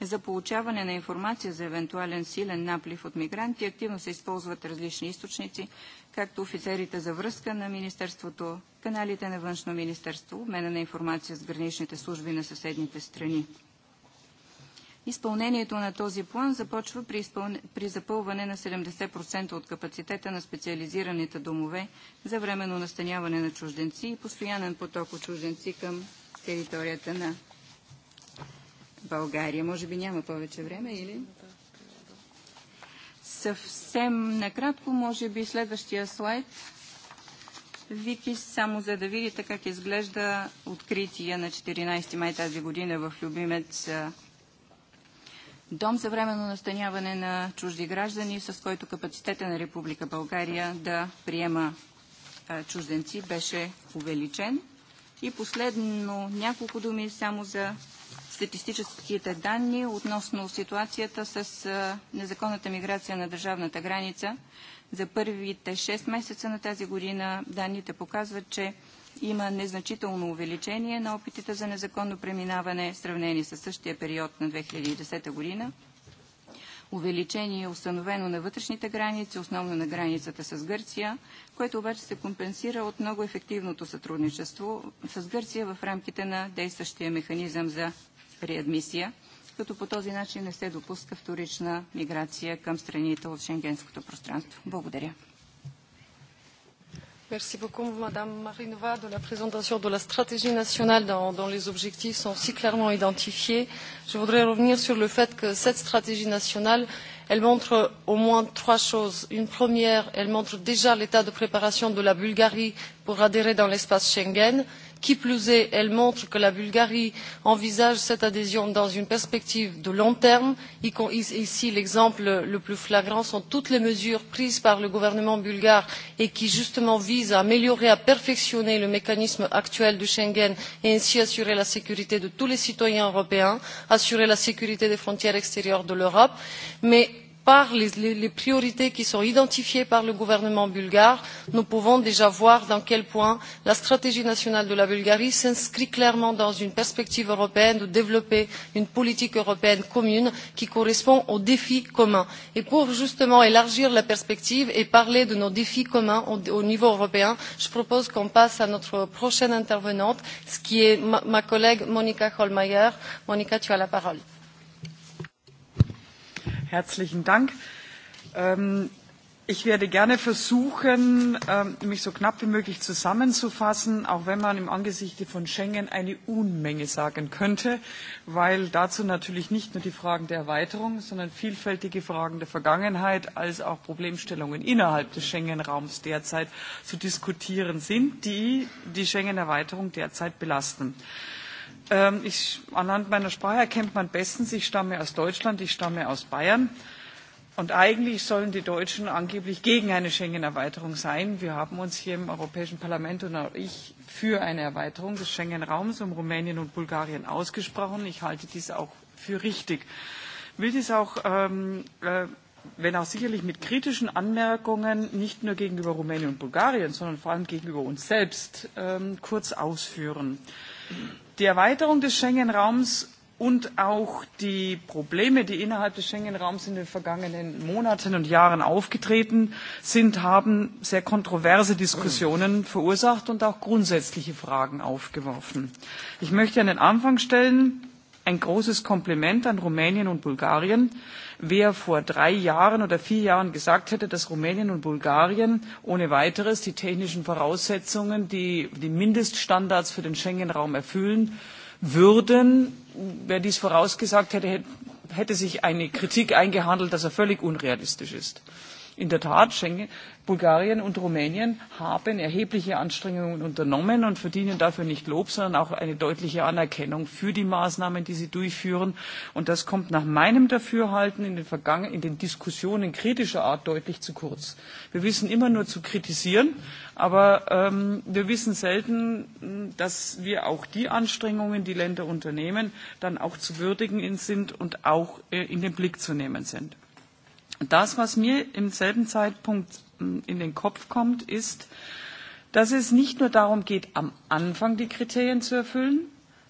за получаване на информация за евентуален силен наплив от мигранти. Активно се използват различни източници, както офицерите за връзка на Министерството, каналите на Външно Министерство, обмена на информация с граничните служби на съседните страни. Изпълнението на този план започва при, при запълване на 70% от капацитета на специализираните домове за временно настаняване на чужденци и постоянен поток от чужденци към територията на България. Може би няма повече време или? Съвсем накратко, може би следващия слайд. Вики, само за да видите как изглежда открития на 14 май тази година в Любимец дом за временно настаняване на чужди граждани, с който капацитета на Република България да приема чужденци беше увеличен. И последно няколко думи само за статистическите данни относно ситуацията с незаконната миграция на държавната граница. За първите 6 месеца на тази година данните показват, че има незначително увеличение на опитите за незаконно преминаване в сравнение с същия период на 2010 година. Увеличение е установено на вътрешните граници, основно на границата с Гърция, което обаче се компенсира от много ефективното сътрудничество с Гърция в рамките на действащия механизъм за реадмисия, като по този начин не се допуска вторична миграция към страните от шенгенското пространство. Благодаря. Merci beaucoup, Madame Marinova, de la présentation de la stratégie nationale dont les objectifs sont si clairement identifiés. Je voudrais revenir sur le fait que cette stratégie nationale, elle montre au moins trois choses. Une première, elle montre déjà l'état de préparation de la Bulgarie pour adhérer dans l'espace Schengen Qui plus est, elle montre que la Bulgarie envisage cette adhésion dans une perspective de long terme. Ici, l'exemple le plus flagrant sont toutes les mesures prises par le gouvernement bulgare et qui, justement, visent à améliorer, à perfectionner le mécanisme actuel de Schengen et ainsi assurer la sécurité de tous les citoyens européens, assurer la sécurité des frontières extérieures de l'Europe. Mais par les priorités qui sont identifiées par le gouvernement bulgare nous pouvons déjà voir dans quel point la stratégie nationale de la bulgarie s'inscrit clairement dans une perspective européenne de développer une politique européenne commune qui correspond aux défis communs. et pour justement élargir la perspective et parler de nos défis communs au niveau européen je propose qu'on passe à notre prochaine intervenante qui est ma collègue monika hohlmeier. monika tu as la parole. Herzlichen Dank. Ich werde gerne versuchen, mich so knapp wie möglich zusammenzufassen, auch wenn man im Angesichte von Schengen eine Unmenge sagen könnte, weil dazu natürlich nicht nur die Fragen der Erweiterung, sondern vielfältige Fragen der Vergangenheit als auch Problemstellungen innerhalb des Schengen-Raums derzeit zu diskutieren sind, die die Schengen-Erweiterung derzeit belasten anhand meiner Sprache erkennt man bestens, ich stamme aus Deutschland, ich stamme aus Bayern. Und eigentlich sollen die Deutschen angeblich gegen eine Schengen-Erweiterung sein. Wir haben uns hier im Europäischen Parlament und auch ich für eine Erweiterung des Schengen-Raums um Rumänien und Bulgarien ausgesprochen. Ich halte dies auch für richtig. Ich will dies auch, wenn auch sicherlich mit kritischen Anmerkungen, nicht nur gegenüber Rumänien und Bulgarien, sondern vor allem gegenüber uns selbst kurz ausführen die erweiterung des schengen raums und auch die probleme die innerhalb des schengen raums in den vergangenen monaten und jahren aufgetreten sind haben sehr kontroverse diskussionen verursacht und auch grundsätzliche fragen aufgeworfen. ich möchte an den anfang stellen ein großes kompliment an rumänien und bulgarien wer vor drei Jahren oder vier Jahren gesagt hätte, dass Rumänien und Bulgarien ohne weiteres die technischen Voraussetzungen, die die Mindeststandards für den Schengen-Raum erfüllen würden, wer dies vorausgesagt hätte, hätte sich eine Kritik eingehandelt, dass er völlig unrealistisch ist in der Tat, Bulgarien und Rumänien haben erhebliche Anstrengungen unternommen und verdienen dafür nicht Lob, sondern auch eine deutliche Anerkennung für die Maßnahmen, die sie durchführen. Und das kommt nach meinem Dafürhalten in den Diskussionen kritischer Art deutlich zu kurz. Wir wissen immer nur zu kritisieren, aber wir wissen selten, dass wir auch die Anstrengungen, die Länder unternehmen, dann auch zu würdigen sind und auch in den Blick zu nehmen sind. Das, was mir im selben Zeitpunkt in den Kopf kommt, ist, dass es nicht nur darum geht, am Anfang die Kriterien zu erfüllen,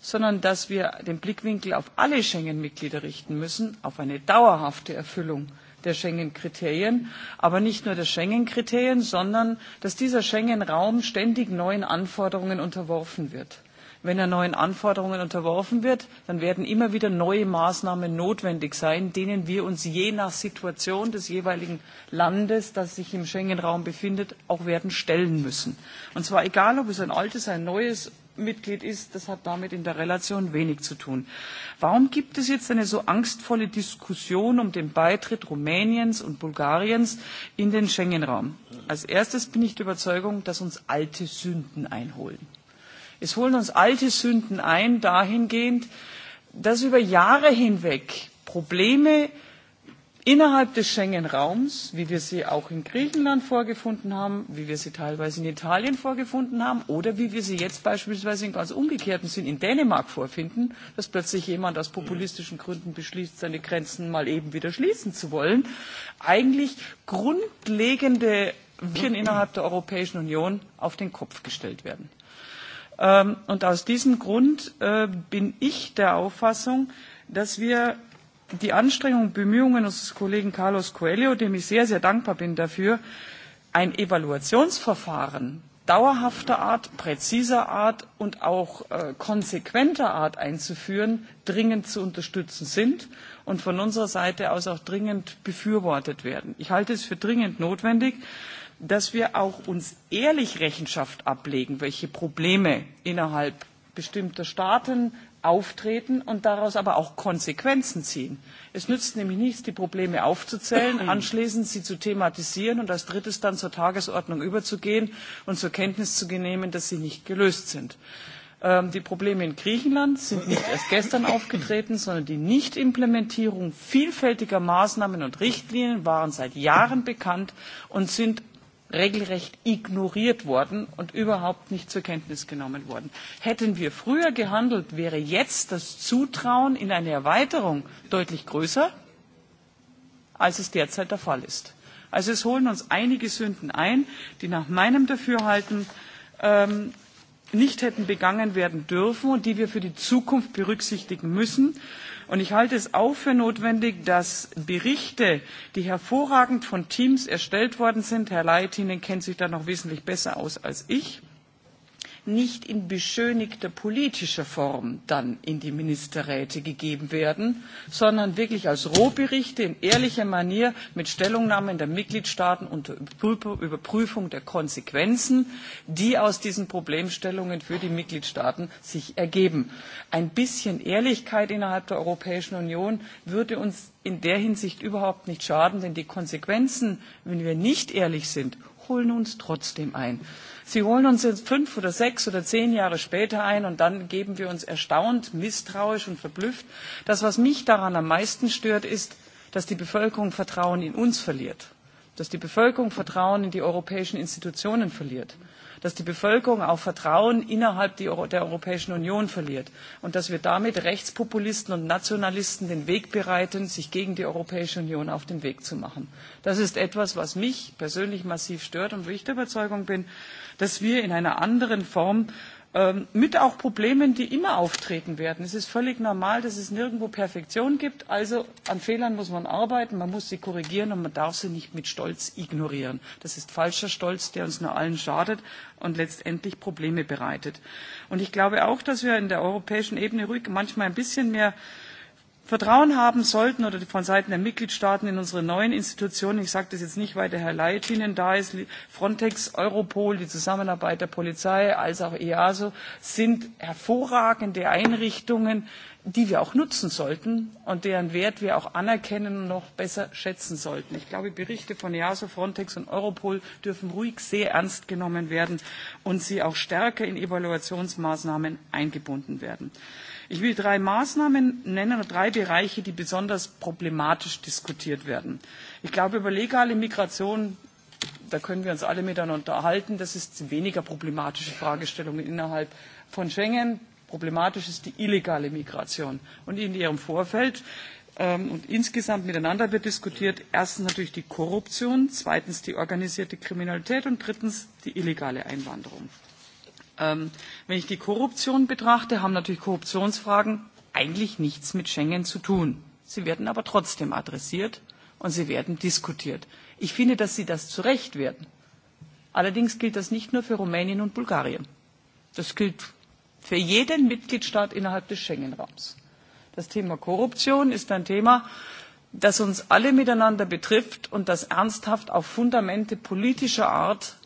sondern dass wir den Blickwinkel auf alle Schengen-Mitglieder richten müssen, auf eine dauerhafte Erfüllung der Schengen-Kriterien, aber nicht nur der Schengen-Kriterien, sondern dass dieser Schengen-Raum ständig neuen Anforderungen unterworfen wird wenn er neuen Anforderungen unterworfen wird, dann werden immer wieder neue Maßnahmen notwendig sein, denen wir uns je nach Situation des jeweiligen Landes, das sich im Schengen-Raum befindet, auch werden stellen müssen. Und zwar egal, ob es ein altes, ein neues Mitglied ist, das hat damit in der Relation wenig zu tun. Warum gibt es jetzt eine so angstvolle Diskussion um den Beitritt Rumäniens und Bulgariens in den Schengen-Raum? Als erstes bin ich der Überzeugung, dass uns alte Sünden einholen. Es holen uns alte Sünden ein, dahingehend, dass über Jahre hinweg Probleme innerhalb des Schengen-Raums, wie wir sie auch in Griechenland vorgefunden haben, wie wir sie teilweise in Italien vorgefunden haben oder wie wir sie jetzt beispielsweise in ganz umgekehrten Sinn in Dänemark vorfinden, dass plötzlich jemand aus populistischen Gründen beschließt, seine Grenzen mal eben wieder schließen zu wollen, eigentlich grundlegende Wirken innerhalb der Europäischen Union auf den Kopf gestellt werden. Und aus diesem Grund bin ich der Auffassung, dass wir die Anstrengungen und Bemühungen unseres Kollegen Carlos Coelho, dem ich sehr, sehr dankbar bin dafür, ein Evaluationsverfahren dauerhafter Art, präziser Art und auch konsequenter Art einzuführen, dringend zu unterstützen sind und von unserer Seite aus auch dringend befürwortet werden. Ich halte es für dringend notwendig, dass wir auch uns ehrlich Rechenschaft ablegen, welche Probleme innerhalb bestimmter Staaten auftreten und daraus aber auch Konsequenzen ziehen. Es nützt nämlich nichts, die Probleme aufzuzählen, anschließend sie zu thematisieren und als drittes dann zur Tagesordnung überzugehen und zur Kenntnis zu nehmen, dass sie nicht gelöst sind. Die Probleme in Griechenland sind nicht erst gestern aufgetreten, sondern die Nichtimplementierung vielfältiger Maßnahmen und Richtlinien waren seit Jahren bekannt und sind regelrecht ignoriert worden und überhaupt nicht zur Kenntnis genommen worden. Hätten wir früher gehandelt, wäre jetzt das Zutrauen in eine Erweiterung deutlich größer, als es derzeit der Fall ist. Also es holen uns einige Sünden ein, die nach meinem Dafürhalten nicht hätten begangen werden dürfen und die wir für die Zukunft berücksichtigen müssen. Und ich halte es auch für notwendig, dass Berichte, die hervorragend von Teams erstellt worden sind, Herr Leitinen kennt sich da noch wesentlich besser aus als ich, nicht in beschönigter politischer Form dann in die Ministerräte gegeben werden, sondern wirklich als Rohberichte in ehrlicher Manier mit Stellungnahmen der Mitgliedstaaten unter Überprüfung der Konsequenzen, die aus diesen Problemstellungen für die Mitgliedstaaten sich ergeben. Ein bisschen Ehrlichkeit innerhalb der Europäischen Union würde uns in der Hinsicht überhaupt nicht schaden, denn die Konsequenzen, wenn wir nicht ehrlich sind, holen uns trotzdem ein. Sie holen uns jetzt fünf oder sechs oder zehn Jahre später ein und dann geben wir uns erstaunt, misstrauisch und verblüfft. Das, was mich daran am meisten stört, ist, dass die Bevölkerung Vertrauen in uns verliert, dass die Bevölkerung Vertrauen in die europäischen Institutionen verliert dass die Bevölkerung auch Vertrauen innerhalb der Europäischen Union verliert und dass wir damit Rechtspopulisten und Nationalisten den Weg bereiten, sich gegen die Europäische Union auf den Weg zu machen. Das ist etwas, was mich persönlich massiv stört und wo ich der Überzeugung bin, dass wir in einer anderen Form mit auch Problemen, die immer auftreten werden. Es ist völlig normal, dass es nirgendwo Perfektion gibt. Also an Fehlern muss man arbeiten, man muss sie korrigieren und man darf sie nicht mit Stolz ignorieren. Das ist falscher Stolz, der uns nur allen schadet und letztendlich Probleme bereitet. Und ich glaube auch, dass wir in der europäischen Ebene ruhig manchmal ein bisschen mehr Vertrauen haben sollten oder von Seiten der Mitgliedstaaten in unsere neuen Institutionen, ich sage das jetzt nicht, weil der Herr Leitinen da ist, Frontex, Europol, die Zusammenarbeit der Polizei als auch EASO sind hervorragende Einrichtungen, die wir auch nutzen sollten und deren Wert wir auch anerkennen und noch besser schätzen sollten. Ich glaube, Berichte von EASO, Frontex und Europol dürfen ruhig sehr ernst genommen werden und sie auch stärker in Evaluationsmaßnahmen eingebunden werden. Ich will drei Maßnahmen nennen, drei Bereiche, die besonders problematisch diskutiert werden. Ich glaube, über legale Migration, da können wir uns alle miteinander unterhalten, das ist weniger problematische Fragestellungen innerhalb von Schengen. Problematisch ist die illegale Migration. Und in ihrem Vorfeld und insgesamt miteinander wird diskutiert erstens natürlich die Korruption, zweitens die organisierte Kriminalität und drittens die illegale Einwanderung. Wenn ich die Korruption betrachte, haben natürlich Korruptionsfragen eigentlich nichts mit Schengen zu tun. Sie werden aber trotzdem adressiert und sie werden diskutiert. Ich finde, dass Sie das zu Recht werden. Allerdings gilt das nicht nur für Rumänien und Bulgarien. Das gilt für jeden Mitgliedstaat innerhalb des Schengen-Raums. Das Thema Korruption ist ein Thema, das uns alle miteinander betrifft und das ernsthaft auf Fundamente politischer Art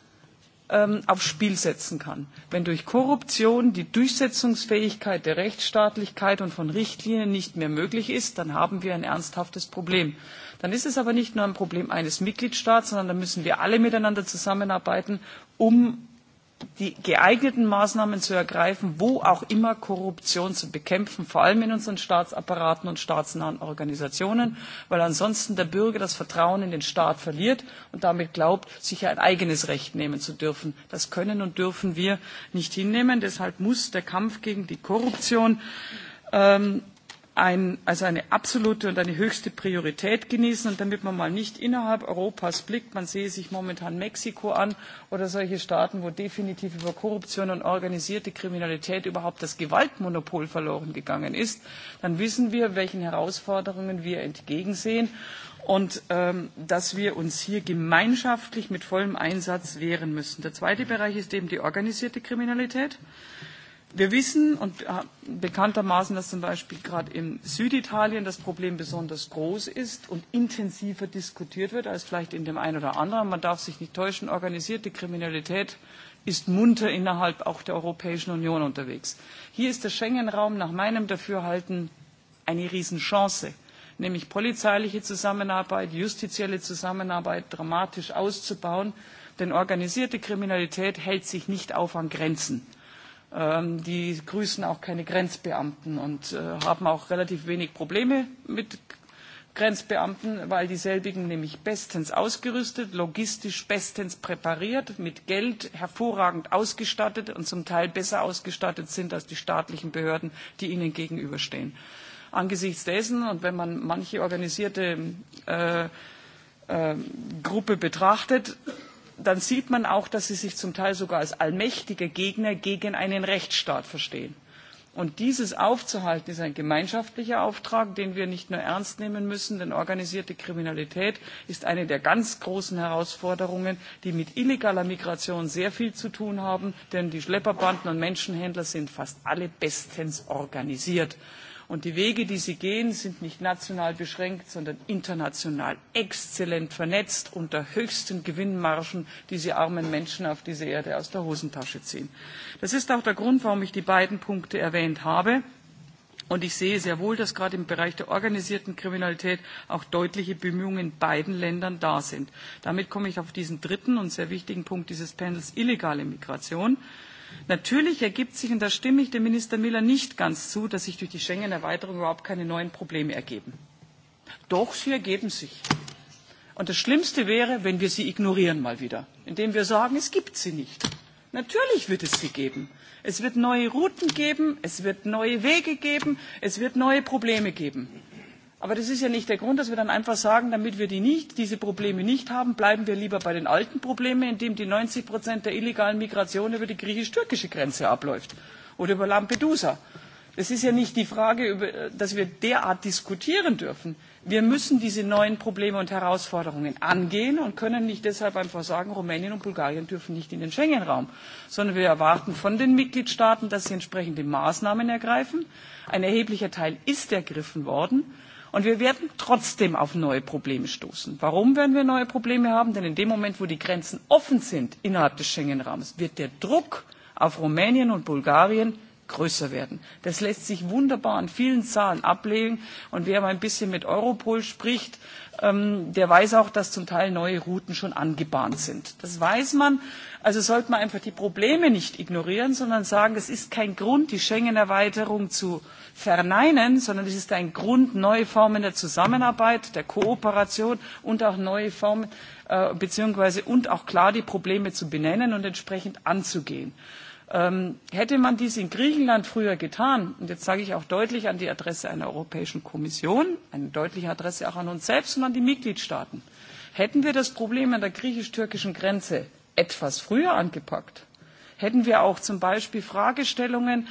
aufs Spiel setzen kann. Wenn durch Korruption die Durchsetzungsfähigkeit der Rechtsstaatlichkeit und von Richtlinien nicht mehr möglich ist, dann haben wir ein ernsthaftes Problem. Dann ist es aber nicht nur ein Problem eines Mitgliedstaats, sondern dann müssen wir alle miteinander zusammenarbeiten, um die geeigneten Maßnahmen zu ergreifen, wo auch immer Korruption zu bekämpfen, vor allem in unseren Staatsapparaten und staatsnahen Organisationen, weil ansonsten der Bürger das Vertrauen in den Staat verliert und damit glaubt, sich ein eigenes Recht nehmen zu dürfen. Das können und dürfen wir nicht hinnehmen. Deshalb muss der Kampf gegen die Korruption als eine absolute und eine höchste Priorität genießen. Und damit man mal nicht innerhalb Europas blickt, man sehe sich momentan Mexiko an oder solche Staaten, wo definitiv über Korruption und organisierte Kriminalität überhaupt das Gewaltmonopol verloren gegangen ist, dann wissen wir, welchen Herausforderungen wir entgegensehen und dass wir uns hier gemeinschaftlich mit vollem Einsatz wehren müssen. Der zweite Bereich ist eben die organisierte Kriminalität Wir wissen und bekanntermaßen, dass zum Beispiel gerade in Süditalien das Problem besonders groß ist und intensiver diskutiert wird als vielleicht in dem einen oder anderen. Man darf sich nicht täuschen, organisierte Kriminalität ist munter innerhalb auch der Europäischen Union unterwegs. Hier ist der Schengen-Raum nach meinem Dafürhalten eine Riesenchance, nämlich polizeiliche Zusammenarbeit, justizielle Zusammenarbeit dramatisch auszubauen, denn organisierte Kriminalität hält sich nicht auf an Grenzen. Die grüßen auch keine Grenzbeamten und haben auch relativ wenig Probleme mit Grenzbeamten, weil dieselbigen nämlich bestens ausgerüstet, logistisch bestens präpariert, mit Geld hervorragend ausgestattet und zum Teil besser ausgestattet sind als die staatlichen Behörden, die ihnen gegenüberstehen. Angesichts dessen und wenn man manche organisierte Gruppe betrachtet, dann sieht man auch, dass sie sich zum Teil sogar als allmächtige Gegner gegen einen Rechtsstaat verstehen. Und dieses aufzuhalten, ist ein gemeinschaftlicher Auftrag, den wir nicht nur ernst nehmen müssen, denn organisierte Kriminalität ist eine der ganz großen Herausforderungen, die mit illegaler Migration sehr viel zu tun haben, denn die Schlepperbanden und Menschenhändler sind fast alle bestens organisiert Und die Wege, die sie gehen, sind nicht national beschränkt, sondern international exzellent vernetzt unter höchsten Gewinnmargen, die sie armen Menschen auf dieser Erde aus der Hosentasche ziehen. Das ist auch der Grund, warum ich die beiden Punkte erwähnt habe. Und ich sehe sehr wohl, dass gerade im Bereich der organisierten Kriminalität auch deutliche Bemühungen in beiden Ländern da sind. Damit komme ich auf diesen dritten und sehr wichtigen Punkt dieses Panels illegale Migration. Natürlich ergibt sich, und da stimme ich dem Minister Miller nicht ganz zu, dass sich durch die Schengen-Erweiterung überhaupt keine neuen Probleme ergeben. Doch, sie ergeben sich. Und das Schlimmste wäre, wenn wir sie ignorieren mal wieder, indem wir sagen, es gibt sie nicht. Natürlich wird es sie geben. Es wird neue Routen geben, es wird neue Wege geben, es wird neue Probleme geben aber das ist ja nicht der grund dass wir dann einfach sagen damit wir diese probleme nicht haben bleiben wir lieber bei den alten problemen indem die 90 der illegalen migration über die griechisch türkische grenze abläuft oder über lampedusa. es ist ja nicht die frage dass wir derart diskutieren dürfen. wir müssen diese neuen probleme und herausforderungen angehen und können nicht deshalb einfach sagen rumänien und bulgarien dürfen nicht in den schengen raum sondern wir erwarten von den mitgliedstaaten dass sie entsprechende maßnahmen ergreifen. ein erheblicher teil ist ergriffen worden Und wir werden trotzdem auf neue Probleme stoßen. Warum werden wir neue Probleme haben? Denn in dem Moment, wo die Grenzen offen sind innerhalb des Schengen-Rahmens, wird der Druck auf Rumänien und Bulgarien größer werden. Das lässt sich wunderbar an vielen Zahlen ablegen. Und wer ein bisschen mit Europol spricht, der weiß auch, dass zum Teil neue Routen schon angebahnt sind. Das weiß man. Also sollte man einfach die Probleme nicht ignorieren, sondern sagen, es ist kein Grund, die Schengen-Erweiterung zu verneinen, sondern es ist ein Grund, neue Formen der Zusammenarbeit, der Kooperation und auch neue Formen beziehungsweise und auch klar die Probleme zu benennen und entsprechend anzugehen. Hätte man dies in Griechenland früher getan, und jetzt sage ich auch deutlich an die Adresse einer Europäischen Kommission, eine deutliche Adresse auch an uns selbst und an die Mitgliedstaaten, hätten wir das Problem an der griechisch-türkischen Grenze etwas früher angepackt, hätten wir auch zum Beispiel Fragestellungen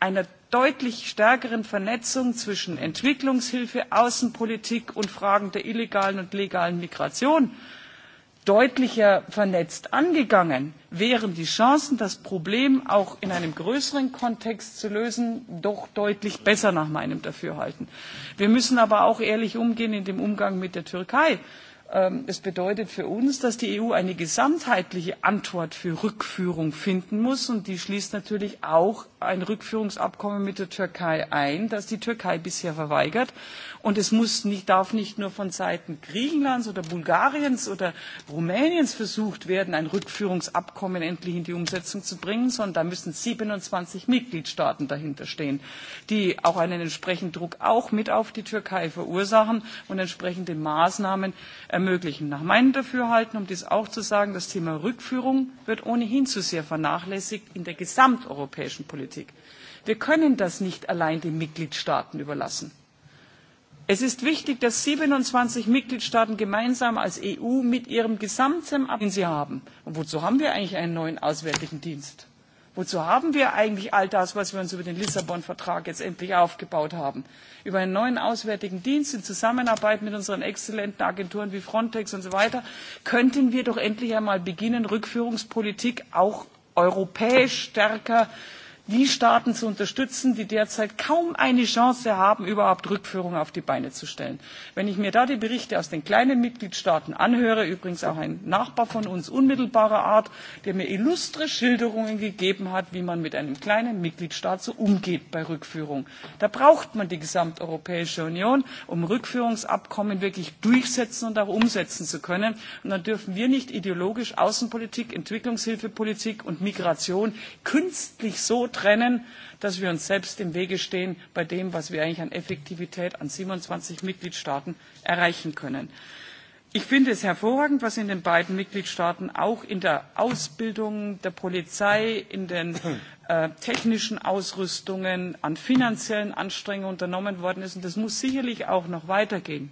einer deutlich stärkeren Vernetzung zwischen Entwicklungshilfe, Außenpolitik und Fragen der illegalen und legalen Migration deutlicher vernetzt angegangen, wären die Chancen, das Problem auch in einem größeren Kontext zu lösen, doch deutlich besser nach meinem Dafürhalten. Wir müssen aber auch ehrlich umgehen in dem Umgang mit der Türkei. Es bedeutet für uns, dass die EU eine gesamtheitliche Antwort für Rückführung finden muss, und die schließt natürlich auch ein Rückführungsabkommen mit der Türkei ein, das die Türkei bisher verweigert und es muss nicht, darf nicht nur von Seiten Griechenlands oder Bulgariens oder Rumäniens versucht werden, ein Rückführungsabkommen endlich in die Umsetzung zu bringen, sondern da müssen 27 Mitgliedstaaten dahinter stehen, die auch einen entsprechenden Druck auch mit auf die Türkei verursachen und entsprechende Maßnahmen ermöglichen. Nach meinem Dafürhalten, um dies auch zu sagen, das Thema Rückführung wird ohnehin zu sehr vernachlässigt in der gesamteuropäischen Politik. Wir können das nicht allein den Mitgliedstaaten überlassen es ist wichtig dass 27 mitgliedstaaten gemeinsam als eu mit ihrem gesamten den sie haben und wozu haben wir eigentlich einen neuen auswärtigen dienst? wozu haben wir eigentlich all das was wir uns über den lissabon vertrag jetzt endlich aufgebaut haben? über einen neuen auswärtigen dienst in zusammenarbeit mit unseren exzellenten agenturen wie frontex und so weiter könnten wir doch endlich einmal beginnen rückführungspolitik auch europäisch stärker die Staaten zu unterstützen, die derzeit kaum eine Chance haben, überhaupt Rückführung auf die Beine zu stellen. Wenn ich mir da die Berichte aus den kleinen Mitgliedstaaten anhöre, übrigens auch ein Nachbar von uns unmittelbarer Art, der mir illustre Schilderungen gegeben hat, wie man mit einem kleinen Mitgliedstaat so umgeht bei Rückführung. Da braucht man die Europäische Union, um Rückführungsabkommen wirklich durchsetzen und auch umsetzen zu können. Und dann dürfen wir nicht ideologisch Außenpolitik, Entwicklungshilfepolitik und Migration künstlich so trennen, dass wir uns selbst im Wege stehen bei dem, was wir eigentlich an Effektivität an 27 Mitgliedstaaten erreichen können. Ich finde es hervorragend, was in den beiden Mitgliedstaaten auch in der Ausbildung der Polizei, in den technischen Ausrüstungen, an finanziellen Anstrengungen unternommen worden ist. Und das muss sicherlich auch noch weitergehen.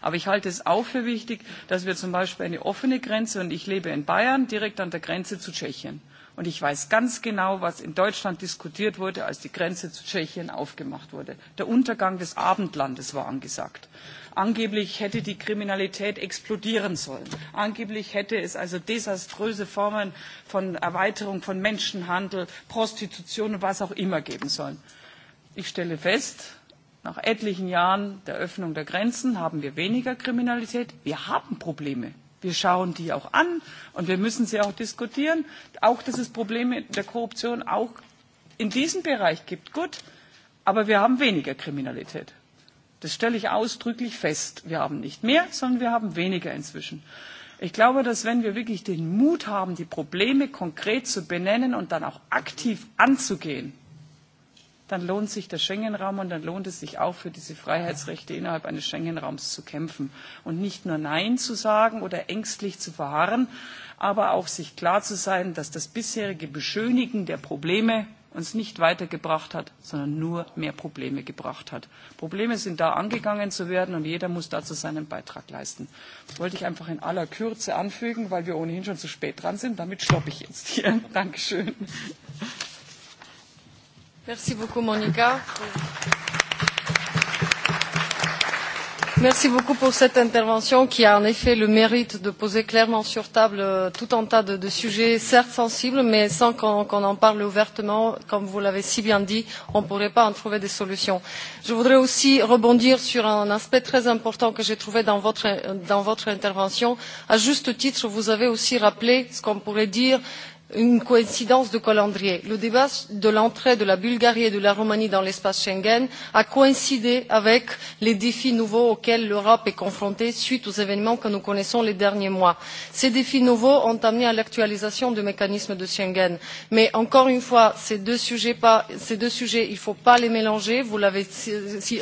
Aber ich halte es auch für wichtig, dass wir zum Beispiel eine offene Grenze, und ich lebe in Bayern, direkt an der Grenze zu Tschechien. Und ich weiß ganz genau, was in Deutschland diskutiert wurde, als die Grenze zu Tschechien aufgemacht wurde. Der Untergang des Abendlandes war angesagt. Angeblich hätte die Kriminalität explodieren sollen. Angeblich hätte es also desaströse Formen von Erweiterung von Menschenhandel, Prostitution und was auch immer geben sollen. Ich stelle fest, nach etlichen Jahren der Öffnung der Grenzen haben wir weniger Kriminalität. Wir haben Probleme. Wir schauen die auch an und wir müssen sie auch diskutieren. Auch, dass es Probleme der Korruption auch in diesem Bereich gibt, gut. Aber wir haben weniger Kriminalität. Das stelle ich ausdrücklich fest. Wir haben nicht mehr, sondern wir haben weniger inzwischen. Ich glaube, dass wenn wir wirklich den Mut haben, die Probleme konkret zu benennen und dann auch aktiv anzugehen, dann lohnt sich der Schengen-Raum und dann lohnt es sich auch für diese Freiheitsrechte innerhalb eines Schengen-Raums zu kämpfen und nicht nur Nein zu sagen oder ängstlich zu verharren, aber auch sich klar zu sein, dass das bisherige Beschönigen der Probleme uns nicht weitergebracht hat, sondern nur mehr Probleme gebracht hat. Probleme sind da angegangen zu werden und jeder muss dazu seinen Beitrag leisten. Das wollte ich einfach in aller Kürze anfügen, weil wir ohnehin schon zu spät dran sind. Damit stoppe ich jetzt hier. Dankeschön. Merci beaucoup, Monica. Merci beaucoup pour cette intervention qui a en effet le mérite de poser clairement sur table tout un tas de sujets, certes sensibles, mais sans qu'on en parle ouvertement. Comme vous l'avez si bien dit, on ne pourrait pas en trouver des solutions. Je voudrais aussi rebondir sur un aspect très important que j'ai trouvé dans votre intervention. À juste titre, vous avez aussi rappelé ce qu'on pourrait dire une coïncidence de calendrier. Le débat de l'entrée de la Bulgarie et de la Roumanie dans l'espace Schengen a coïncidé avec les défis nouveaux auxquels l'Europe est confrontée suite aux événements que nous connaissons les derniers mois. Ces défis nouveaux ont amené à l'actualisation du mécanisme de Schengen. Mais encore une fois, ces deux sujets, il ne faut pas les mélanger, vous l'avez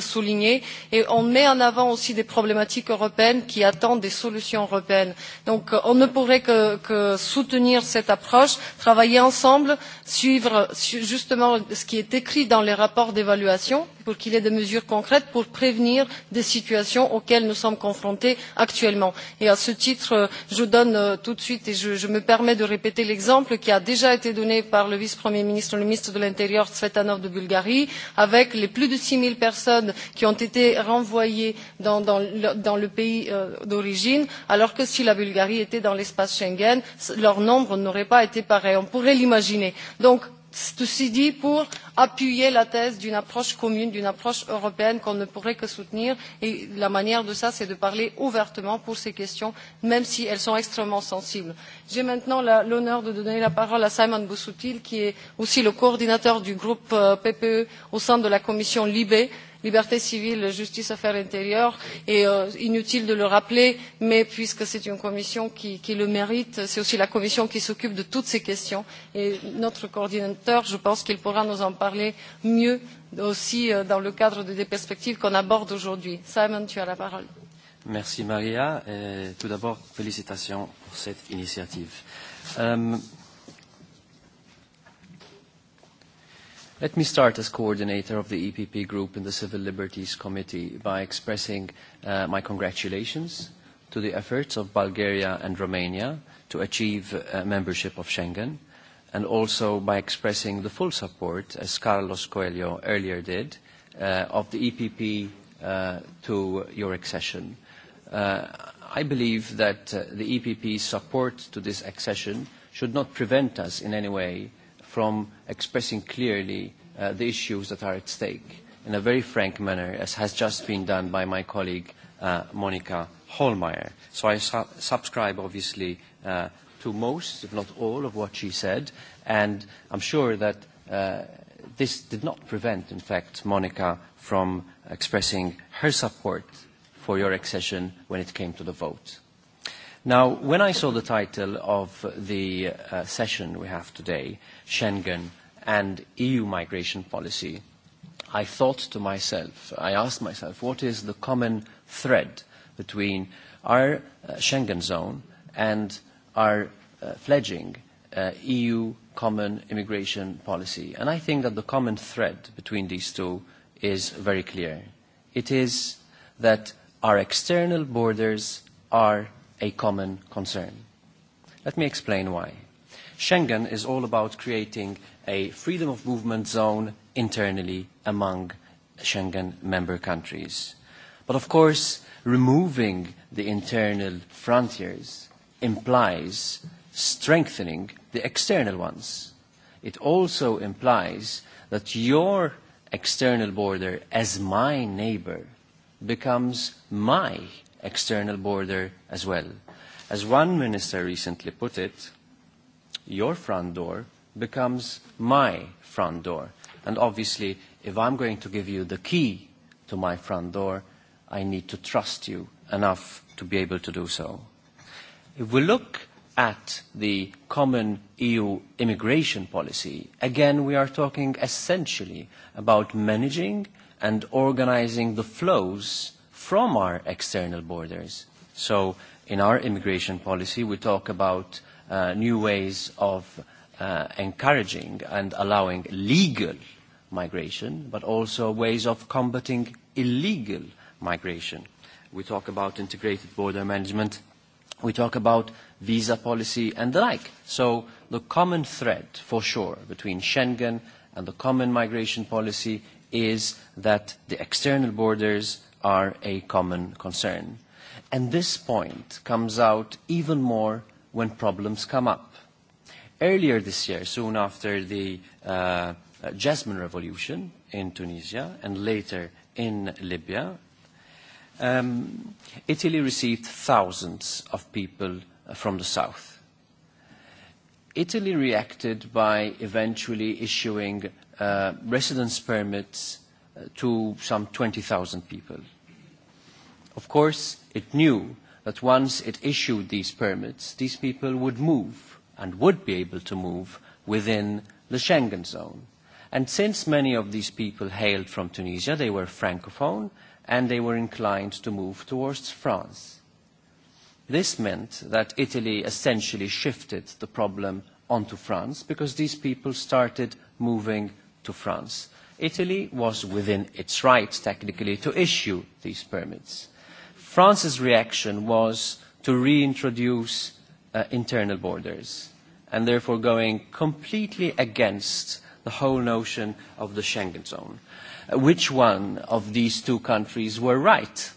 souligné, et on met en avant aussi des problématiques européennes qui attendent des solutions européennes. Donc on ne pourrait que soutenir cette approche travailler ensemble, suivre justement ce qui est écrit dans les rapports d'évaluation pour qu'il y ait des mesures concrètes pour prévenir des situations auxquelles nous sommes confrontés actuellement. à ce titre je donne tout de suite et je me permets de répéter l'exemple qui a déjà été donné par le vice premier ministre et le ministre de l'intérieur tsvetanov de bulgarie avec les plus de six zéro personnes qui ont été renvoyées dans le pays d'origine alors que si la bulgarie était dans l'espace schengen leur nombre n'aurait pas été pareil on pourrait l'imaginer. donc Ceci dit, pour appuyer la thèse d'une approche commune, d'une approche européenne qu'on ne pourrait que soutenir, et la manière de ça, c'est de parler ouvertement pour ces questions, même si elles sont extrêmement sensibles. J'ai maintenant l'honneur de donner la parole à Simon Busuttil, qui est aussi le coordinateur du groupe PPE au sein de la commission LIBE liberté civile, justice, affaires intérieures. Et inutile de le rappeler, mais puisque c'est une commission qui le mérite, c'est aussi la commission qui s'occupe de toutes ces questions. Et notre coordinateur, je pense qu'il pourra nous en parler mieux aussi dans le cadre des perspectives qu'on aborde aujourd'hui. Simon, tu as la parole. Merci Maria. et Tout d'abord, félicitations pour cette initiative. Let me start as coordinator of the EPP Group in the Civil Liberties Committee by expressing my congratulations to the efforts of Bulgaria and Romania to achieve membership of Schengen, and also by expressing the full support, as Carlos Coelho earlier did, of the EPP to your accession. I believe that the EPP's support to this accession should not prevent us in any way from expressing clearly the issues that are at stake in a very frank manner, as has just been done by my colleague Monica Holmeyer. So I subscribe, obviously, to most, if not all, of what she said, and I'm sure that this did not prevent, in fact, Monica from expressing her support for your accession when it came to the vote. Now, when I saw the title of the session we have today, Schengen and EU migration policy, I thought to myself, I asked myself, what is the common thread between our Schengen zone and our fledging EU common immigration policy? And I think that the common thread between these two is very clear. It is that our external borders are a common concern. Let me explain why. Schengen is all about creating a freedom of movement zone internally among Schengen member countries. But of course, removing the internal frontiers implies strengthening the external ones. It also implies that your external border as my neighbor becomes my external border as well. As one minister recently put it, your front door becomes my front door. And obviously, if I'm going to give you the key to my front door, I need to trust you enough to be able to do so. If we look at the common EU immigration policy, again, we are talking essentially about managing and organizing the flows from our external borders. So in our immigration policy, we talk about new ways of encouraging and allowing legal migration, but also ways of combating illegal migration. We talk about integrated border management. We talk about visa policy and the like. So the common thread, for sure, between Schengen and the common migration policy is that the external borders are a common concern. And this point comes out even more when problems come up. Earlier this year, soon after the Jasmine Revolution in Tunisia and later in Libya, Italy received thousands of people from the south. Italy reacted by eventually issuing residence permits to some 20,000 people. Of course, it knew that once it issued these permits, these people would move and would be able to move within the Schengen zone. And since many of these people hailed from Tunisia, they were francophone and they were inclined to move towards France. This meant that Italy essentially shifted the problem onto France because these people started moving to France. Italy was within its rights, technically, to issue these permits. France's reaction was to reintroduce internal borders and therefore going completely against the whole notion of the Schengen zone. Which one of these two countries were right?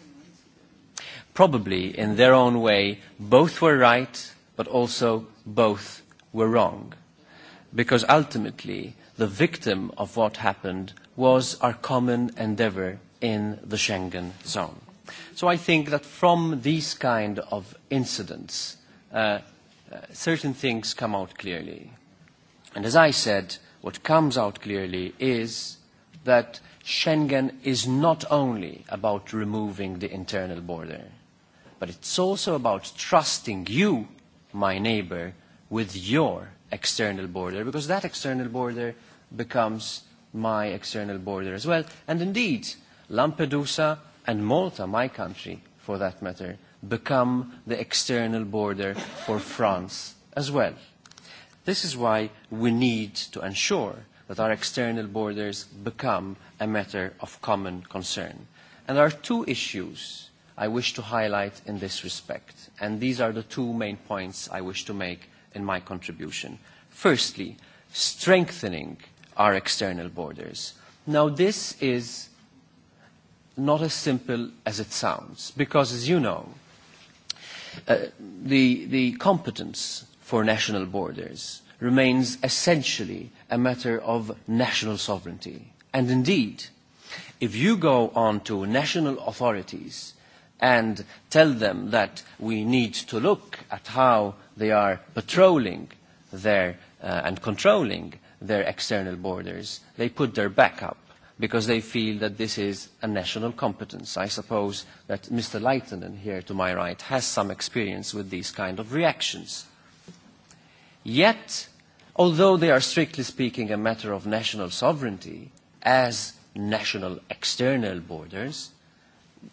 Probably, in their own way, both were right, but also both were wrong. Because ultimately, the victim of what happened was our common endeavour in the Schengen zone. So I think that from these kind of incidents, certain things come out clearly. And as I said, what comes out clearly is that Schengen is not only about removing the internal border, but it's also about trusting you, my neighbour, with your external border, because that external border becomes my external border as well. And indeed, Lampedusa and Malta, my country for that matter, become the external border for France as well. This is why we need to ensure that our external borders become a matter of common concern. And there are two issues I wish to highlight in this respect, and these are the two main points I wish to make in my contribution. Firstly, strengthening our external borders. Now, this is not as simple as it sounds, because, as you know, the competence for national borders remains essentially a matter of national sovereignty. And indeed, if you go on to national authorities and tell them that we need to look at how they are patrolling their and controlling their external borders, they put their back up because they feel that this is a national competence. I suppose that Mr. Leitonen here to my right has some experience with these kind of reactions. Yet, although they are strictly speaking a matter of national sovereignty, as national external borders,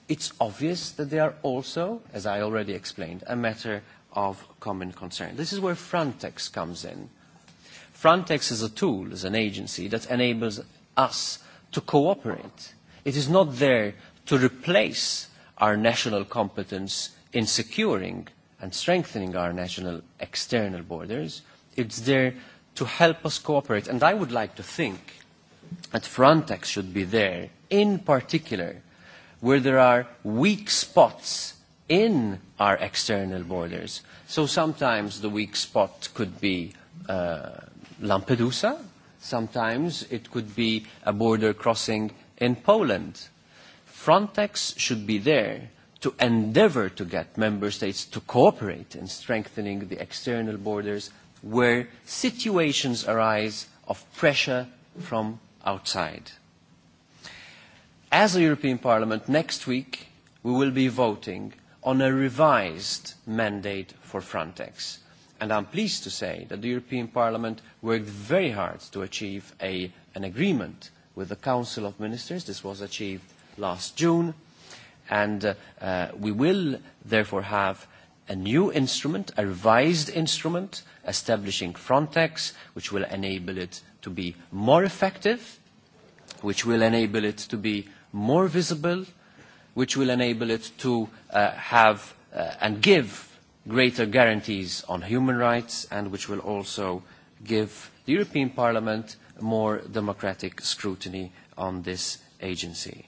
it's obvious that they are also, as I already explained, a matter of common concern. This is where Frontex comes in. Frontex is a tool, is an agency that enables us to cooperate. It is not there to replace our national competence in securing and strengthening our national external borders. It's there to help us cooperate. And I would like to think that Frontex should be there, in particular, where there are weak spots in our external borders. So sometimes the weak spot could be Lampedusa, Sometimes it could be a border crossing in Poland. Frontex should be there to endeavour to get member states to cooperate in strengthening the external borders where situations arise of pressure from outside. As a European Parliament, next week we will be voting on a revised mandate for Frontex and am pleased to say that the European Parliament worked very hard to achieve an agreement with the Council of Ministers. This was achieved last June, and we will therefore have a new instrument, a revised instrument, establishing Frontex, which will enable it to be more effective, which will enable it to be more visible, which will enable it to have and give greater guarantees on human rights and which will also give the European Parliament more democratic scrutiny on this agency.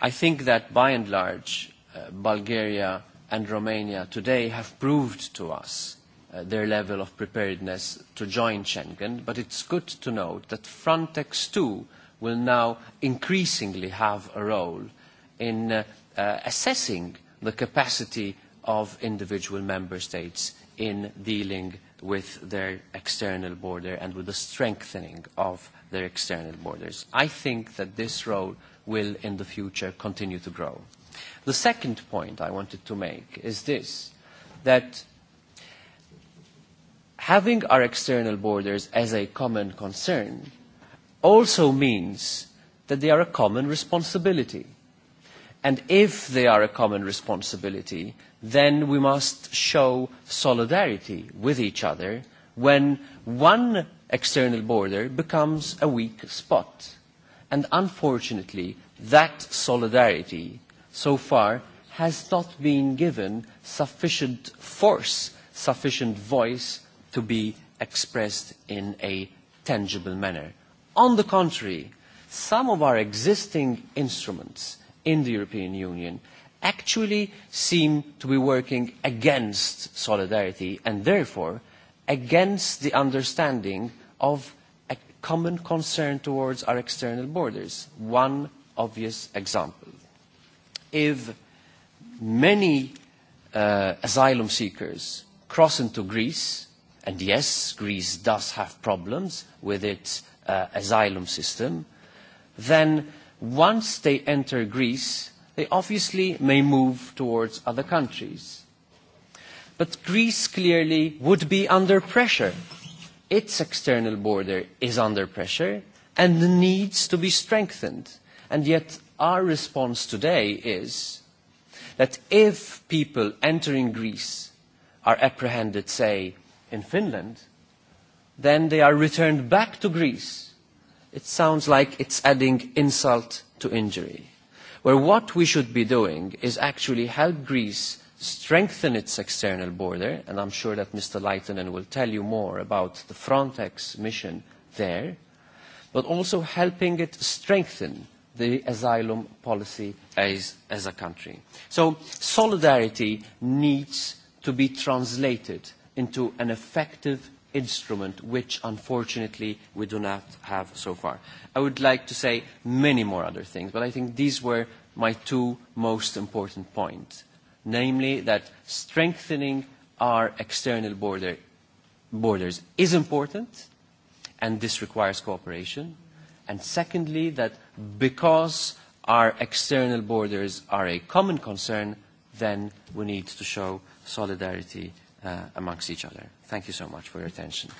I think that by and large Bulgaria and Romania today have proved to us their level of preparedness to join Schengen, but it's good to note that Frontex too will now increasingly have a role in assessing the capacity of individual member states in dealing with their external border and with the strengthening of their external borders. I think that this role will in the future continue to grow. The second point I wanted to make is this, that having our external borders as a common concern also means that they are a common responsibility. And if they are a common responsibility, then we must show solidarity with each other when one external border becomes a weak spot. And unfortunately, that solidarity so far has not been given sufficient force, sufficient voice to be expressed in a tangible manner. On the contrary, some of our existing instruments in the European Union actually seem to be working against solidarity and therefore against the understanding of a common concern towards our external borders. One obvious example. If many asylum seekers cross into Greece, and yes, Greece does have problems with its asylum system, then once they enter Greece, they obviously may move towards other countries. But Greece clearly would be under pressure. Its external border is under pressure and needs to be strengthened. And yet our response today is that if people entering Greece are apprehended, say, in Finland, then they are returned back to Greece. It sounds like it's adding insult to injury where what we should be doing is actually help Greece strengthen its external border, and I'm sure that Mr. Leitonen will tell you more about the Frontex mission there, but also helping it strengthen the asylum policy as a country. So solidarity needs to be translated into an effective instrument, which unfortunately we do not have so far. I would like to say many more other things, but I think these were my two most important points, namely that strengthening our external border borders is important, and this requires cooperation, and secondly, that because our external borders are a common concern, then we need to show solidarity amongst each other. Thank you so much for your attention.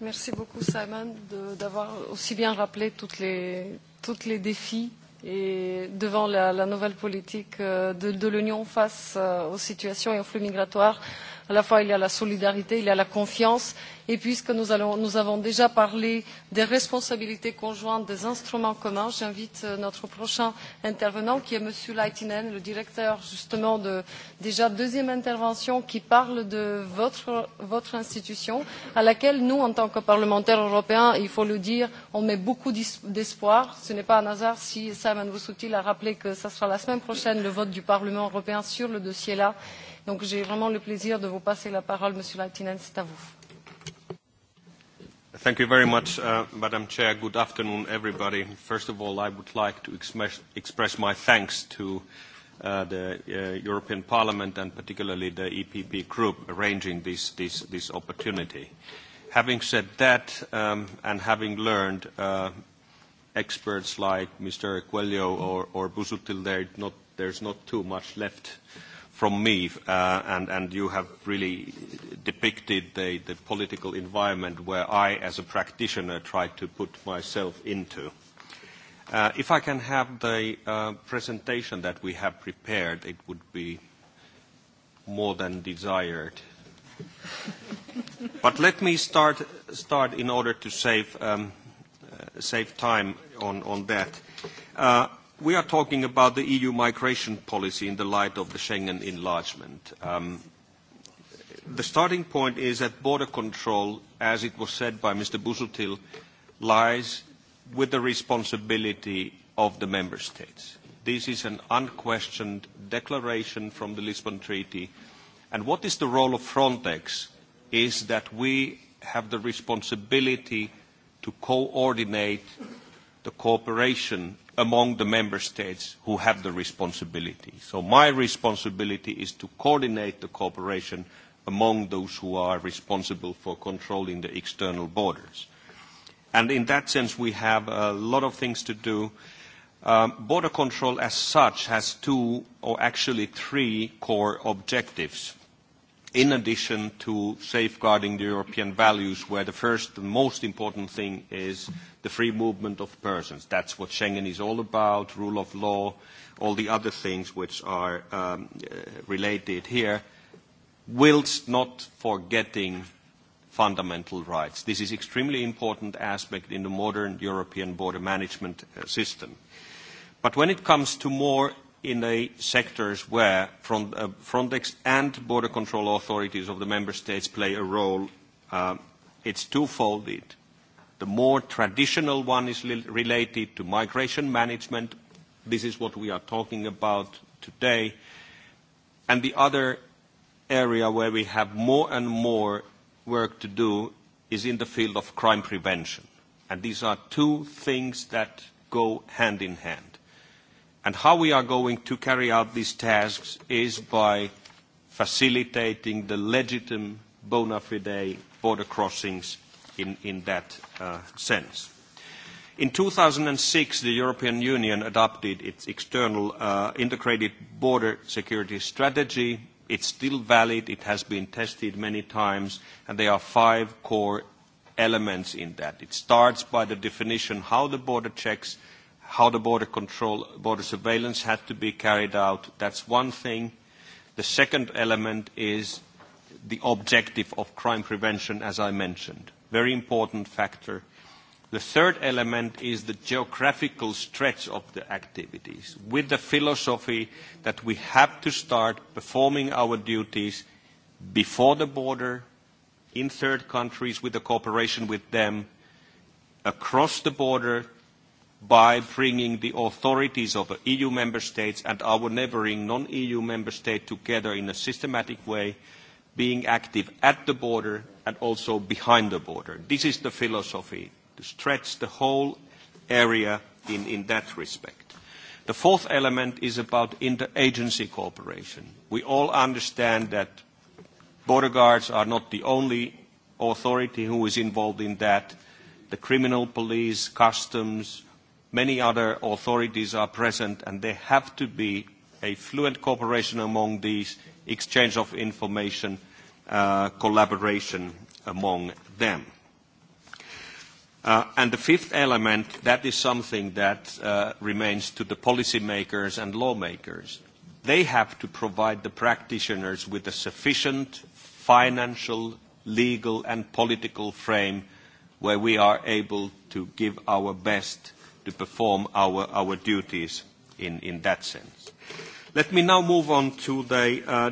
Merci beaucoup, Simon, d'avoir aussi bien rappelé toutes les, toutes les défis et devant la, la nouvelle politique de, de l'Union face aux situations et aux flux migratoires. À la fois, il y a la solidarité, il y a la confiance et puisque nous avons déjà parlé des responsabilités conjointes des instruments communs j'invite notre prochain intervenant qui est m. leitinen le directeur justement de déjà deuxième intervention qui parle de votre institution à laquelle nous en tant que parlementaires européens il faut le dire on met beaucoup d'espoir. ce n'est pas un hasard si simon busuttil a rappelé que ce sera la semaine prochaine le vote du parlement européen sur le dossier là. donc j'ai vraiment le plaisir de vous passer la parole monsieur leitinen c'est à vous. Thank you very much, Madam Chair. Good afternoon, everybody. First of all, I would like to express my thanks to the European Parliament and particularly the EPP Group arranging this opportunity. Having said that, and having learned experts like Mr. Coelho or Busuttil, there's not too much left from me, and you have really depicted the political environment where I, as a practitioner, try to put myself into. If I can have the presentation that we have prepared, it would be more than desired. But let me start start in order to save save time on that we are talking about the EU migration policy in the light of the Schengen enlargement. The starting point is that border control, as it was said by Mr. Busuttil, lies with the responsibility of the member states. This is an unquestioned declaration from the Lisbon Treaty. And what is the role of Frontex is that we have the responsibility to coordinate the cooperation among the member states who have the responsibility. So my responsibility is to coordinate the cooperation among those who are responsible for controlling the external borders. And in that sense, we have a lot of things to do. Border control as such has two, or actually three, core objectives in addition to safeguarding the European values, where the first and most important thing is the free movement of persons. That's what Schengen is all about, rule of law, all the other things which are related here, whilst not forgetting fundamental rights. This is an extremely important aspect in the modern European border management system. But when it comes to more in the sectors where Frontex and border control authorities of the member states play a role, it's twofolded. The more traditional one is related to migration management. This is what we are talking about today. And the other area where we have more and more work to do is in the field of crime prevention. And these are two things that go hand in hand. And how we are going to carry out these tasks is by facilitating the legitimate bona fide border crossings in that sense. In 2006, the European Union adopted its external integrated border security strategy. It's still valid. It has been tested many times, and there are five core elements in that. It starts by the definition how the border checks how the border control, border surveillance had to be carried out. That's one thing. The second element is the objective of crime prevention, as I mentioned. Very important factor. The third element is the geographical stretch of the activities, with the philosophy that we have to start performing our duties before the border, in third countries, with the cooperation with them, across the border by bringing the authorities of the EU member states and our neighbouring non-EU member states together in a systematic way, being active at the border and also behind the border. This is the philosophy, to stretch the whole area in that respect. The fourth element is about interagency cooperation. We all understand that border guards are not the only authority who is involved in that. The criminal police, customs, Many other authorities are present, and there have to be a fluent cooperation among these, exchange of information, collaboration among them. And the fifth element, that is something that remains to the policymakers and lawmakers. They have to provide the practitioners with a sufficient financial, legal and political frame where we are able to give our best to perform our duties in that sense. Let me now move on to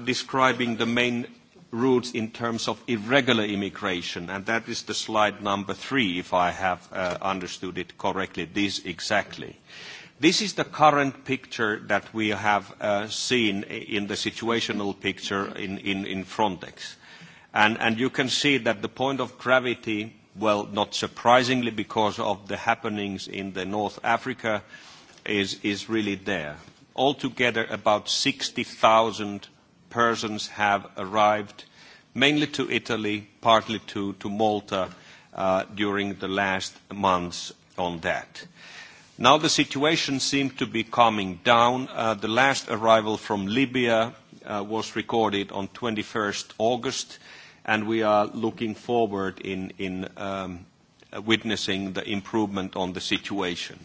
describing the main routes in terms of irregular immigration, and that is the slide number three, if I have understood it correctly, this exactly. This is the current picture that we have seen in the situational picture in Frontex. And you can see that the point of gravity well, not surprisingly because of the happenings in North Africa, is, really there. Altogether, about 60,000 persons have arrived, mainly to Italy, partly to, to Malta, during the last months on that. Now the situation seems to be calming down. The last arrival from Libya was recorded on 21st August and we are looking forward in witnessing the improvement on the situation.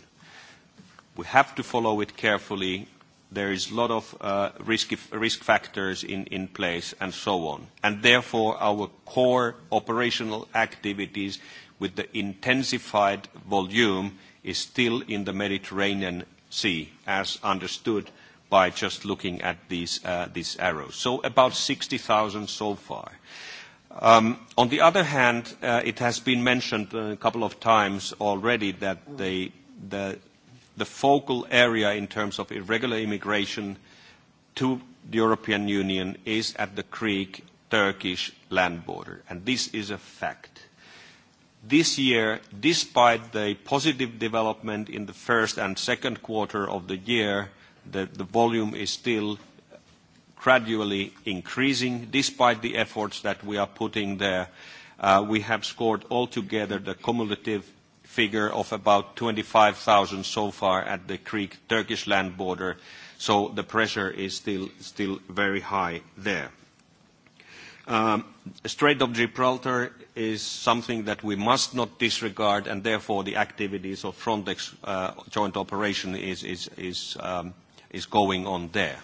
We have to follow it carefully. There is a lot of risk factors in place and so on. And therefore, our core operational activities with the intensified volume is still in the Mediterranean Sea, as understood by just looking at these arrows. So about 60,000 so far. On the other hand, it has been mentioned a couple of times already that the focal area in terms of irregular immigration to the European Union is at the Greek-Turkish land border, and this is a fact. This year, despite the positive development in the first and second quarter of the year, the volume is still gradually increasing despite the efforts that we are putting there. We have scored altogether the cumulative figure of about 25,000 so far at the Greek-Turkish land border, so the pressure is still very high there. Strait of Gibraltar is something that we must not disregard, and therefore the activities of Frontex joint operation is going on there.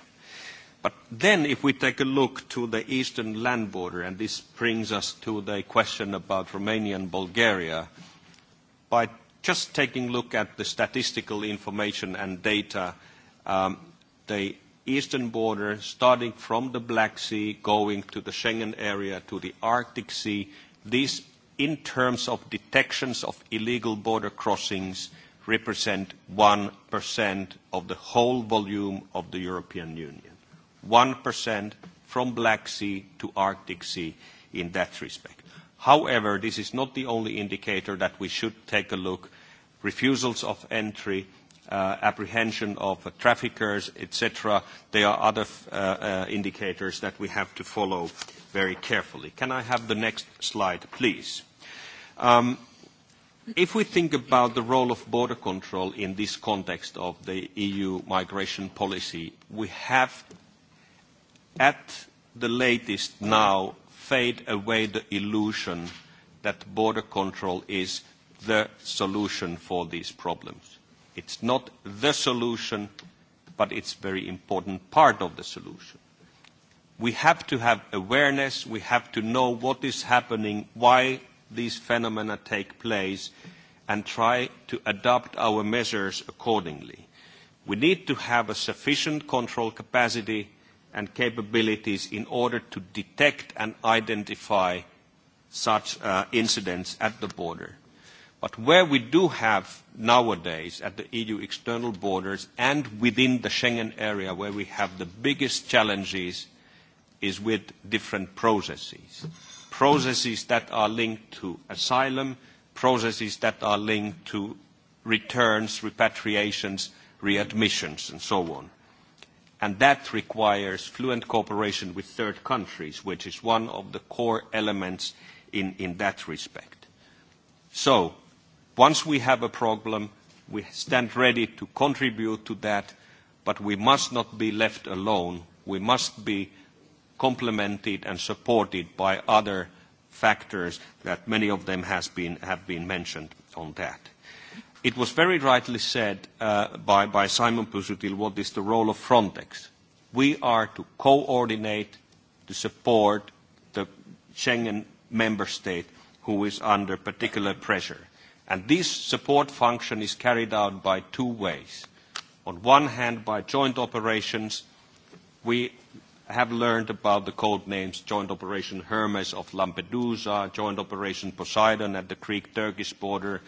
But then if we take a look to the eastern land border, and this brings us to the question about Romania and Bulgaria, by just taking a look at the statistical information and data, the eastern border, starting from the Black Sea, going to the Schengen area, to the Arctic Sea, these, in terms of detections of illegal border crossings, represent 1% of the whole volume of the European Union. 1% from Black Sea to Arctic Sea in that respect. However, this is not the only indicator that we should take a look. Refusals of entry, apprehension of traffickers, etc., There are other indicators that we have to follow very carefully. Can I have the next slide, please? If we think about the role of border control in this context of the EU migration policy, we have at the latest now fade away the illusion that border control is the solution for these problems. It's not the solution, but it's a very important part of the solution. We have to have awareness, we have to know what is happening, why these phenomena take place, and try to adapt our measures accordingly. We need to have a sufficient control capacity and capabilities in order to detect and identify such incidents at the border. But where we do have nowadays at the EU external borders and within the Schengen area where we have the biggest challenges is with different processes. Processes that are linked to asylum, processes that are linked to returns, repatriations, readmissions and so on and that requires fluent cooperation with third countries, which is one of the core elements in that respect. So, once we have a problem, we stand ready to contribute to that, but we must not be left alone. We must be complemented and supported by other factors that many of them have been mentioned on that. It was very rightly said by Simon Pusutil what is the role of Frontex. We are to coordinate, to support the Schengen member state who is under particular pressure. And this support function is carried out by two ways. On one hand, by joint operations. We have learned about the code names Joint Operation Hermes of Lampedusa, Joint Operation Poseidon at the Greek-Turkish border,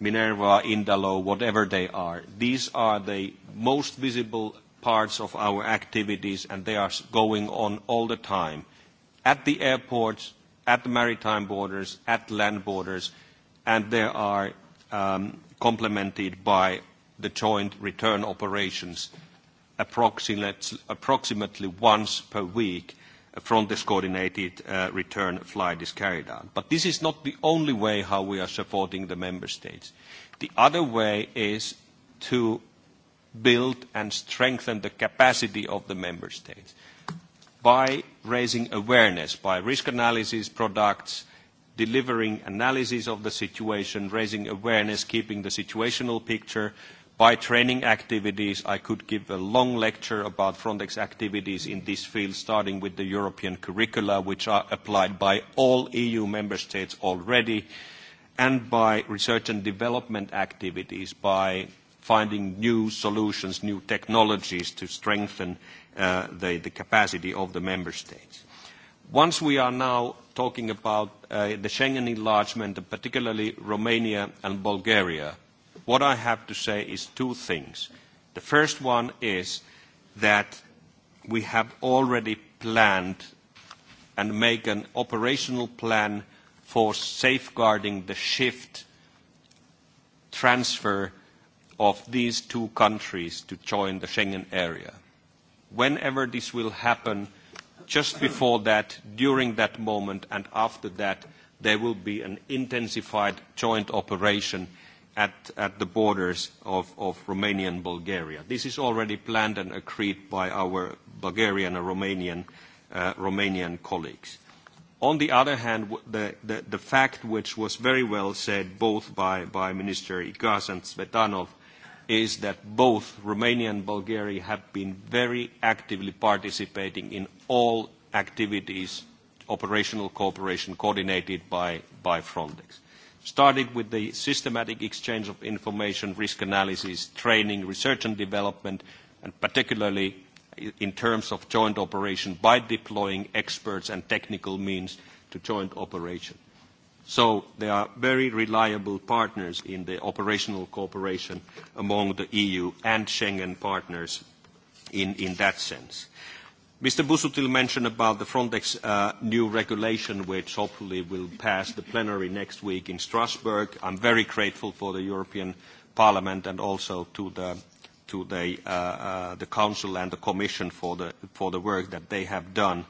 Minerva, Indalo, whatever they are. These are the most visible parts of our activities and they are going on all the time. At the airports, at the maritime borders, at land borders, and they are complemented by the joint return operations approximately once per week Frontex coordinated return flight is carried out. But this is not the only way how we are supporting the member states. The other way is to build and strengthen the capacity of the member states by raising awareness, by risk analysis products, delivering analysis of the situation, raising awareness, keeping the situational picture, By training activities, I could give a long lecture about Frontex activities in this field, starting with the European curricula, which are applied by all EU member states already, and by research and development activities, by finding new solutions, new technologies to strengthen the capacity of the member states. Once we are now talking about the Schengen enlargement, particularly Romania and Bulgaria, what I have to say is two things. The first one is that we have already planned and make an operational plan for safeguarding the shift transfer of these two countries to join the Schengen area. Whenever this will happen, just before that, during that moment, and after that, there will be an intensified joint operation at the borders of Romania and Bulgaria. This is already planned and agreed by our Bulgarian and Romanian colleagues. On the other hand, the fact which was very well said both by Minister Ikas and Svetanov is that both Romania and Bulgaria have been very actively participating in all activities, operational cooperation coordinated by Frontex started with the systematic exchange of information, risk analysis, training, research and development, and particularly in terms of joint operation by deploying experts and technical means to joint operation. So they are very reliable partners in the operational cooperation among the EU and Schengen partners in that sense. Mr. Busuttil mentioned about the Frontex new regulation, which hopefully will pass the plenary next week in Strasbourg. I am very grateful for the European Parliament and also to the Council and the Commission for the work that they have done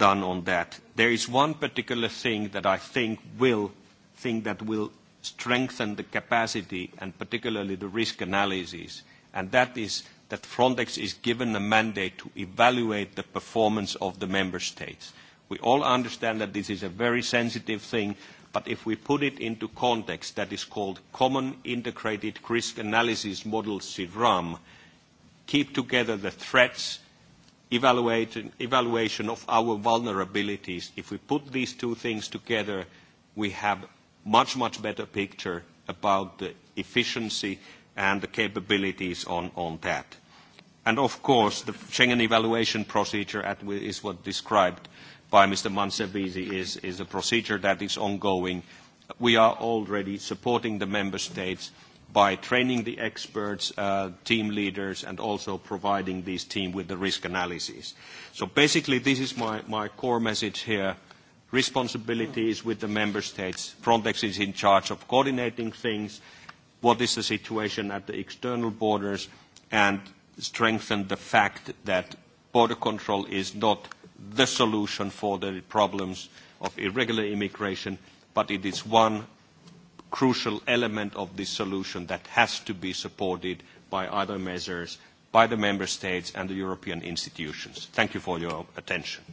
on that. There is one particular thing that I think will strengthen the capacity and particularly the risk analysis, and that is that Frontex is given a mandate to evaluate the performance of the member states. We all understand that this is a very sensitive thing, but if we put it into context, that is called Common Integrated Risk Analysis Model, CIRAM, keep together the threats, evaluation of our vulnerabilities. If we put these two things together, we have much, much better picture about the efficiency and the capabilities on that. And of course, the Schengen evaluation procedure is what described by Mr. Mansevisi is a procedure that is ongoing. We are already supporting the member states by training the experts, team leaders, and also providing this team with the risk analysis. So basically, this is my core message here. Responsibility is with the member states. Frontex is in charge of coordinating things what is the situation at the external borders and strengthen the fact that border control is not the solution for the problems of irregular immigration, but it is one crucial element of this solution that has to be supported by other measures by the member states and the European institutions. Thank you for your attention.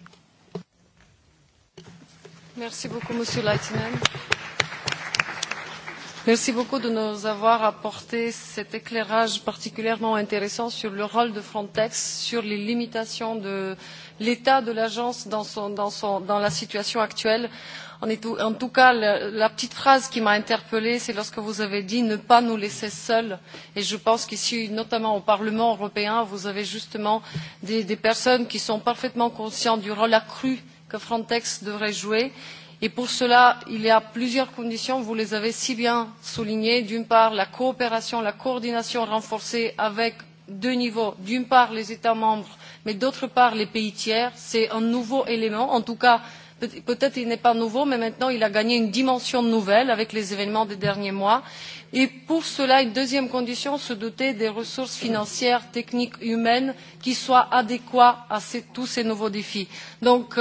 Merci beaucoup, Monsieur Merci beaucoup de nous avoir apporté cet éclairage particulièrement intéressant sur le rôle de Frontex, sur les limitations de l'état de l'agence dans la situation actuelle. En tout cas, la petite phrase qui m'a interpellée, c'est lorsque vous avez dit ne pas nous laisser seuls. Et je pense qu'ici, notamment au Parlement européen, vous avez justement des personnes qui sont parfaitement conscientes du rôle accru que Frontex devrait jouer Et pour cela, il y a plusieurs conditions, vous les avez si bien soulignées. D'une part, la coopération, la coordination renforcée avec deux niveaux. D'une part, les États membres, mais d'autre part, les pays tiers. C'est un nouveau élément, en tout cas peut-être il n'est pas nouveau, mais maintenant il a gagné une dimension nouvelle avec les événements des derniers mois. Et pour cela, une deuxième condition, se doter des ressources financières, techniques, humaines qui soient adéquates à tous ces nouveaux défis. Donc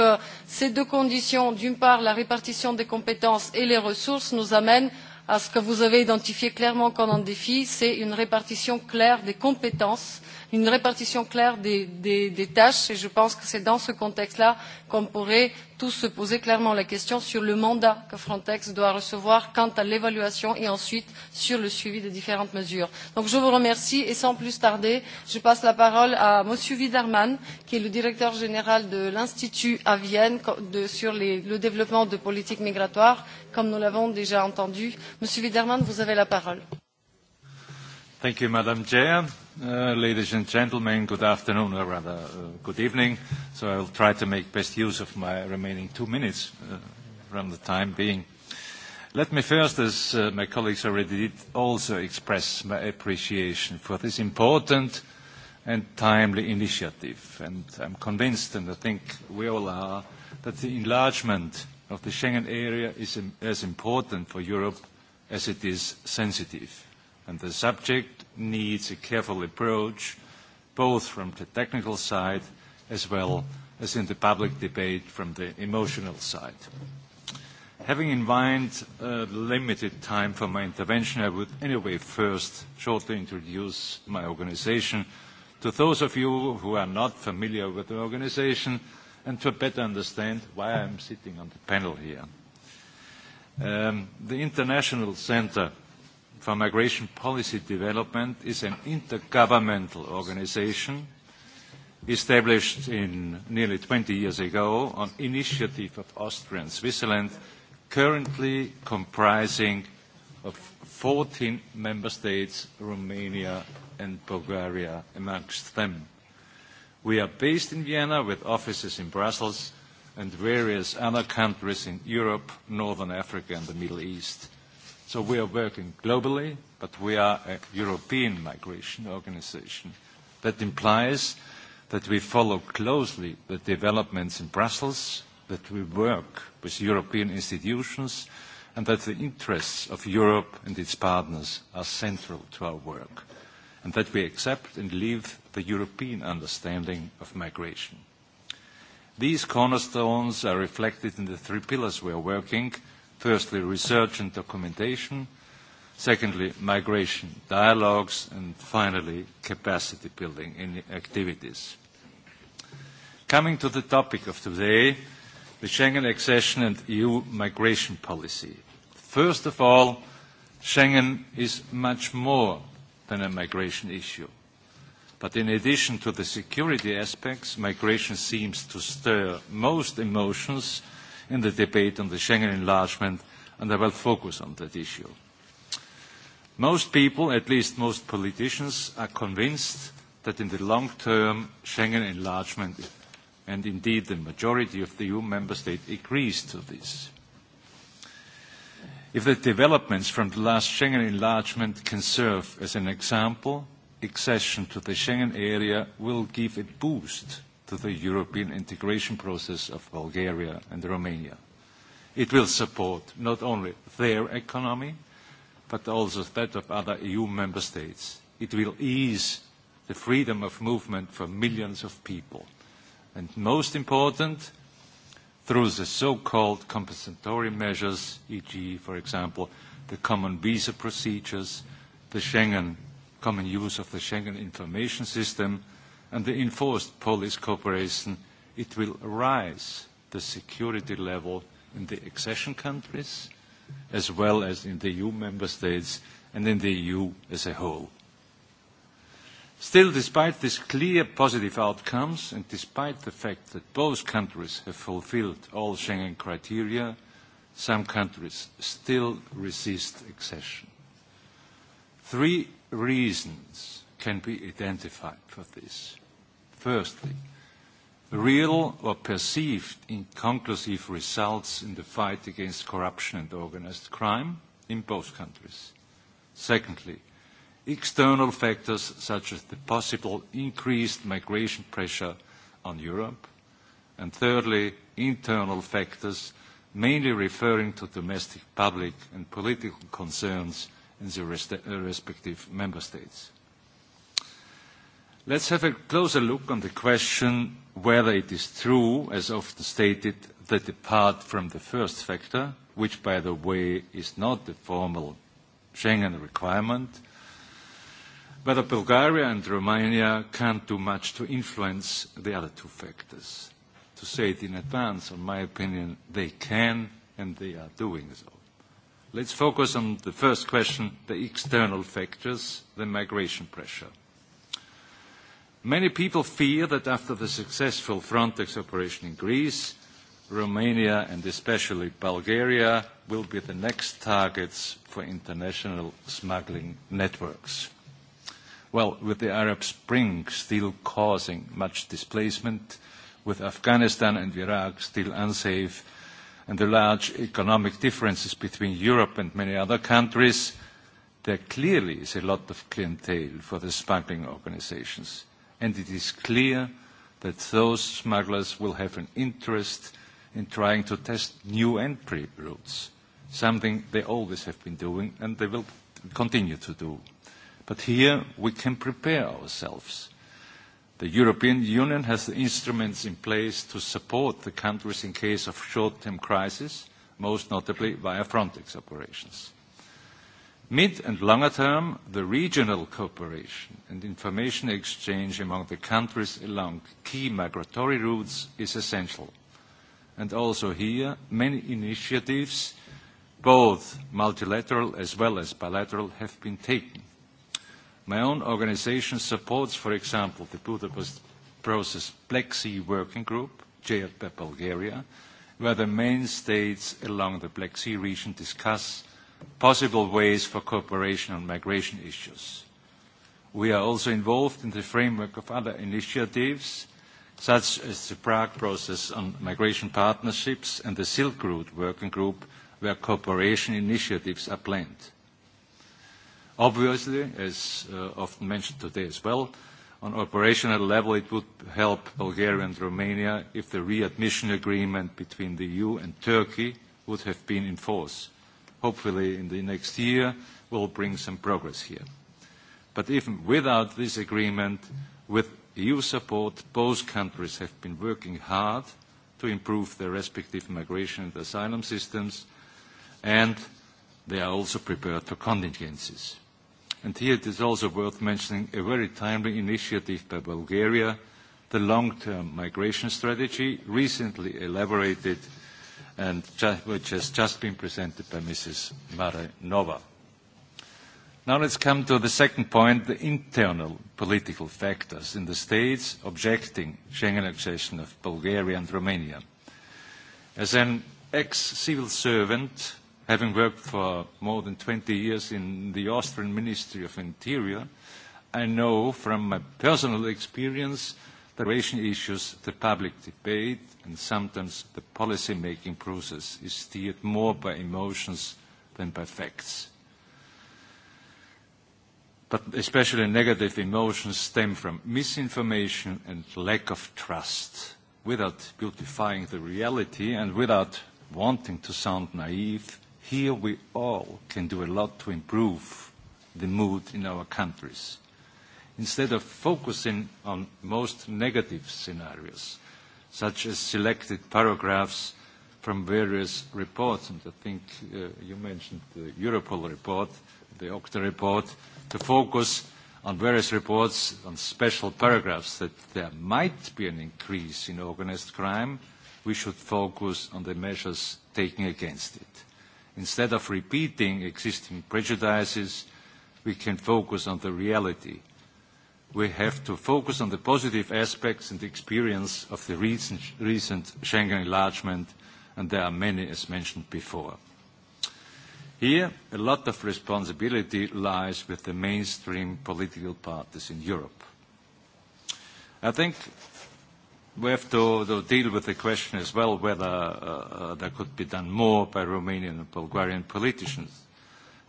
ces deux conditions, d'une part la répartition des compétences et les ressources, nous amènent à ce que vous avez identifié clairement comme un défi, c'est une répartition claire des compétences une répartition claire des tâches et je pense que c'est dans ce contexte là qu'on pourrait tous se poser clairement la question sur le mandat que Frontex doit recevoir quant à l'évaluation et ensuite sur le suivi des différentes mesures. Donc je vous remercie et sans plus tarder, je passe la parole à M. Widerman, qui est le directeur général de l'Institut à Vienne sur le développement de politiques migratoires, comme nous l'avons déjà entendu. Monsieur Widerman, vous avez la parole. Thank you, Madam Ladies and gentlemen, good afternoon, or rather good evening. So I will try to make best use of my remaining two minutes from the time being. Let me first, as my colleagues already did, also express my appreciation for this important and timely initiative. And I'm convinced, and I think we all are, that the enlargement of the Schengen area is as important for Europe as it is sensitive. And the subject needs a careful approach, both from the technical side as well as in the public debate from the emotional side. Having in mind limited time for my intervention, I would anyway first shortly introduce my organization to those of you who are not familiar with the organization and to better understand why I'm sitting on the panel here. The International Centre for Migration Policy Development is an intergovernmental organization established nearly 20 years ago on initiative of Austria and Switzerland, currently comprising of 14 member states, Romania and Bulgaria amongst them. We are based in Vienna with offices in Brussels and various other countries in Europe, Northern Africa and the Middle East. So we are working globally, but we are a European migration organisation. That implies that we follow closely the developments in Brussels, that we work with European institutions, and that the interests of Europe and its partners are central to our work, and that we accept and live the European understanding of migration. These cornerstones are reflected in the three pillars we are working – Firstly, research and documentation. Secondly, migration dialogues. And finally, capacity building in activities. Coming to the topic of today, the Schengen accession and EU migration policy. First of all, Schengen is much more than a migration issue. But in addition to the security aspects, migration seems to stir most emotions in the debate on the Schengen enlargement, and I will focus on that issue. Most people, at least most politicians, are convinced that in the long term, Schengen enlargement, and indeed the majority of the EU member states agrees to this. If the developments from the last Schengen enlargement can serve as an example, accession to the Schengen area will give a boost to the European integration process of Bulgaria and Romania. It will support not only their economy, but also that of other EU member states. It will ease the freedom of movement for millions of people. And most important, through the so-called compensatory measures, e.g., for example, the common visa procedures, the Schengen, common use of the Schengen information system, and the enforced police cooperation, it will rise the security level in the accession countries, as well as in the EU member states and in the EU as a whole. Still, despite these clear positive outcomes and despite the fact that both countries have fulfilled all Schengen criteria, some countries still resist accession. Three reasons can be identified for this. Firstly, real or perceived inconclusive results in the fight against corruption and organized crime in both countries. Secondly, external factors such as the possible increased migration pressure on Europe. And thirdly, internal factors mainly referring to domestic public and political concerns in the respective member states. Let's have a closer look on the question whether it is true, as often stated, that apart from the first factor, which, by the way, is not the formal Schengen requirement, whether Bulgaria and Romania can't do much to influence the other two factors. To say it in advance, in my opinion, they can and they are doing so. Let's focus on the first question, the external factors, the migration pressure. Many people fear that after the successful Frontex operation in Greece, Romania and especially Bulgaria will be the next targets for international smuggling networks. Well, with the Arab Spring still causing much displacement, with Afghanistan and Iraq still unsafe, and the large economic differences between Europe and many other countries, there clearly is a lot of clientele for the smuggling organisations and it is clear that those smugglers will have an interest in trying to test new entry routes, something they always have been doing and they will continue to do. But here we can prepare ourselves. The European Union has the instruments in place to support the countries in case of short-term crisis, most notably via Frontex operations. Mid and longer term, the regional cooperation and information exchange among the countries along key migratory routes is essential. And also here, many initiatives, both multilateral as well as bilateral, have been taken. My own organisation supports, for example, the Budapest Process Black Sea Working Group, chaired by Bulgaria, where the main states along the Black Sea region discuss possible ways for cooperation on migration issues. We are also involved in the framework of other initiatives, such as the Prague process on migration partnerships and the Silk Route Working Group, where cooperation initiatives are planned. Obviously, as often mentioned today as well, on operational level it would help Bulgaria and Romania if the readmission agreement between the EU and Turkey would have been in force hopefully in the next year, will bring some progress here. But even without this agreement, with EU support, both countries have been working hard to improve their respective migration and asylum systems, and they are also prepared for contingencies. And here it is also worth mentioning a very timely initiative by Bulgaria, the long-term migration strategy recently elaborated and which has just been presented by Mrs. Maranova. Now let's come to the second point, the internal political factors in the states objecting Schengen accession of Bulgaria and Romania. As an ex-civil servant, having worked for more than 20 years in the Austrian Ministry of Interior, I know from my personal experience preparation issues, the public debate, and sometimes the policy-making process is steered more by emotions than by facts. But especially negative emotions stem from misinformation and lack of trust. Without beautifying the reality and without wanting to sound naive, here we all can do a lot to improve the mood in our countries instead of focusing on most negative scenarios, such as selected paragraphs from various reports, and I think you mentioned the Europol report, the OCTA report, to focus on various reports on special paragraphs that there might be an increase in organised crime, we should focus on the measures taken against it. Instead of repeating existing prejudices, we can focus on the reality we have to focus on the positive aspects and experience of the recent Schengen enlargement, and there are many, as mentioned before. Here, a lot of responsibility lies with the mainstream political parties in Europe. I think we have to deal with the question as well whether there could be done more by Romanian and Bulgarian politicians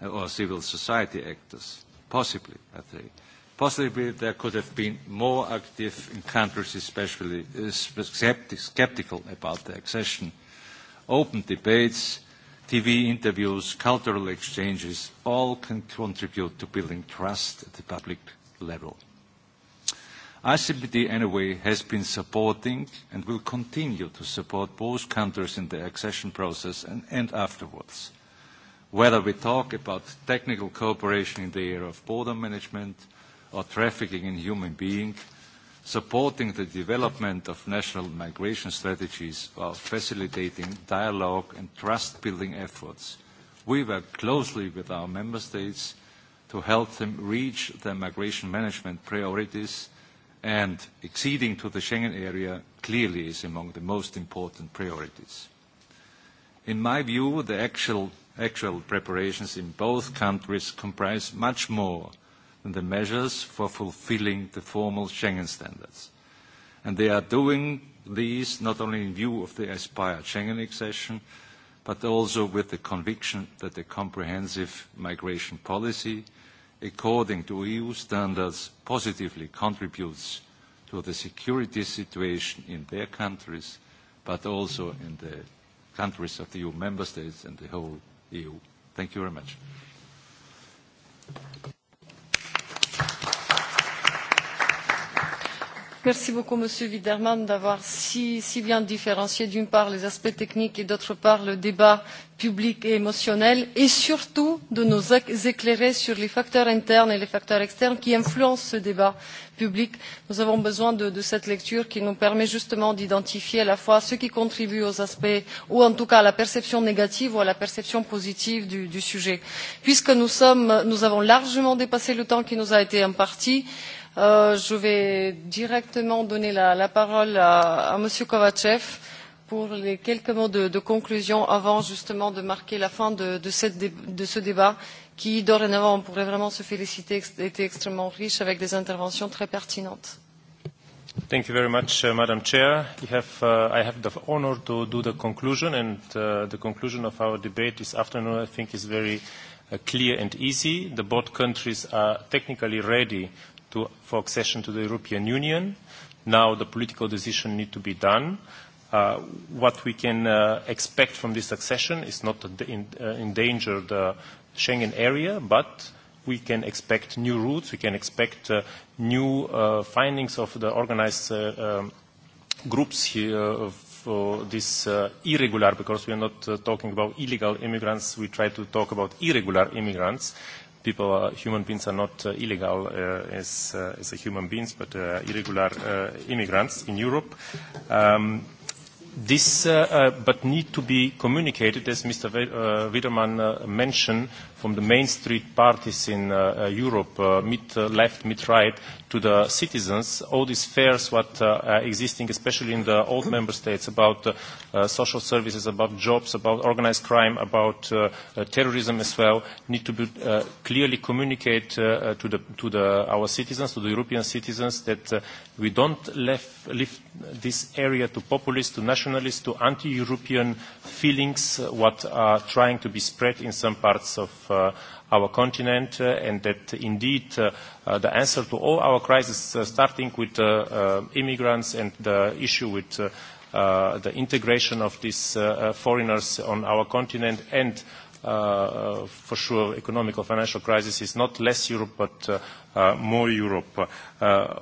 or civil society actors, possibly, I think Possibly there could have been more active in countries especially sceptical about the accession, open debates, TV interviews, cultural exchanges, all can contribute to building trust at the public level. ICPD anyway has been supporting and will continue to support both countries in the accession process and afterwards. Whether we talk about technical cooperation in the area of border management, or trafficking in human beings, supporting the development of national migration strategies while facilitating dialogue and trust-building efforts. We work closely with our member states to help them reach their migration management priorities and acceding to the Schengen area clearly is among the most important priorities. In my view, the actual preparations in both countries comprise much more and the measures for fulfilling the formal Schengen standards. And they are doing these not only in view of the aspired Schengen accession, but also with the conviction that a comprehensive migration policy, according to EU standards, positively contributes to the security situation in their countries, but also in the countries of the EU member states and the whole EU. Thank you very much. Merci beaucoup, Monsieur Widerman, d'avoir si bien différencié, d'une part, les aspects techniques et, d'autre part, le débat public et émotionnel, et surtout de nous éclairer sur les facteurs internes et les facteurs externes qui influencent ce débat public. Nous avons besoin de cette lecture qui nous permet justement d'identifier à la fois ce qui contribue aux aspects, ou en tout cas à la perception négative ou à la perception positive du sujet. Puisque nous avons largement dépassé le temps qui nous a été imparti, Je vais directement donner la la parole à M. Kovachev pour les quelques mots de de conclusion avant justement de marquer la fin de de, ce débat qui, dorénavant, on pourrait vraiment se féliciter, était extrêmement riche avec des interventions très pertinentes. Thank you very much, Madam Chair. I have the honor to do the conclusion, and the conclusion of our debate this afternoon, I think, is very clear and easy. The both countries are technically ready for accession to the European Union. Now the political decision needs to be done. What we can expect from this accession is not to endanger the Schengen area, but we can expect new routes, we can expect new findings of the organized groups here for this irregular, because we are not talking about illegal immigrants, we try to talk about irregular immigrants, people are human beings are not illegal as as human beings but irregular immigrants in Europe this but need to be communicated as Mr. Wiedermann mentioned from the main street parties in Europe, mid-left, mid-right, to the citizens, all these fears what are existing, especially in the old member states, about social services, about jobs, about organized crime, about terrorism as well, need to be clearly communicate to to our citizens, to the European citizens, that we don't leave this area to populists, to nationalists, to anti-European feelings, what are trying to be spread in some parts of our continent and that indeed the answer to all our crises, starting with immigrants and the issue with the integration of these foreigners on our continent and for sure economic or financial crisis is not less Europe but more Europe.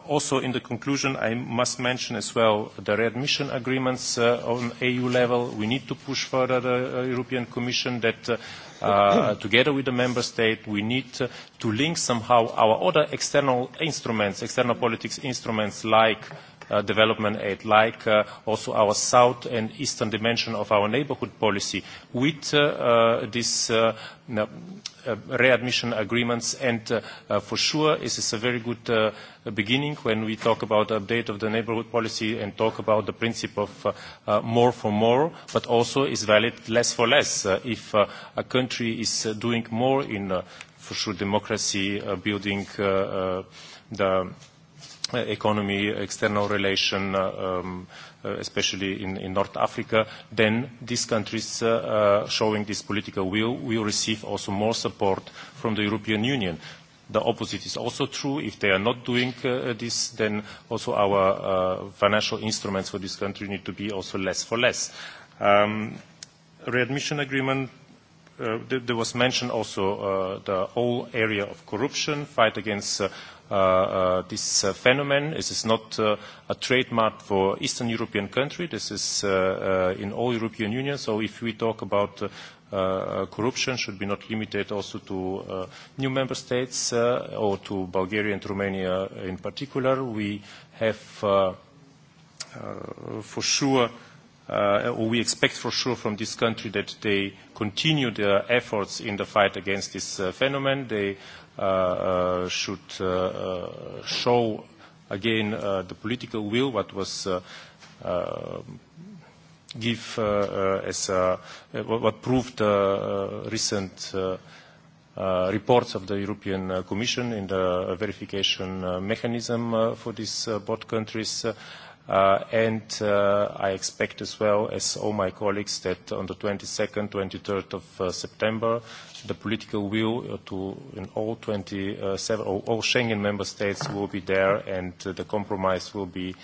Also, in the conclusion, I must mention as well the readmission agreements on EU level. We need to push further the European Commission that together with the member state, we need to link somehow our other external instruments, external politics instruments like development aid, like also our south and eastern dimension of our neighborhood policy, with these readmission agreements. And for sure, this is a very good beginning when we talk about the update of the neighborhood policy and talk about the principle of more for more, but also is valid less for less. If a country is doing more in, for sure, democracy, building the economy, external relation, especially in in North Africa, then these countries showing this political will will receive also more support from the European Union. The opposite is also true. If they are not doing this, then also our financial instruments for this country need to be also less for less. Readmission agreement there was mentioned also the whole area of corruption, fight against this phenomenon. This is not a trademark for Eastern European country. This is in all European Union. So if we talk about corruption, should be not limited also to new member states or to Bulgaria and Romania in particular. We have for sure or we expect for sure from this country that they continue their efforts in the fight against this phenomenon. They should show again the political will what was give as what proved recent reports of the European Commission in the verification mechanism for these both countries. And I expect as well, as all my colleagues, that on the 22nd, 23rd of September, the political will to in all 27 all Schengen member states will be there and the compromise will be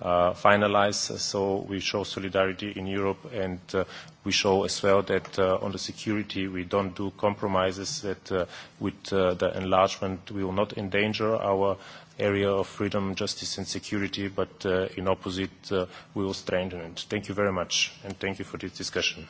finalized. So we show solidarity in Europe and we show as well that on the security we don't do compromises, that with the enlargement we will not endanger our area of freedom, justice and security, but in opposite we will strengthen it. Thank you very much and thank you for this discussion.